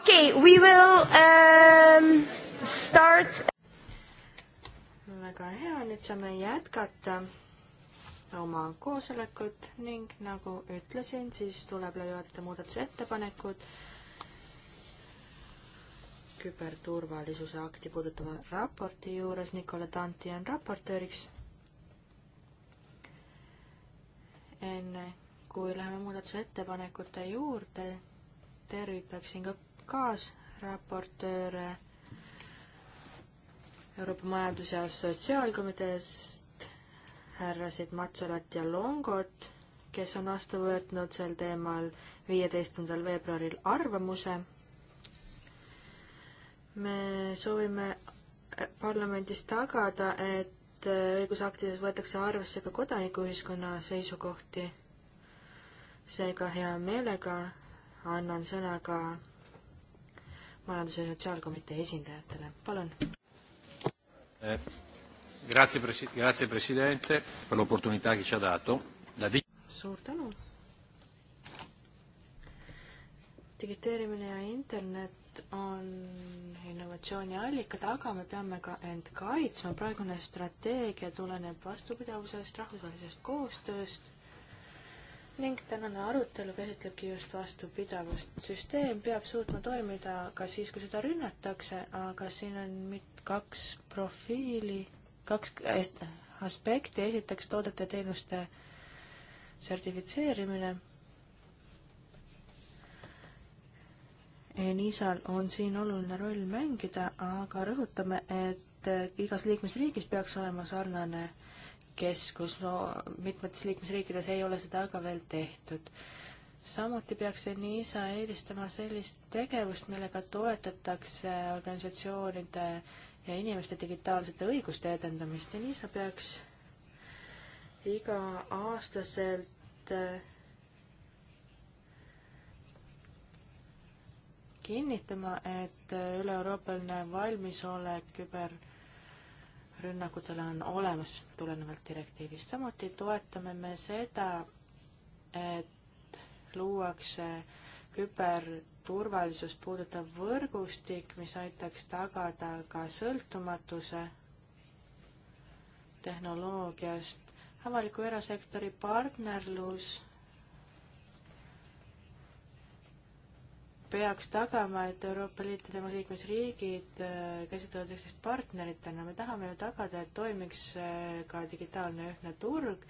okei okay,, we will um, start. väga hea, nüüd saame jätkata oma koosolekut ning nagu ütlesin, siis tuleb läbi vaadata muudatusettepanekud küberturvalisuse akti puudutava raporti juures. Nicola Tanti on raportööriks. enne kui läheme muudatusettepanekute juurde, tervitaksin ka kaasraportööre Euroopa Majandus- ja Sotsiaalkomiteest, härrasid Matsolat ja Longot, kes on vastu võtnud sel teemal viieteistkümnendal veebruaril arvamuse. me soovime parlamendis tagada, et õigusaktides võetakse arvesse ka kodanikuühiskonna seisukohti. seega hea meelega annan sõna ka majandus- ja sotsiaalkomitee esindajatele, palun. Eh, grazie, grazie Presidente per l'opportunità che ci ha dato. La suur tänu. digiteerimine ja internet on innovatsiooni allikad, aga me peame ka end kaitsma. praegune strateegia tuleneb vastupidavusest, rahvusvahelisest koostööst ning tänane arutelu käsitlebki just vastupidavust. süsteem peab suutma toimida ka siis, kui seda rünnatakse, aga siin on mit-, kaks profiili, kaks aspekti, esiteks toodete ja teenuste sertifitseerimine Enisal on siin oluline roll mängida, aga rõhutame, et igas liikmesriigis peaks olema sarnane keskus, no mitmetes liikmesriikides ei ole seda aga veel tehtud. samuti peaks NISA eelistama sellist tegevust, millega toetatakse organisatsioonide ja inimeste digitaalsete õiguste edendamist ja NISA peaks iga-aastaselt äh, kinnitama, et äh, üle-euroopaline valmisolek küber- rünnakutele on olemas tulenevalt direktiivist. samuti toetame me seda, et luuakse küberturvalisust puudutav võrgustik, mis aitaks tagada ka sõltumatuse tehnoloogiast. avaliku erasektori partnerlus peaks tagama, et Euroopa Liit ja tema liikmesriigid äh, käsitlevad üksteist partneritena, me tahame ju tagada, et toimiks äh, ka digitaalne ühtne turg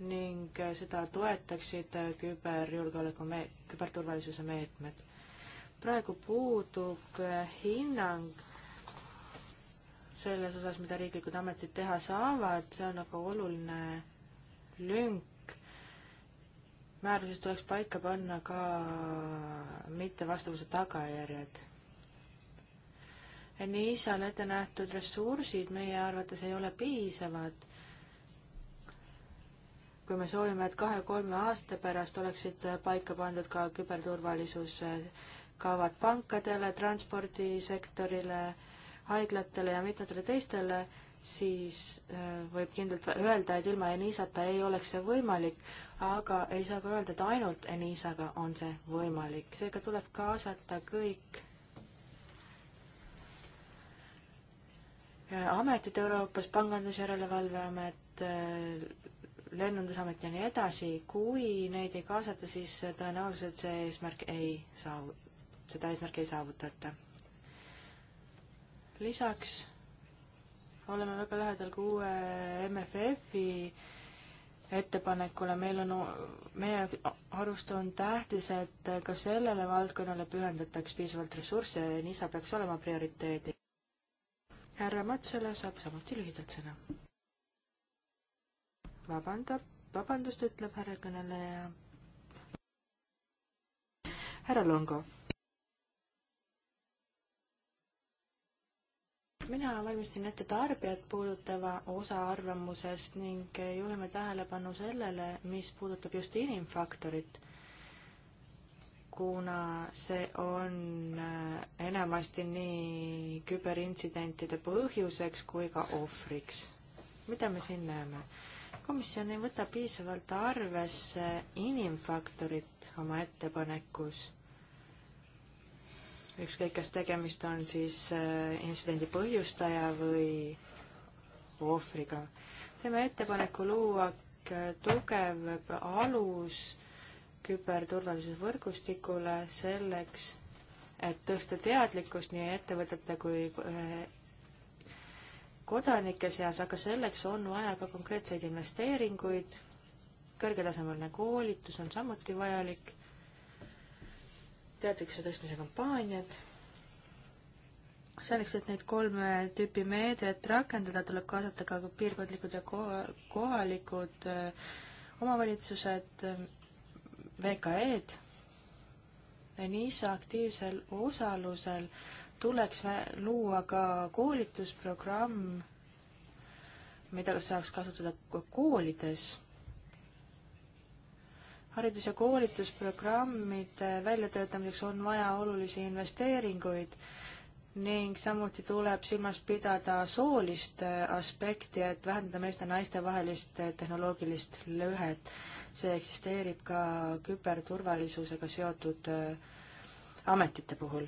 ning äh, seda toetaksid küberjulgeoleku me-, küberturvalisuse meetmed. praegu puudub hinnang selles osas, mida riiklikud ametid teha saavad, see on aga oluline lünk määruses tuleks paika panna ka mittevastavuse tagajärjed. NISA-le ette nähtud ressursid meie arvates ei ole piisavad. kui me soovime, et kahe-kolme aasta pärast oleksid paika pandud ka küberturvalisuse kavad pankadele, transpordisektorile, haiglatele ja mitmetele teistele, siis äh, võib kindlalt öelda, et ilma Enisata ei oleks see võimalik, aga ei saa ka öelda, et ainult Enisaga on see võimalik, seega tuleb kaasata kõik äh, ametid Euroopas, Pangandusjärelevalveamet, äh, Lennundusamet ja nii edasi, kui neid ei kaasata, siis tõenäoliselt see eesmärk ei saavu-, seda eesmärki ei saavutata. lisaks oleme väga lähedal ka uue MFF-i ettepanekule, meil on, meie arust on tähtis, et ka sellele valdkonnale pühendataks piisavalt ressursse ja NISA peaks olema prioriteedi. härra Matsala saab samuti lühidalt sõna. vabandab, vabandust, ütleb härra kõneleja. härra Longo mina valmistasin ette tarbijat puudutava osa arvamusest ning juhime tähelepanu sellele, mis puudutab just inimfaktorit, kuna see on äh, enamasti nii küberintsidentide põhjuseks kui ka ohvriks. mida me siin näeme? komisjon ei võta piisavalt arvesse inimfaktorit oma ettepanekus ükskõik, kas tegemist on siis äh, intsidendi põhjustaja või ohvriga. teeme ettepaneku luua tugev alus küberturvalisuse võrgustikule selleks, et tõsta teadlikkust nii ettevõtete kui äh, kodanike seas, aga selleks on vaja ka konkreetseid investeeringuid, kõrgetasemeline koolitus on samuti vajalik teadlikkuse tõstmise kampaaniad. selleks, et neid kolme tüüpi meedet rakendada, tuleb kaasata ka piirkondlikud ja kohalikud äh, omavalitsused, äh, VKE-d. NISA aktiivsel osalusel tuleks luua ka koolitusprogramm, mida saaks kasutada koolides haridus- ja koolitusprogrammide väljatöötamiseks on vaja olulisi investeeringuid ning samuti tuleb silmas pidada soolist äh, aspekti, et vähendada meeste ja naiste vahelist äh, tehnoloogilist lõhet. see eksisteerib ka küberturvalisusega seotud äh, ametite puhul.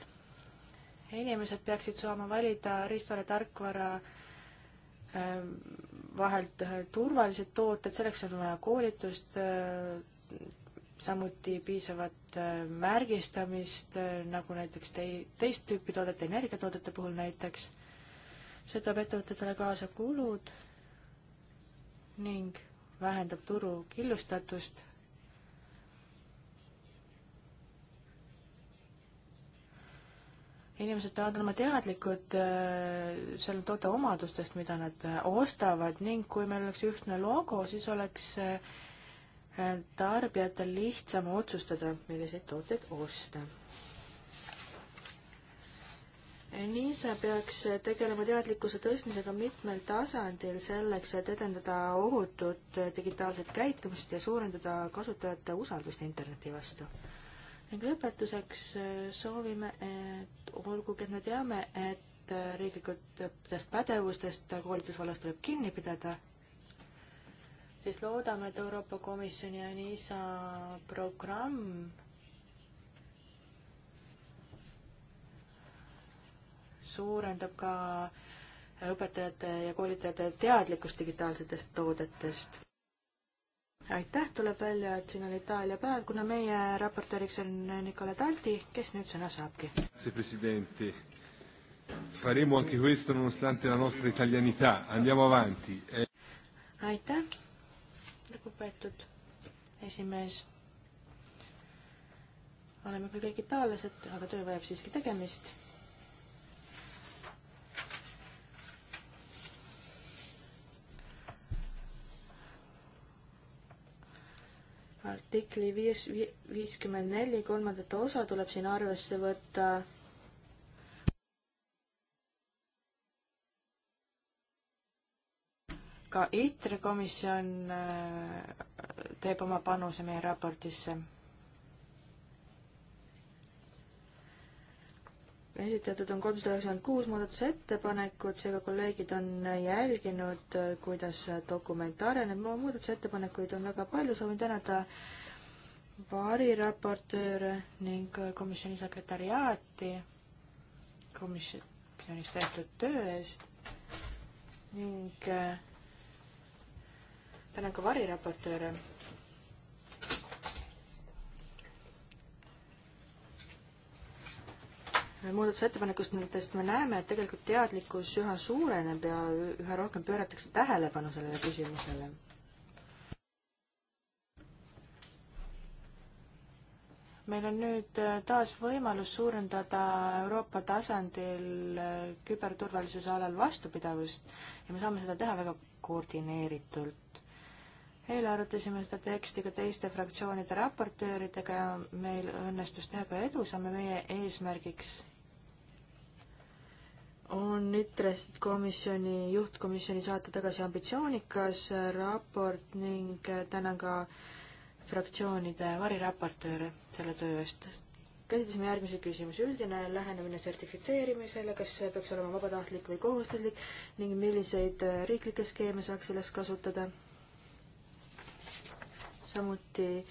inimesed peaksid saama valida riistvara tarkvara ähm, vahelt turvalised tooted, selleks on vaja koolitust, samuti piisavat äh, märgistamist, äh, nagu näiteks tei-, teist tüüpi toodete, energiatoodete puhul näiteks. see toob ettevõtetele kaasa kulud ning vähendab turu killustatust. inimesed peavad olema teadlikud äh, selle toote omadustest, mida nad ostavad ning kui meil oleks ühtne logo, siis oleks äh, tarbijatel lihtsam otsustada, milliseid tooteid osta. NISA peaks tegelema teadlikkuse tõstmisega mitmel tasandil selleks, et edendada ohutut digitaalset käitumist ja suurendada kasutajate usaldust interneti vastu ning lõpetuseks soovime, et olgugi, et me teame, et riiklikutest pädevustest koolitusvallas tuleb kinni pidada, kontekstis loodame, et Euroopa Komisjoni ja NISA programm suurendab ka õpetajate ja koolitajate teadlikkust digitaalsetest toodetest. aitäh, tuleb välja, et siin on Itaalia päev, kuna meie raportööriks on Nicola Talti, kes nüüd sõna saabki. Faremo anche questo nonostante la nostra italianità, andiamo avanti. Eh. aitäh lugupeetud esimees. oleme küll kõik itaallased, aga töö vajab siiski tegemist. artikli viis, viiskümmend neli kolmandat osa tuleb siin arvesse võtta ka ITRE komisjon äh, teeb oma panuse meie raportisse. esitatud on kolmsada üheksakümmend kuus muudatusettepanekut, seega kolleegid on jälginud, äh, kuidas dokument areneb. muudatusettepanekuid on väga palju, soovin tänada variraportööre ning äh, komisjoni sekretariaati komisjonis tehtud töö eest ning tänan ka variraportööre. muudatusettepanekutest me näeme, et tegelikult teadlikkus üha suureneb ja üha rohkem pööratakse tähelepanu sellele küsimusele. meil on nüüd äh, taas võimalus suurendada Euroopa tasandil äh, küberturvalisuse alal vastupidavust ja me saame seda teha väga koordineeritult eile arutasime seda teksti ka teiste fraktsioonide raportööridega ja meil õnnestus teha ka edusamme, meie eesmärgiks on ITRES komisjoni, juhtkomisjoni saata tagasi ambitsioonikas raport ning tänan ka fraktsioonide variraportööre selle töö eest. käsitlesime järgmise küsimuse, üldine lähenemine sertifitseerimisele, kas see peaks olema vabatahtlik või kohustuslik ning milliseid riiklikke skeeme saaks selleks kasutada samuti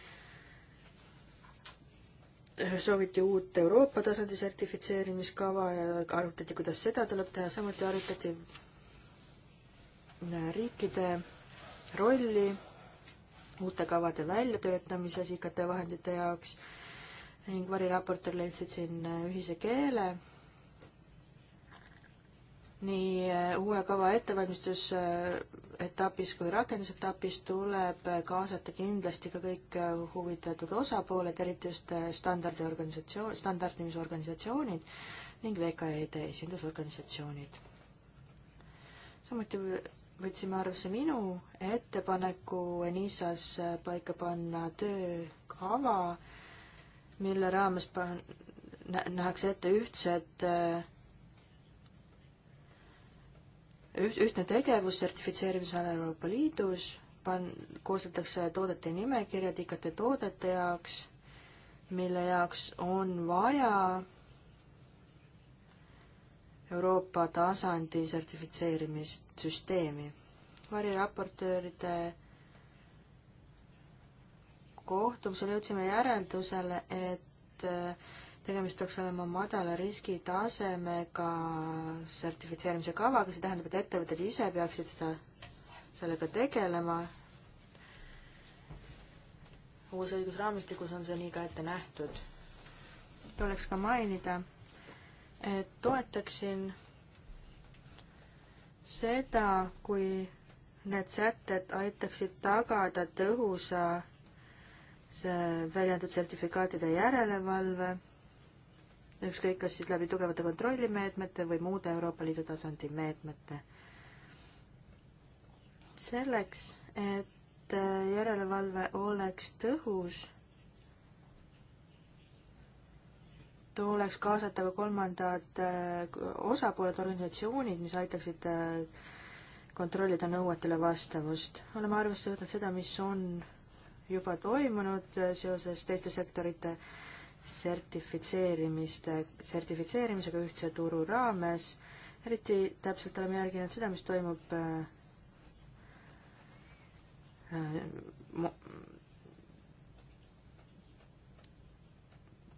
sooviti uut Euroopa tasandi sertifitseerimiskava ja arutati, kuidas seda tuleb teha, samuti arutati riikide rolli uute kavade väljatöötamises IKT vahendite jaoks ning variraportor leidsid siin ühise keele nii eh, uue kava ettevalmistusetapis eh, kui rakendusetapis tuleb eh, kaasata kindlasti ka kõik huvitatud osapooled, eriti just standardiorganisatsioon, standardimisorganisatsioonid ning VKE-de esindusorganisatsioonid. samuti võtsime arvesse minu ettepaneku ENISA-s paika panna töökava, mille raames pan-, nähakse ette ühtsed äh, üht, ühtne tegevus sertifitseerimise all Euroopa Liidus, pan-, koostatakse toodete nimekirjad IKT toodete jaoks, mille jaoks on vaja Euroopa tasandi sertifitseerimist, süsteemi. variraportööride kohtumisel jõudsime järeldusele, et tegemist peaks olema madala riskitasemega sertifitseerimise kavaga, see tähendab, et ettevõtted ise peaksid seda, sellega tegelema. uues õigusraamistikus on see nii ka ette nähtud. tuleks ka mainida, et toetaksin seda, kui need sätted aitaksid tagada tõhusa see väljendatud sertifikaatide järelevalve ükskõik, kas siis läbi tugevate kontrollimeetmete või muude Euroopa Liidu tasandi meetmete. selleks, et äh, järelevalve oleks tõhus, tuleks kaasata ka kolmandad äh, osapooled, organisatsioonid, mis aitaksid äh, kontrollida nõuetele vastavust. oleme arvesse võtnud seda, mis on juba toimunud seoses teiste sektorite äh, sertifitseerimiste, sertifitseerimisega ühtse turu raames. eriti täpselt oleme jälginud seda, mis toimub äh, äh,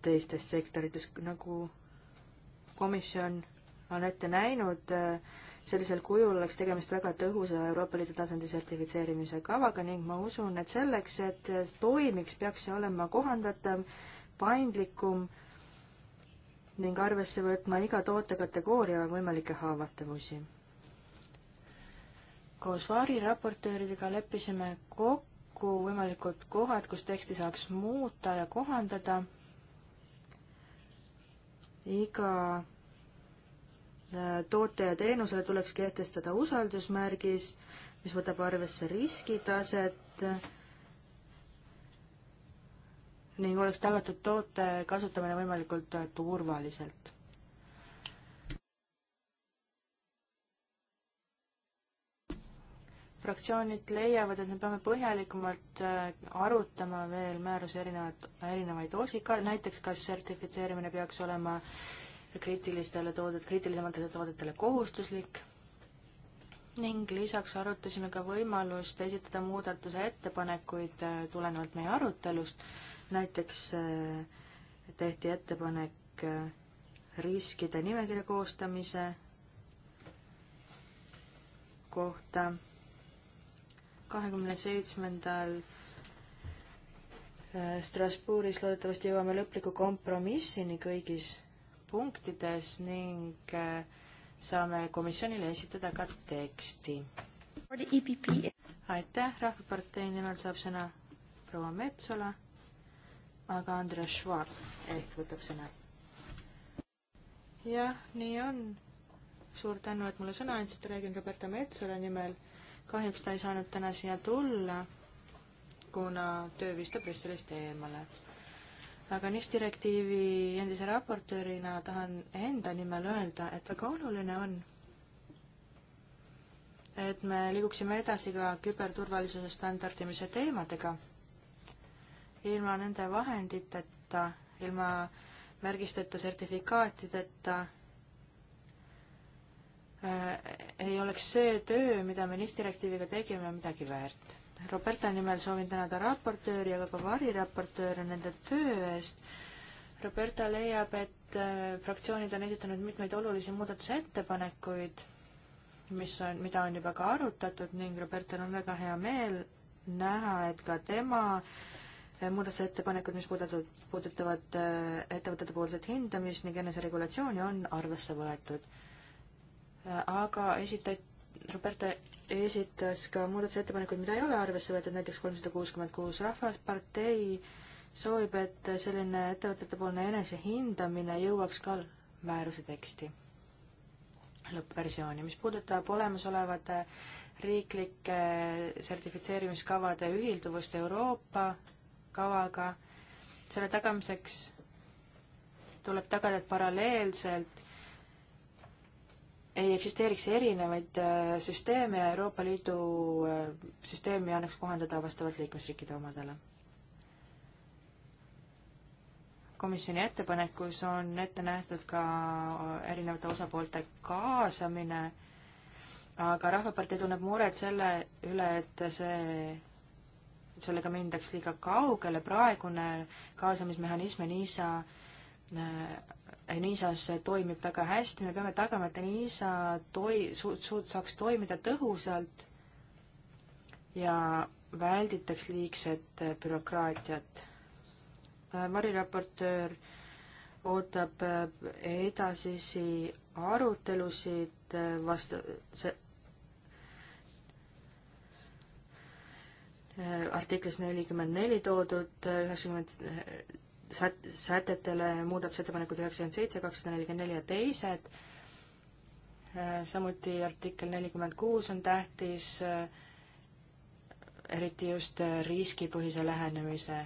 teistes sektorites, nagu komisjon on ette näinud, äh, sellisel kujul oleks tegemist väga tõhusa Euroopa Liidu tasandi sertifitseerimise kavaga ning ma usun, et selleks, et toimiks, peaks see olema kohandatav paindlikum ning arvesse võtma iga tootekategooria võimalikke haavatavusi. koos Vaari raportööridega leppisime kokku võimalikud kohad, kus teksti saaks muuta ja kohandada. iga äh, toote ja teenusele tuleks kehtestada usaldusmärgis, mis võtab arvesse riskitaset ning oleks tagatud toote kasutamine võimalikult äh, turvaliselt. fraktsioonid leiavad, et me peame põhjalikumalt äh, arutama veel määruse erinevat, erinevaid osi, ka näiteks kas sertifitseerimine peaks olema kriitilistele toodet, kriitilisematele toodetele kohustuslik ning lisaks arutasime ka võimalust esitada muudatuse ettepanekuid äh, tulenevalt meie arutelust näiteks äh, tehti ettepanek äh, riskide nimekirja koostamise kohta kahekümne seitsmendal äh, Strasbourgis loodetavasti jõuame lõpliku kompromissini kõigis punktides ning saame komisjonile esitada ka teksti. E aitäh, Rahvapartei nimel saab sõna proua Metsola aga Andres Schwab ehk võtab sõna. jah, nii on. suur tänu, et mulle sõna andsite, räägin Roberta Metsola nimel. kahjuks ta ei saanud täna siia tulla, kuna töö viis ta Brüsselist eemale. aga NIS direktiivi endise raportöörina tahan enda nimel öelda, et väga oluline on, et me liiguksime edasi ka küberturvalisuse standardimise teemadega ilma nende vahenditeta, ilma märgisteta sertifikaatideta äh, ei oleks see töö, mida me NIS direktiiviga tegime, midagi väärt. Roberta nimel soovin tänada raportööri, aga ka variraportööre nende töö eest. Roberta leiab, et äh, fraktsioonid on esitanud mitmeid olulisi muudatusettepanekuid, mis on, mida on juba ka arutatud ning Robertal on väga hea meel näha, et ka tema äh, muudatusettepanekud, mis puudutavad, puudutavad äh, ettevõtete poolset hindamist ning eneseregulatsiooni, on arvesse võetud. Äh, aga esitati, Roberta esitas ka muudatusettepanekuid, mida ei ole arvesse võetud, näiteks kolmsada kuuskümmend kuus Rahvapartei soovib, et selline ettevõtetepoolne enesehindamine jõuaks ka määruse teksti lõppversiooni. mis puudutab olemasolevate riiklike sertifitseerimiskavade ühilduvust Euroopa kavaga. selle tagamiseks tuleb tagada, et paralleelselt ei eksisteeriks erinevaid äh, süsteeme ja Euroopa Liidu äh, süsteemi annaks kohandada vastavalt liikmesriikide omadele. komisjoni ettepanekus on ette nähtud ka äh, erinevate osapoolte kaasamine, aga Rahvapartei tunneb muret selle üle, et see sellega mindaks liiga kaugele, praegune kaasamismehhanism Enisa Enisas äh, toimib väga hästi, me peame tagama, et Enisa toi-, suut-, suut-, saaks toimida tõhusalt ja välditaks liigset bürokraatiat. Äh, variraportöör ootab äh, edasisi arutelusid vastu, artiklis nelikümmend neli toodud eh, üheksakümmend eh, sät-, sätetele muudatusettepanekud üheksakümmend seitse, kakssada nelikümmend neli ja teised, eh, samuti artikkel nelikümmend kuus on tähtis, eriti just riskipõhise lähenemise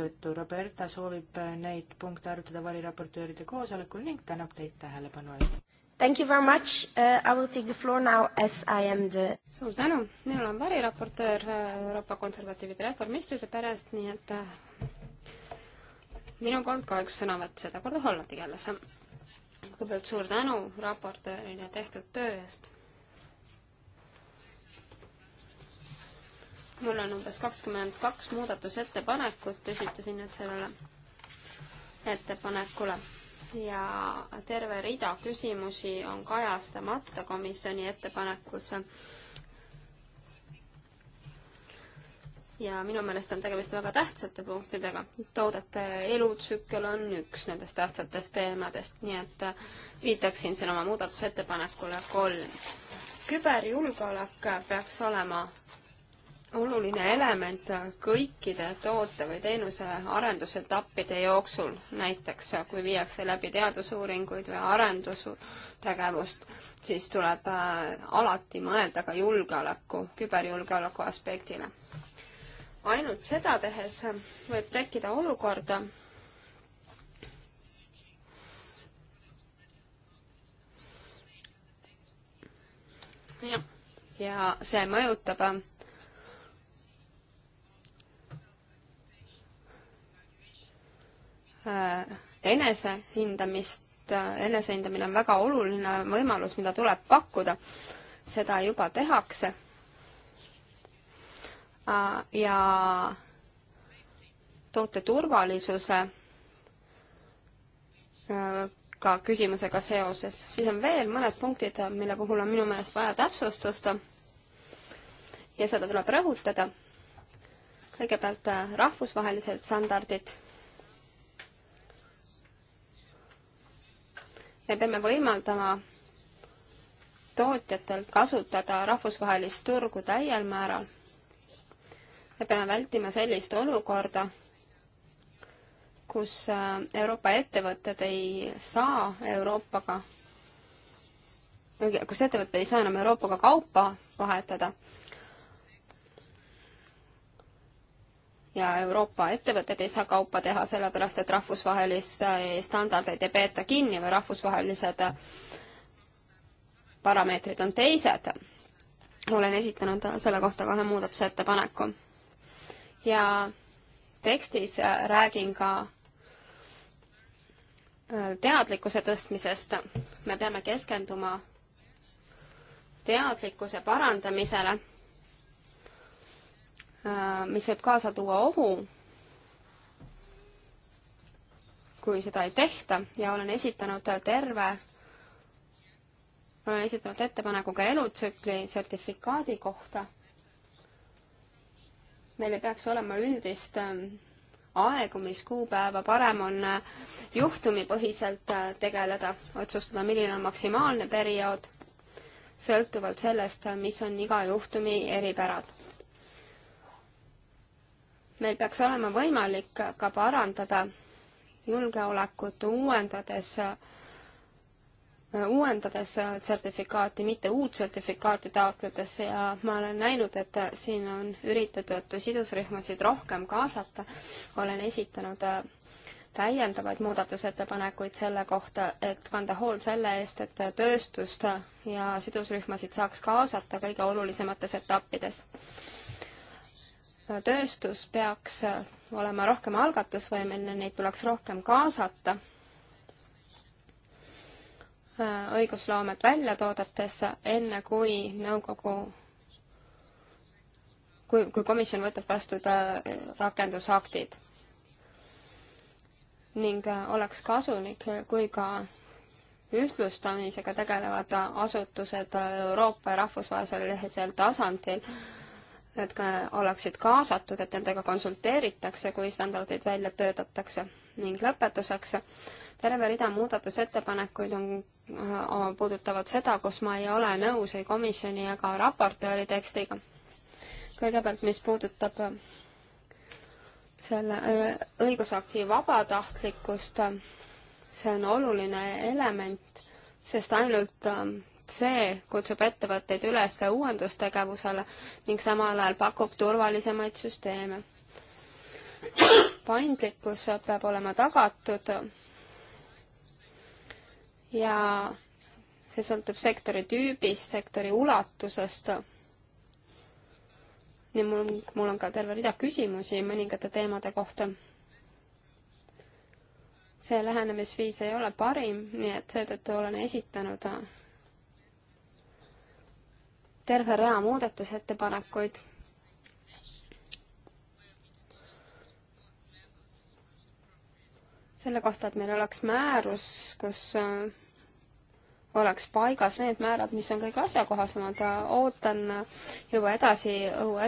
tõttu. Roberta soovib neid punkte arutada variraportööride koosolekul ning tänab teid tähelepanu eest. Thank you very much uh,. I will take the floor now as I am the. suur tänu, minul on variraportöör uh, Euroopa Konservatiivide Reformistide perest, nii et uh, minu poolt ka üks sõnavõtt, sedakorda hollandi keeles. kõigepealt suur tänu raportöörile tehtud töö eest. mul on umbes kakskümmend kaks muudatusettepanekut, esitasin need sellele ettepanekule ja terve rida küsimusi on kajastamata komisjoni ettepanekus. ja minu meelest on tegemist väga tähtsate punktidega. toodete elutsükkel on üks nendest tähtsatest teemadest, nii et viitaksin siin oma muudatusettepanekule kolm. küberjulgeolek peaks olema oluline element kõikide toote või teenuse arendusetappide jooksul, näiteks kui viiakse läbi teadusuuringuid või arendustegevust, siis tuleb äh, alati mõelda ka julgeoleku, küberjulgeoleku aspektile. ainult seda tehes võib tekkida olukorda, ja see mõjutab äh, Äh, enesehindamist, äh, enesehindamine on väga oluline võimalus, mida tuleb pakkuda. seda juba tehakse. Äh, ja toote turvalisuse ka küsimusega seoses, siis on veel mõned punktid, mille puhul on minu meelest vaja täpsustust. ja seda tuleb rõhutada. kõigepealt rahvusvahelised standardid me peame võimaldama tootjatel kasutada rahvusvahelist turgu täiel määral. me peame vältima sellist olukorda, kus äh, Euroopa ettevõtted ei saa Euroopaga, kus ettevõtted ei saa enam Euroopaga kaupa vahetada ja Euroopa ettevõtted ei saa kaupa teha, sellepärast et rahvusvahelisi äh, standardeid ei peeta kinni või rahvusvahelised äh, parameetrid on teised. olen esitanud selle kohta kahe muudatusettepaneku. ja tekstis äh, räägin ka teadlikkuse tõstmisest. me peame keskenduma teadlikkuse parandamisele Äh, mis võib kaasa tuua ohu, kui seda ei tehta ja olen esitanud terve, olen esitanud ettepaneku ka elutsükli sertifikaadi kohta. meil ei peaks olema üldist äh, aegumiskuupäeva, parem on äh, juhtumipõhiselt tegeleda, otsustada, milline on maksimaalne periood, sõltuvalt sellest, mis on iga juhtumi eripärad meil peaks olema võimalik ka parandada julgeolekut uuendades, uuendades sertifikaati, mitte uut sertifikaati taotledes ja ma olen näinud, et siin on üritatud sidusrühmasid rohkem kaasata. olen esitanud täiendavaid muudatusettepanekuid selle kohta, et kanda hool selle eest, et tööstust ja sidusrühmasid saaks kaasata kõige olulisemates etappides tööstus peaks äh, olema rohkem algatusvõimeline, neid tuleks rohkem kaasata äh, õigusloomet välja toodetes, enne kui nõukogu, kui, kui komisjon võtab vastu äh, rakendusaktid. ning oleks kasulik, kui ka ühtlustamisega tegelevad asutused Euroopa ja rahvusvahelisel tasandil et ka oleksid kaasatud, et nendega konsulteeritakse, kui standardeid välja töötatakse ning lõpetuseks terve rida muudatusettepanekuid on, on, äh, puudutavad seda, kus ma ei ole nõus ei komisjoni ega raportööri tekstiga. kõigepealt, mis puudutab äh, selle äh, õigusakti vabatahtlikkust, see on oluline element, sest ainult C kutsub ettevõtteid üles uuendustegevusele ning samal ajal pakub turvalisemaid süsteeme. paindlikkus peab olema tagatud ja see sõltub sektori tüübist, sektori ulatusest. nii mul, mul on ka terve rida küsimusi mõningate teemade kohta. see lähenemisviis ei ole parim, nii et seetõttu olen esitanud terve rea muudatusettepanekuid selle kohta, et meil oleks määrus, kus äh, oleks paigas need määrad, mis on kõige asjakohasemad. ootan juba edasi,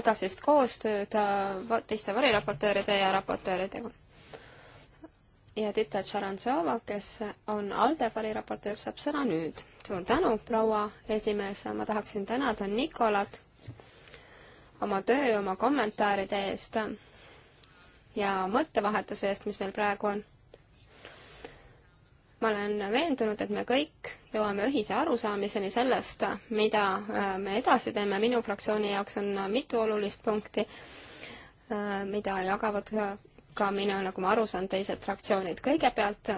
edasist koostööd äh, teiste variraportööride ja raportööridega ja Tita Tšarantsova, kes on Aldepari raportöör, saab sõna nüüd. suur tänu, proua esimees, ma tahaksin tänada Nikolat oma töö, oma kommentaaride eest ja mõttevahetuse eest, mis meil praegu on. ma olen veendunud, et me kõik jõuame ühise arusaamiseni sellest, mida äh, me edasi teeme, minu fraktsiooni jaoks on mitu olulist punkti, äh, mida jagavad ka mina, nagu ma aru saan, teised fraktsioonid. kõigepealt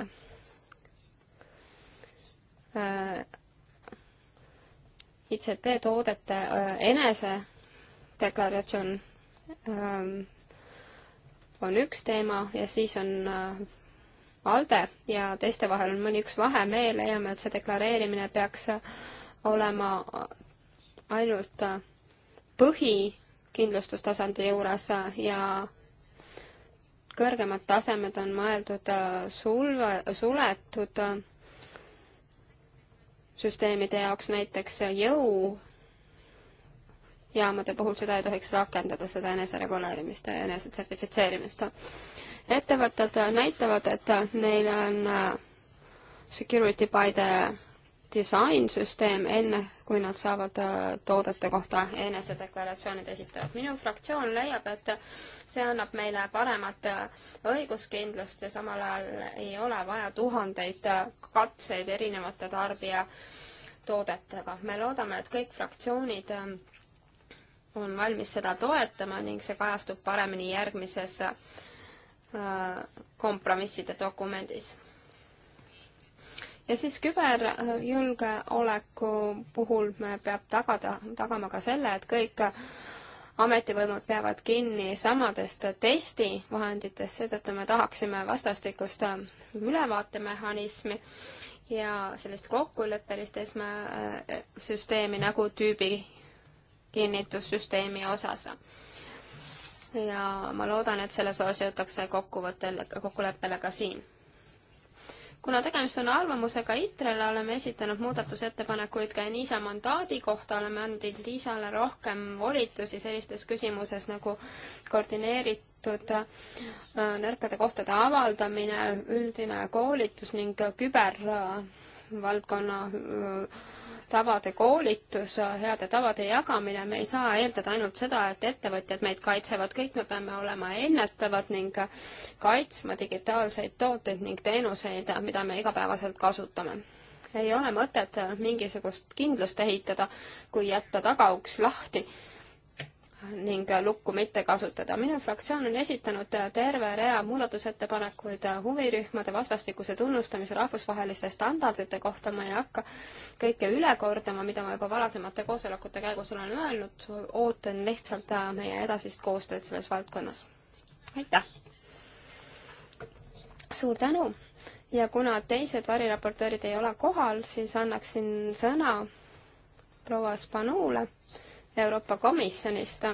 äh, ICT toodete äh, enesedeklaratsioon äh, on üks teema ja siis on äh, ALDE ja teiste vahel on mõni üks vahe, meie leiame, et see deklareerimine peaks olema ainult äh, põhikindlustustasandi juures ja kõrgemad tasemed on mõeldud äh, sulve, suletud äh, süsteemide jaoks, näiteks äh, jõujaamade puhul seda ei tohiks rakendada, seda enesereguleerimist ja enesetsertifitseerimist. ettevõtted näitavad, et neil on security by the disainsüsteem, enne kui nad saavad äh, toodete kohta enesedeklaratsioonid esitavad. minu fraktsioon leiab, et see annab meile paremat äh, õiguskindlust ja samal ajal ei ole vaja tuhandeid äh, katseid erinevate tarbija toodetega. me loodame, et kõik fraktsioonid on valmis seda toetama ning see kajastub paremini järgmises kompromisside dokumendis ja siis küberjulgeoleku puhul me peab tagada, tagama ka selle, et kõik ametivõimud peavad kinni samadest testivahenditest, seetõttu me tahaksime vastastikust ülevaatemehhanismi ja sellist kokkuleppelist esmasüsteemi nagu tüübi kinnitussüsteemi osas. ja ma loodan, et selles osas jõutakse kokkuvõttel, kokkuleppele ka siin kuna tegemist on arvamusega ITRE-le, oleme esitanud muudatusettepanekuid ka Niisa mandaadi kohta, oleme andnud Liisale rohkem volitusi sellistes küsimuses nagu koordineeritud äh, nõrkade kohtade avaldamine, üldine koolitus ning kübervaldkonna äh, tavade koolitus, heade tavade jagamine, me ei saa eeldada ainult seda, et ettevõtjad meid kaitsevad, kõik me peame olema ennetavad ning kaitsma digitaalseid tooteid ning teenuseid, mida me igapäevaselt kasutame. ei ole mõtet mingisugust kindlust ehitada, kui jätta tagauks lahti ning lukku mitte kasutada. minu fraktsioon on esitanud terve rea muudatusettepanekuid huvirühmade vastastikuse tunnustamise rahvusvaheliste standardite kohta, ma ei hakka kõike üle kordama, mida ma juba varasemate koosolekute käigus olen öelnud, ootan lihtsalt meie edasist koostööd selles valdkonnas. aitäh! suur tänu ja kuna teised variraportöörid ei ole kohal, siis annaksin sõna proua Spanule Euroopa Komisjonist,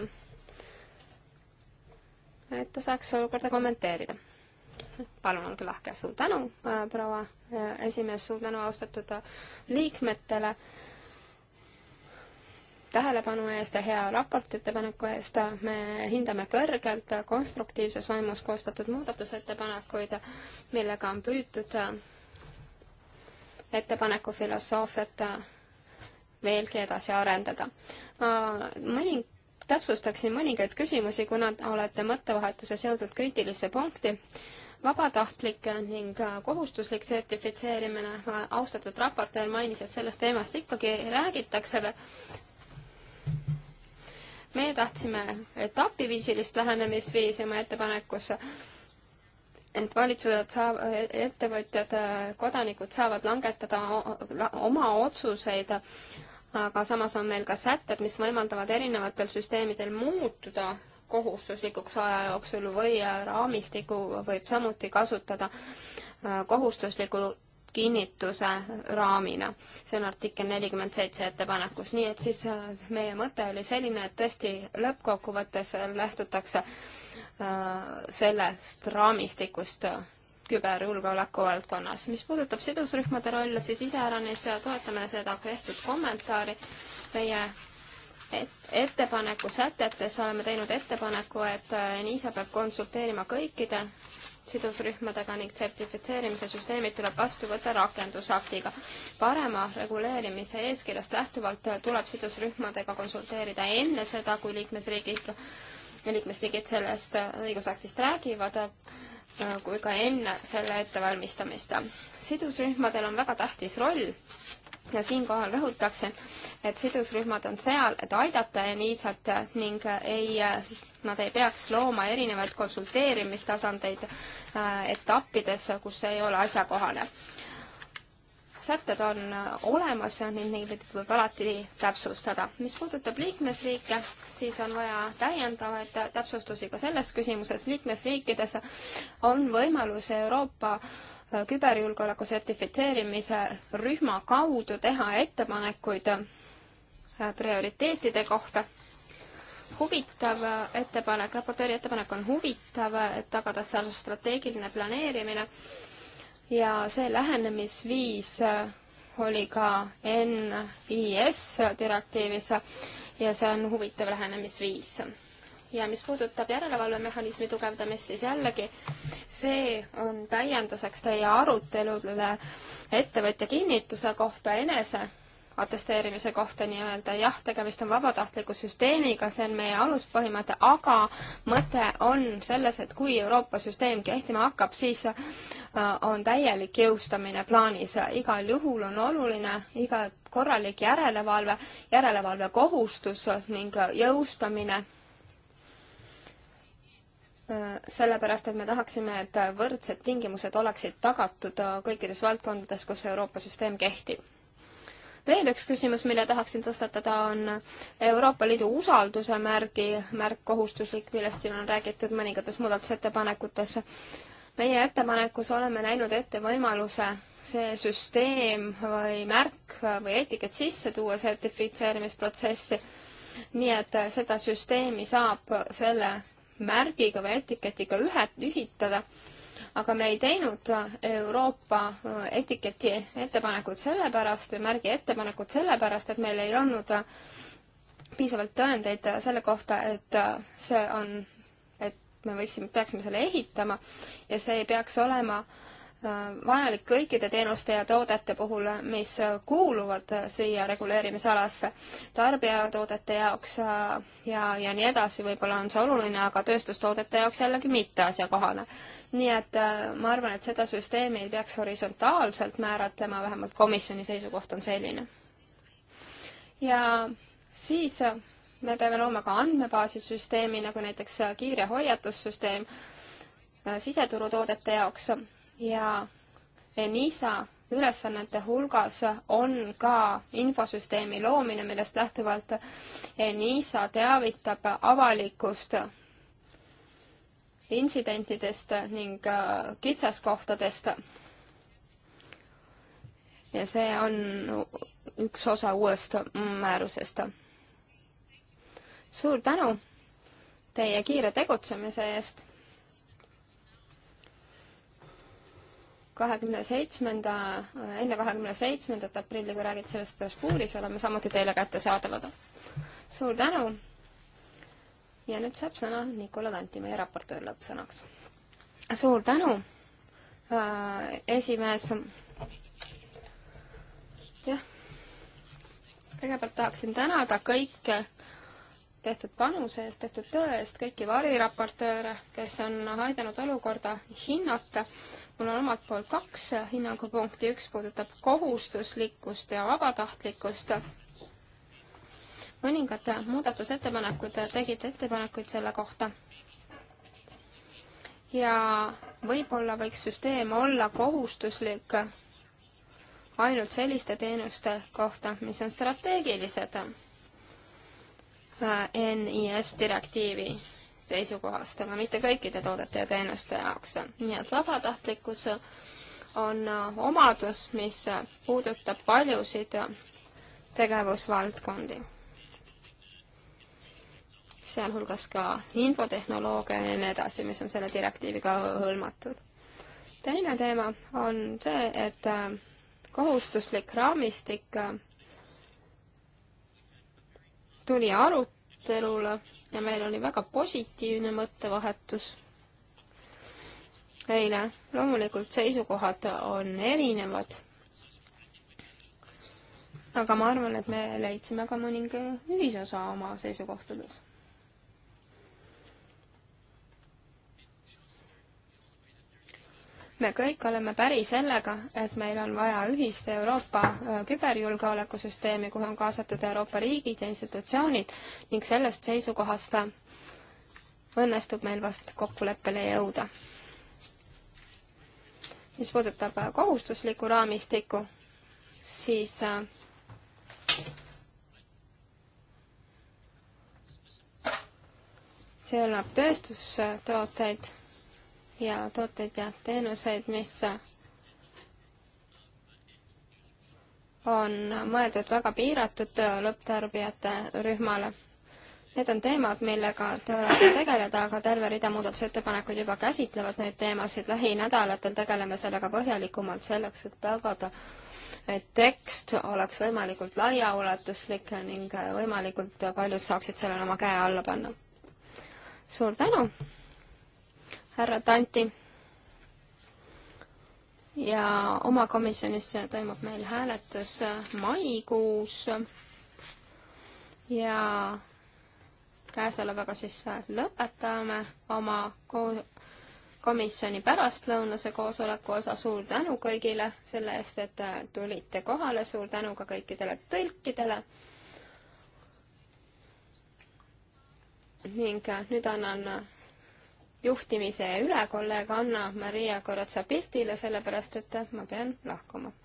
et ta saaks olukorda kommenteerida. palun, olge lahke, suur tänu, äh, proua äh, esimees, suur tänu austatud äh, liikmetele tähelepanu eest ja hea raporti ettepaneku eest. me hindame kõrgelt konstruktiivses vaimus koostatud muudatusettepanekuid, millega on püütud ettepaneku filosoofiat veelgi edasi arendada. ma mõni-, täpsustaksin mõningaid küsimusi, kuna olete mõttevahetuses jõudnud kriitilisse punkti vabatahtlik ning kohustuslik sertifitseerimine, austatud raportöör mainis, et sellest teemast ikkagi räägitakse. meie tahtsime etapiviisilist lähenemisviisi oma ettepanekus, et valitsused saab, ettevõtjad, kodanikud saavad langetada oma otsuseid aga samas on meil ka sätted, mis võimaldavad erinevatel süsteemidel muutuda kohustuslikuks aja jooksul või raamistiku võib samuti kasutada äh, kohustusliku kinnituse raamina. see on artikkel nelikümmend seitse ettepanekus, nii et siis äh, meie mõte oli selline, et tõesti lõppkokkuvõttes lähtutakse äh, sellest raamistikust, küberjulgeoleku valdkonnas. mis puudutab sidusrühmade rolle, siis iseäranis toetame seda tehtud kommentaari. meie et, ettepaneku sätetes oleme teinud ettepaneku, et äh, NISA peab konsulteerima kõikide sidusrühmadega ning sertifitseerimise süsteemid tuleb vastu võtta rakendusaktiga. parema reguleerimise eeskirjast lähtuvalt tuleb sidusrühmadega konsulteerida enne seda, kui liikmesriigid, liikmesriigid sellest äh, õigusaktist räägivad kui ka enne selle ettevalmistamist. sidusrühmadel on väga tähtis roll ja siinkohal rõhutakse, et sidusrühmad on seal, et aidata Enisat ning ei, nad ei peaks looma erinevaid konsulteerimistasandeid äh, etappides, kus see ei ole asjakohane sätted on olemas ning neid võib alati täpsustada. mis puudutab liikmesriike, siis on vaja täiendavaid täpsustusi ka selles küsimuses. liikmesriikides on võimalus Euroopa küberjulgeoleku sertifitseerimise rühma kaudu teha ettepanekuid prioriteetide kohta. huvitav ettepanek, raportööri ettepanek on huvitav, et tagada seal strateegiline planeerimine ja see lähenemisviis äh, oli ka NIS direktiivis ja see on huvitav lähenemisviis. ja mis puudutab järelevalvemehhanismi tugevdamist, siis jällegi see on täienduseks teie aruteludele ettevõtja kinnituse kohta enese atesteerimise kohta nii-öelda, jah, tegemist on vabatahtliku süsteemiga, see on meie aluspõhimõte, aga mõte on selles, et kui Euroopa süsteem kehtima hakkab, siis äh, on täielik jõustamine plaanis. igal juhul on oluline iga korralik järelevalve, järelevalvekohustus ning jõustamine äh, sellepärast, et me tahaksime, et võrdsed tingimused oleksid tagatud kõikides valdkondades, kus Euroopa süsteem kehtib veel üks küsimus, mille tahaksin tõstatada, on Euroopa Liidu usalduse märgi, märk kohustuslik, millest siin on räägitud mõningates muudatusettepanekutes. meie ettepanekus oleme näinud ette võimaluse see süsteem või märk või etikett sisse tuua sertifitseerimisprotsessi, nii et seda süsteemi saab selle märgiga või etiketiga ühe, ühitada aga me ei teinud Euroopa etiketi ettepanekut sellepärast või märgi ettepanekut sellepärast, et meil ei olnud piisavalt tõendeid selle kohta, et see on, et me võiksime, peaksime selle ehitama ja see ei peaks olema äh, vajalik kõikide teenuste ja toodete puhul, mis kuuluvad siia reguleerimisalasse tarbijatoodete jaoks äh, ja, ja nii edasi, võib-olla on see oluline, aga tööstustoodete jaoks jällegi mitte asjakohane. nii et äh, ma arvan, et seda süsteemi ei peaks horisontaalselt määratlema, vähemalt komisjoni seisukoht on selline. ja siis äh, me peame looma ka andmebaasi süsteemi, nagu näiteks kiire hoiatussüsteem siseturutoodete jaoks ja ENISA ülesannete hulgas on ka infosüsteemi loomine, millest lähtuvalt ENISA eh, teavitab avalikkust intsidentidest ning eh, kitsaskohtadest. ja see on üks osa uuest määrusest. suur tänu teie kiire tegutsemise eest kahekümne seitsmenda, enne kahekümne seitsmendat aprilli, kui räägid sellest Strasbourgis, oleme samuti teile kättesaadavad. suur tänu! ja nüüd saab sõna Nikola Tanti, meie raportöör lõppsõnaks. suur tänu, äh, esimees. jah, kõigepealt tahaksin tänada kõike, tehtud panuse eest, tehtud töö eest, kõiki variraportööre, kes on aidanud olukorda hinnata. mul on omalt poolt kaks hinnangupunkti, üks puudutab kohustuslikkust ja vabatahtlikkust. mõningad muudatusettepanekud tegid ettepanekuid selle kohta. ja võib-olla võiks süsteem olla kohustuslik ainult selliste teenuste kohta, mis on strateegilised NIS direktiivi seisukohast, aga mitte kõikide toodete ja teenuste jaoks. nii et vabatahtlikkus on omadus, mis puudutab paljusid tegevusvaldkondi. sealhulgas ka infotehnoloogia ja nii edasi, mis on selle direktiiviga hõlmatud. teine teema on see, et kohustuslik raamistik tuli arutelule ja meil oli väga positiivne mõttevahetus eile. loomulikult seisukohad on erinevad. aga ma arvan, et me leidsime ka mõninga ühisosa oma seisukohtades me kõik oleme päri sellega, et meil on vaja ühist Euroopa äh, küberjulgeolekusüsteemi, kuhu on kaasatud Euroopa riigid ja institutsioonid ning sellest seisukohast õnnestub meil vast kokkuleppele jõuda. mis puudutab äh, kohustuslikku raamistikku, siis äh, see hõlmab tööstustooteid ja tooteid ja teenuseid, mis on mõeldud väga piiratud lõpptarbijate rühmale. Need on teemad, millega tuleb tegeleda, aga terve rida muudatusettepanekuid juba käsitlevad neid teemasid. lähinädalatel tegeleme sellega põhjalikumalt selleks, et tagada, et tekst oleks võimalikult laiaulatuslik ning võimalikult paljud saaksid sellele oma käe alla panna. suur tänu! härra Tanti. ja oma komisjonis toimub meil hääletus maikuus ja käesolevaga siis lõpetame oma koos komisjoni pärastlõunase koosoleku osa, suur tänu kõigile selle eest, et tulite kohale, suur tänu ka kõikidele tõlkidele. ning nüüd annan juhtimise üle kolleeg Anna-Maria Koratsa-Pihtile, sellepärast et ma pean lahkuma.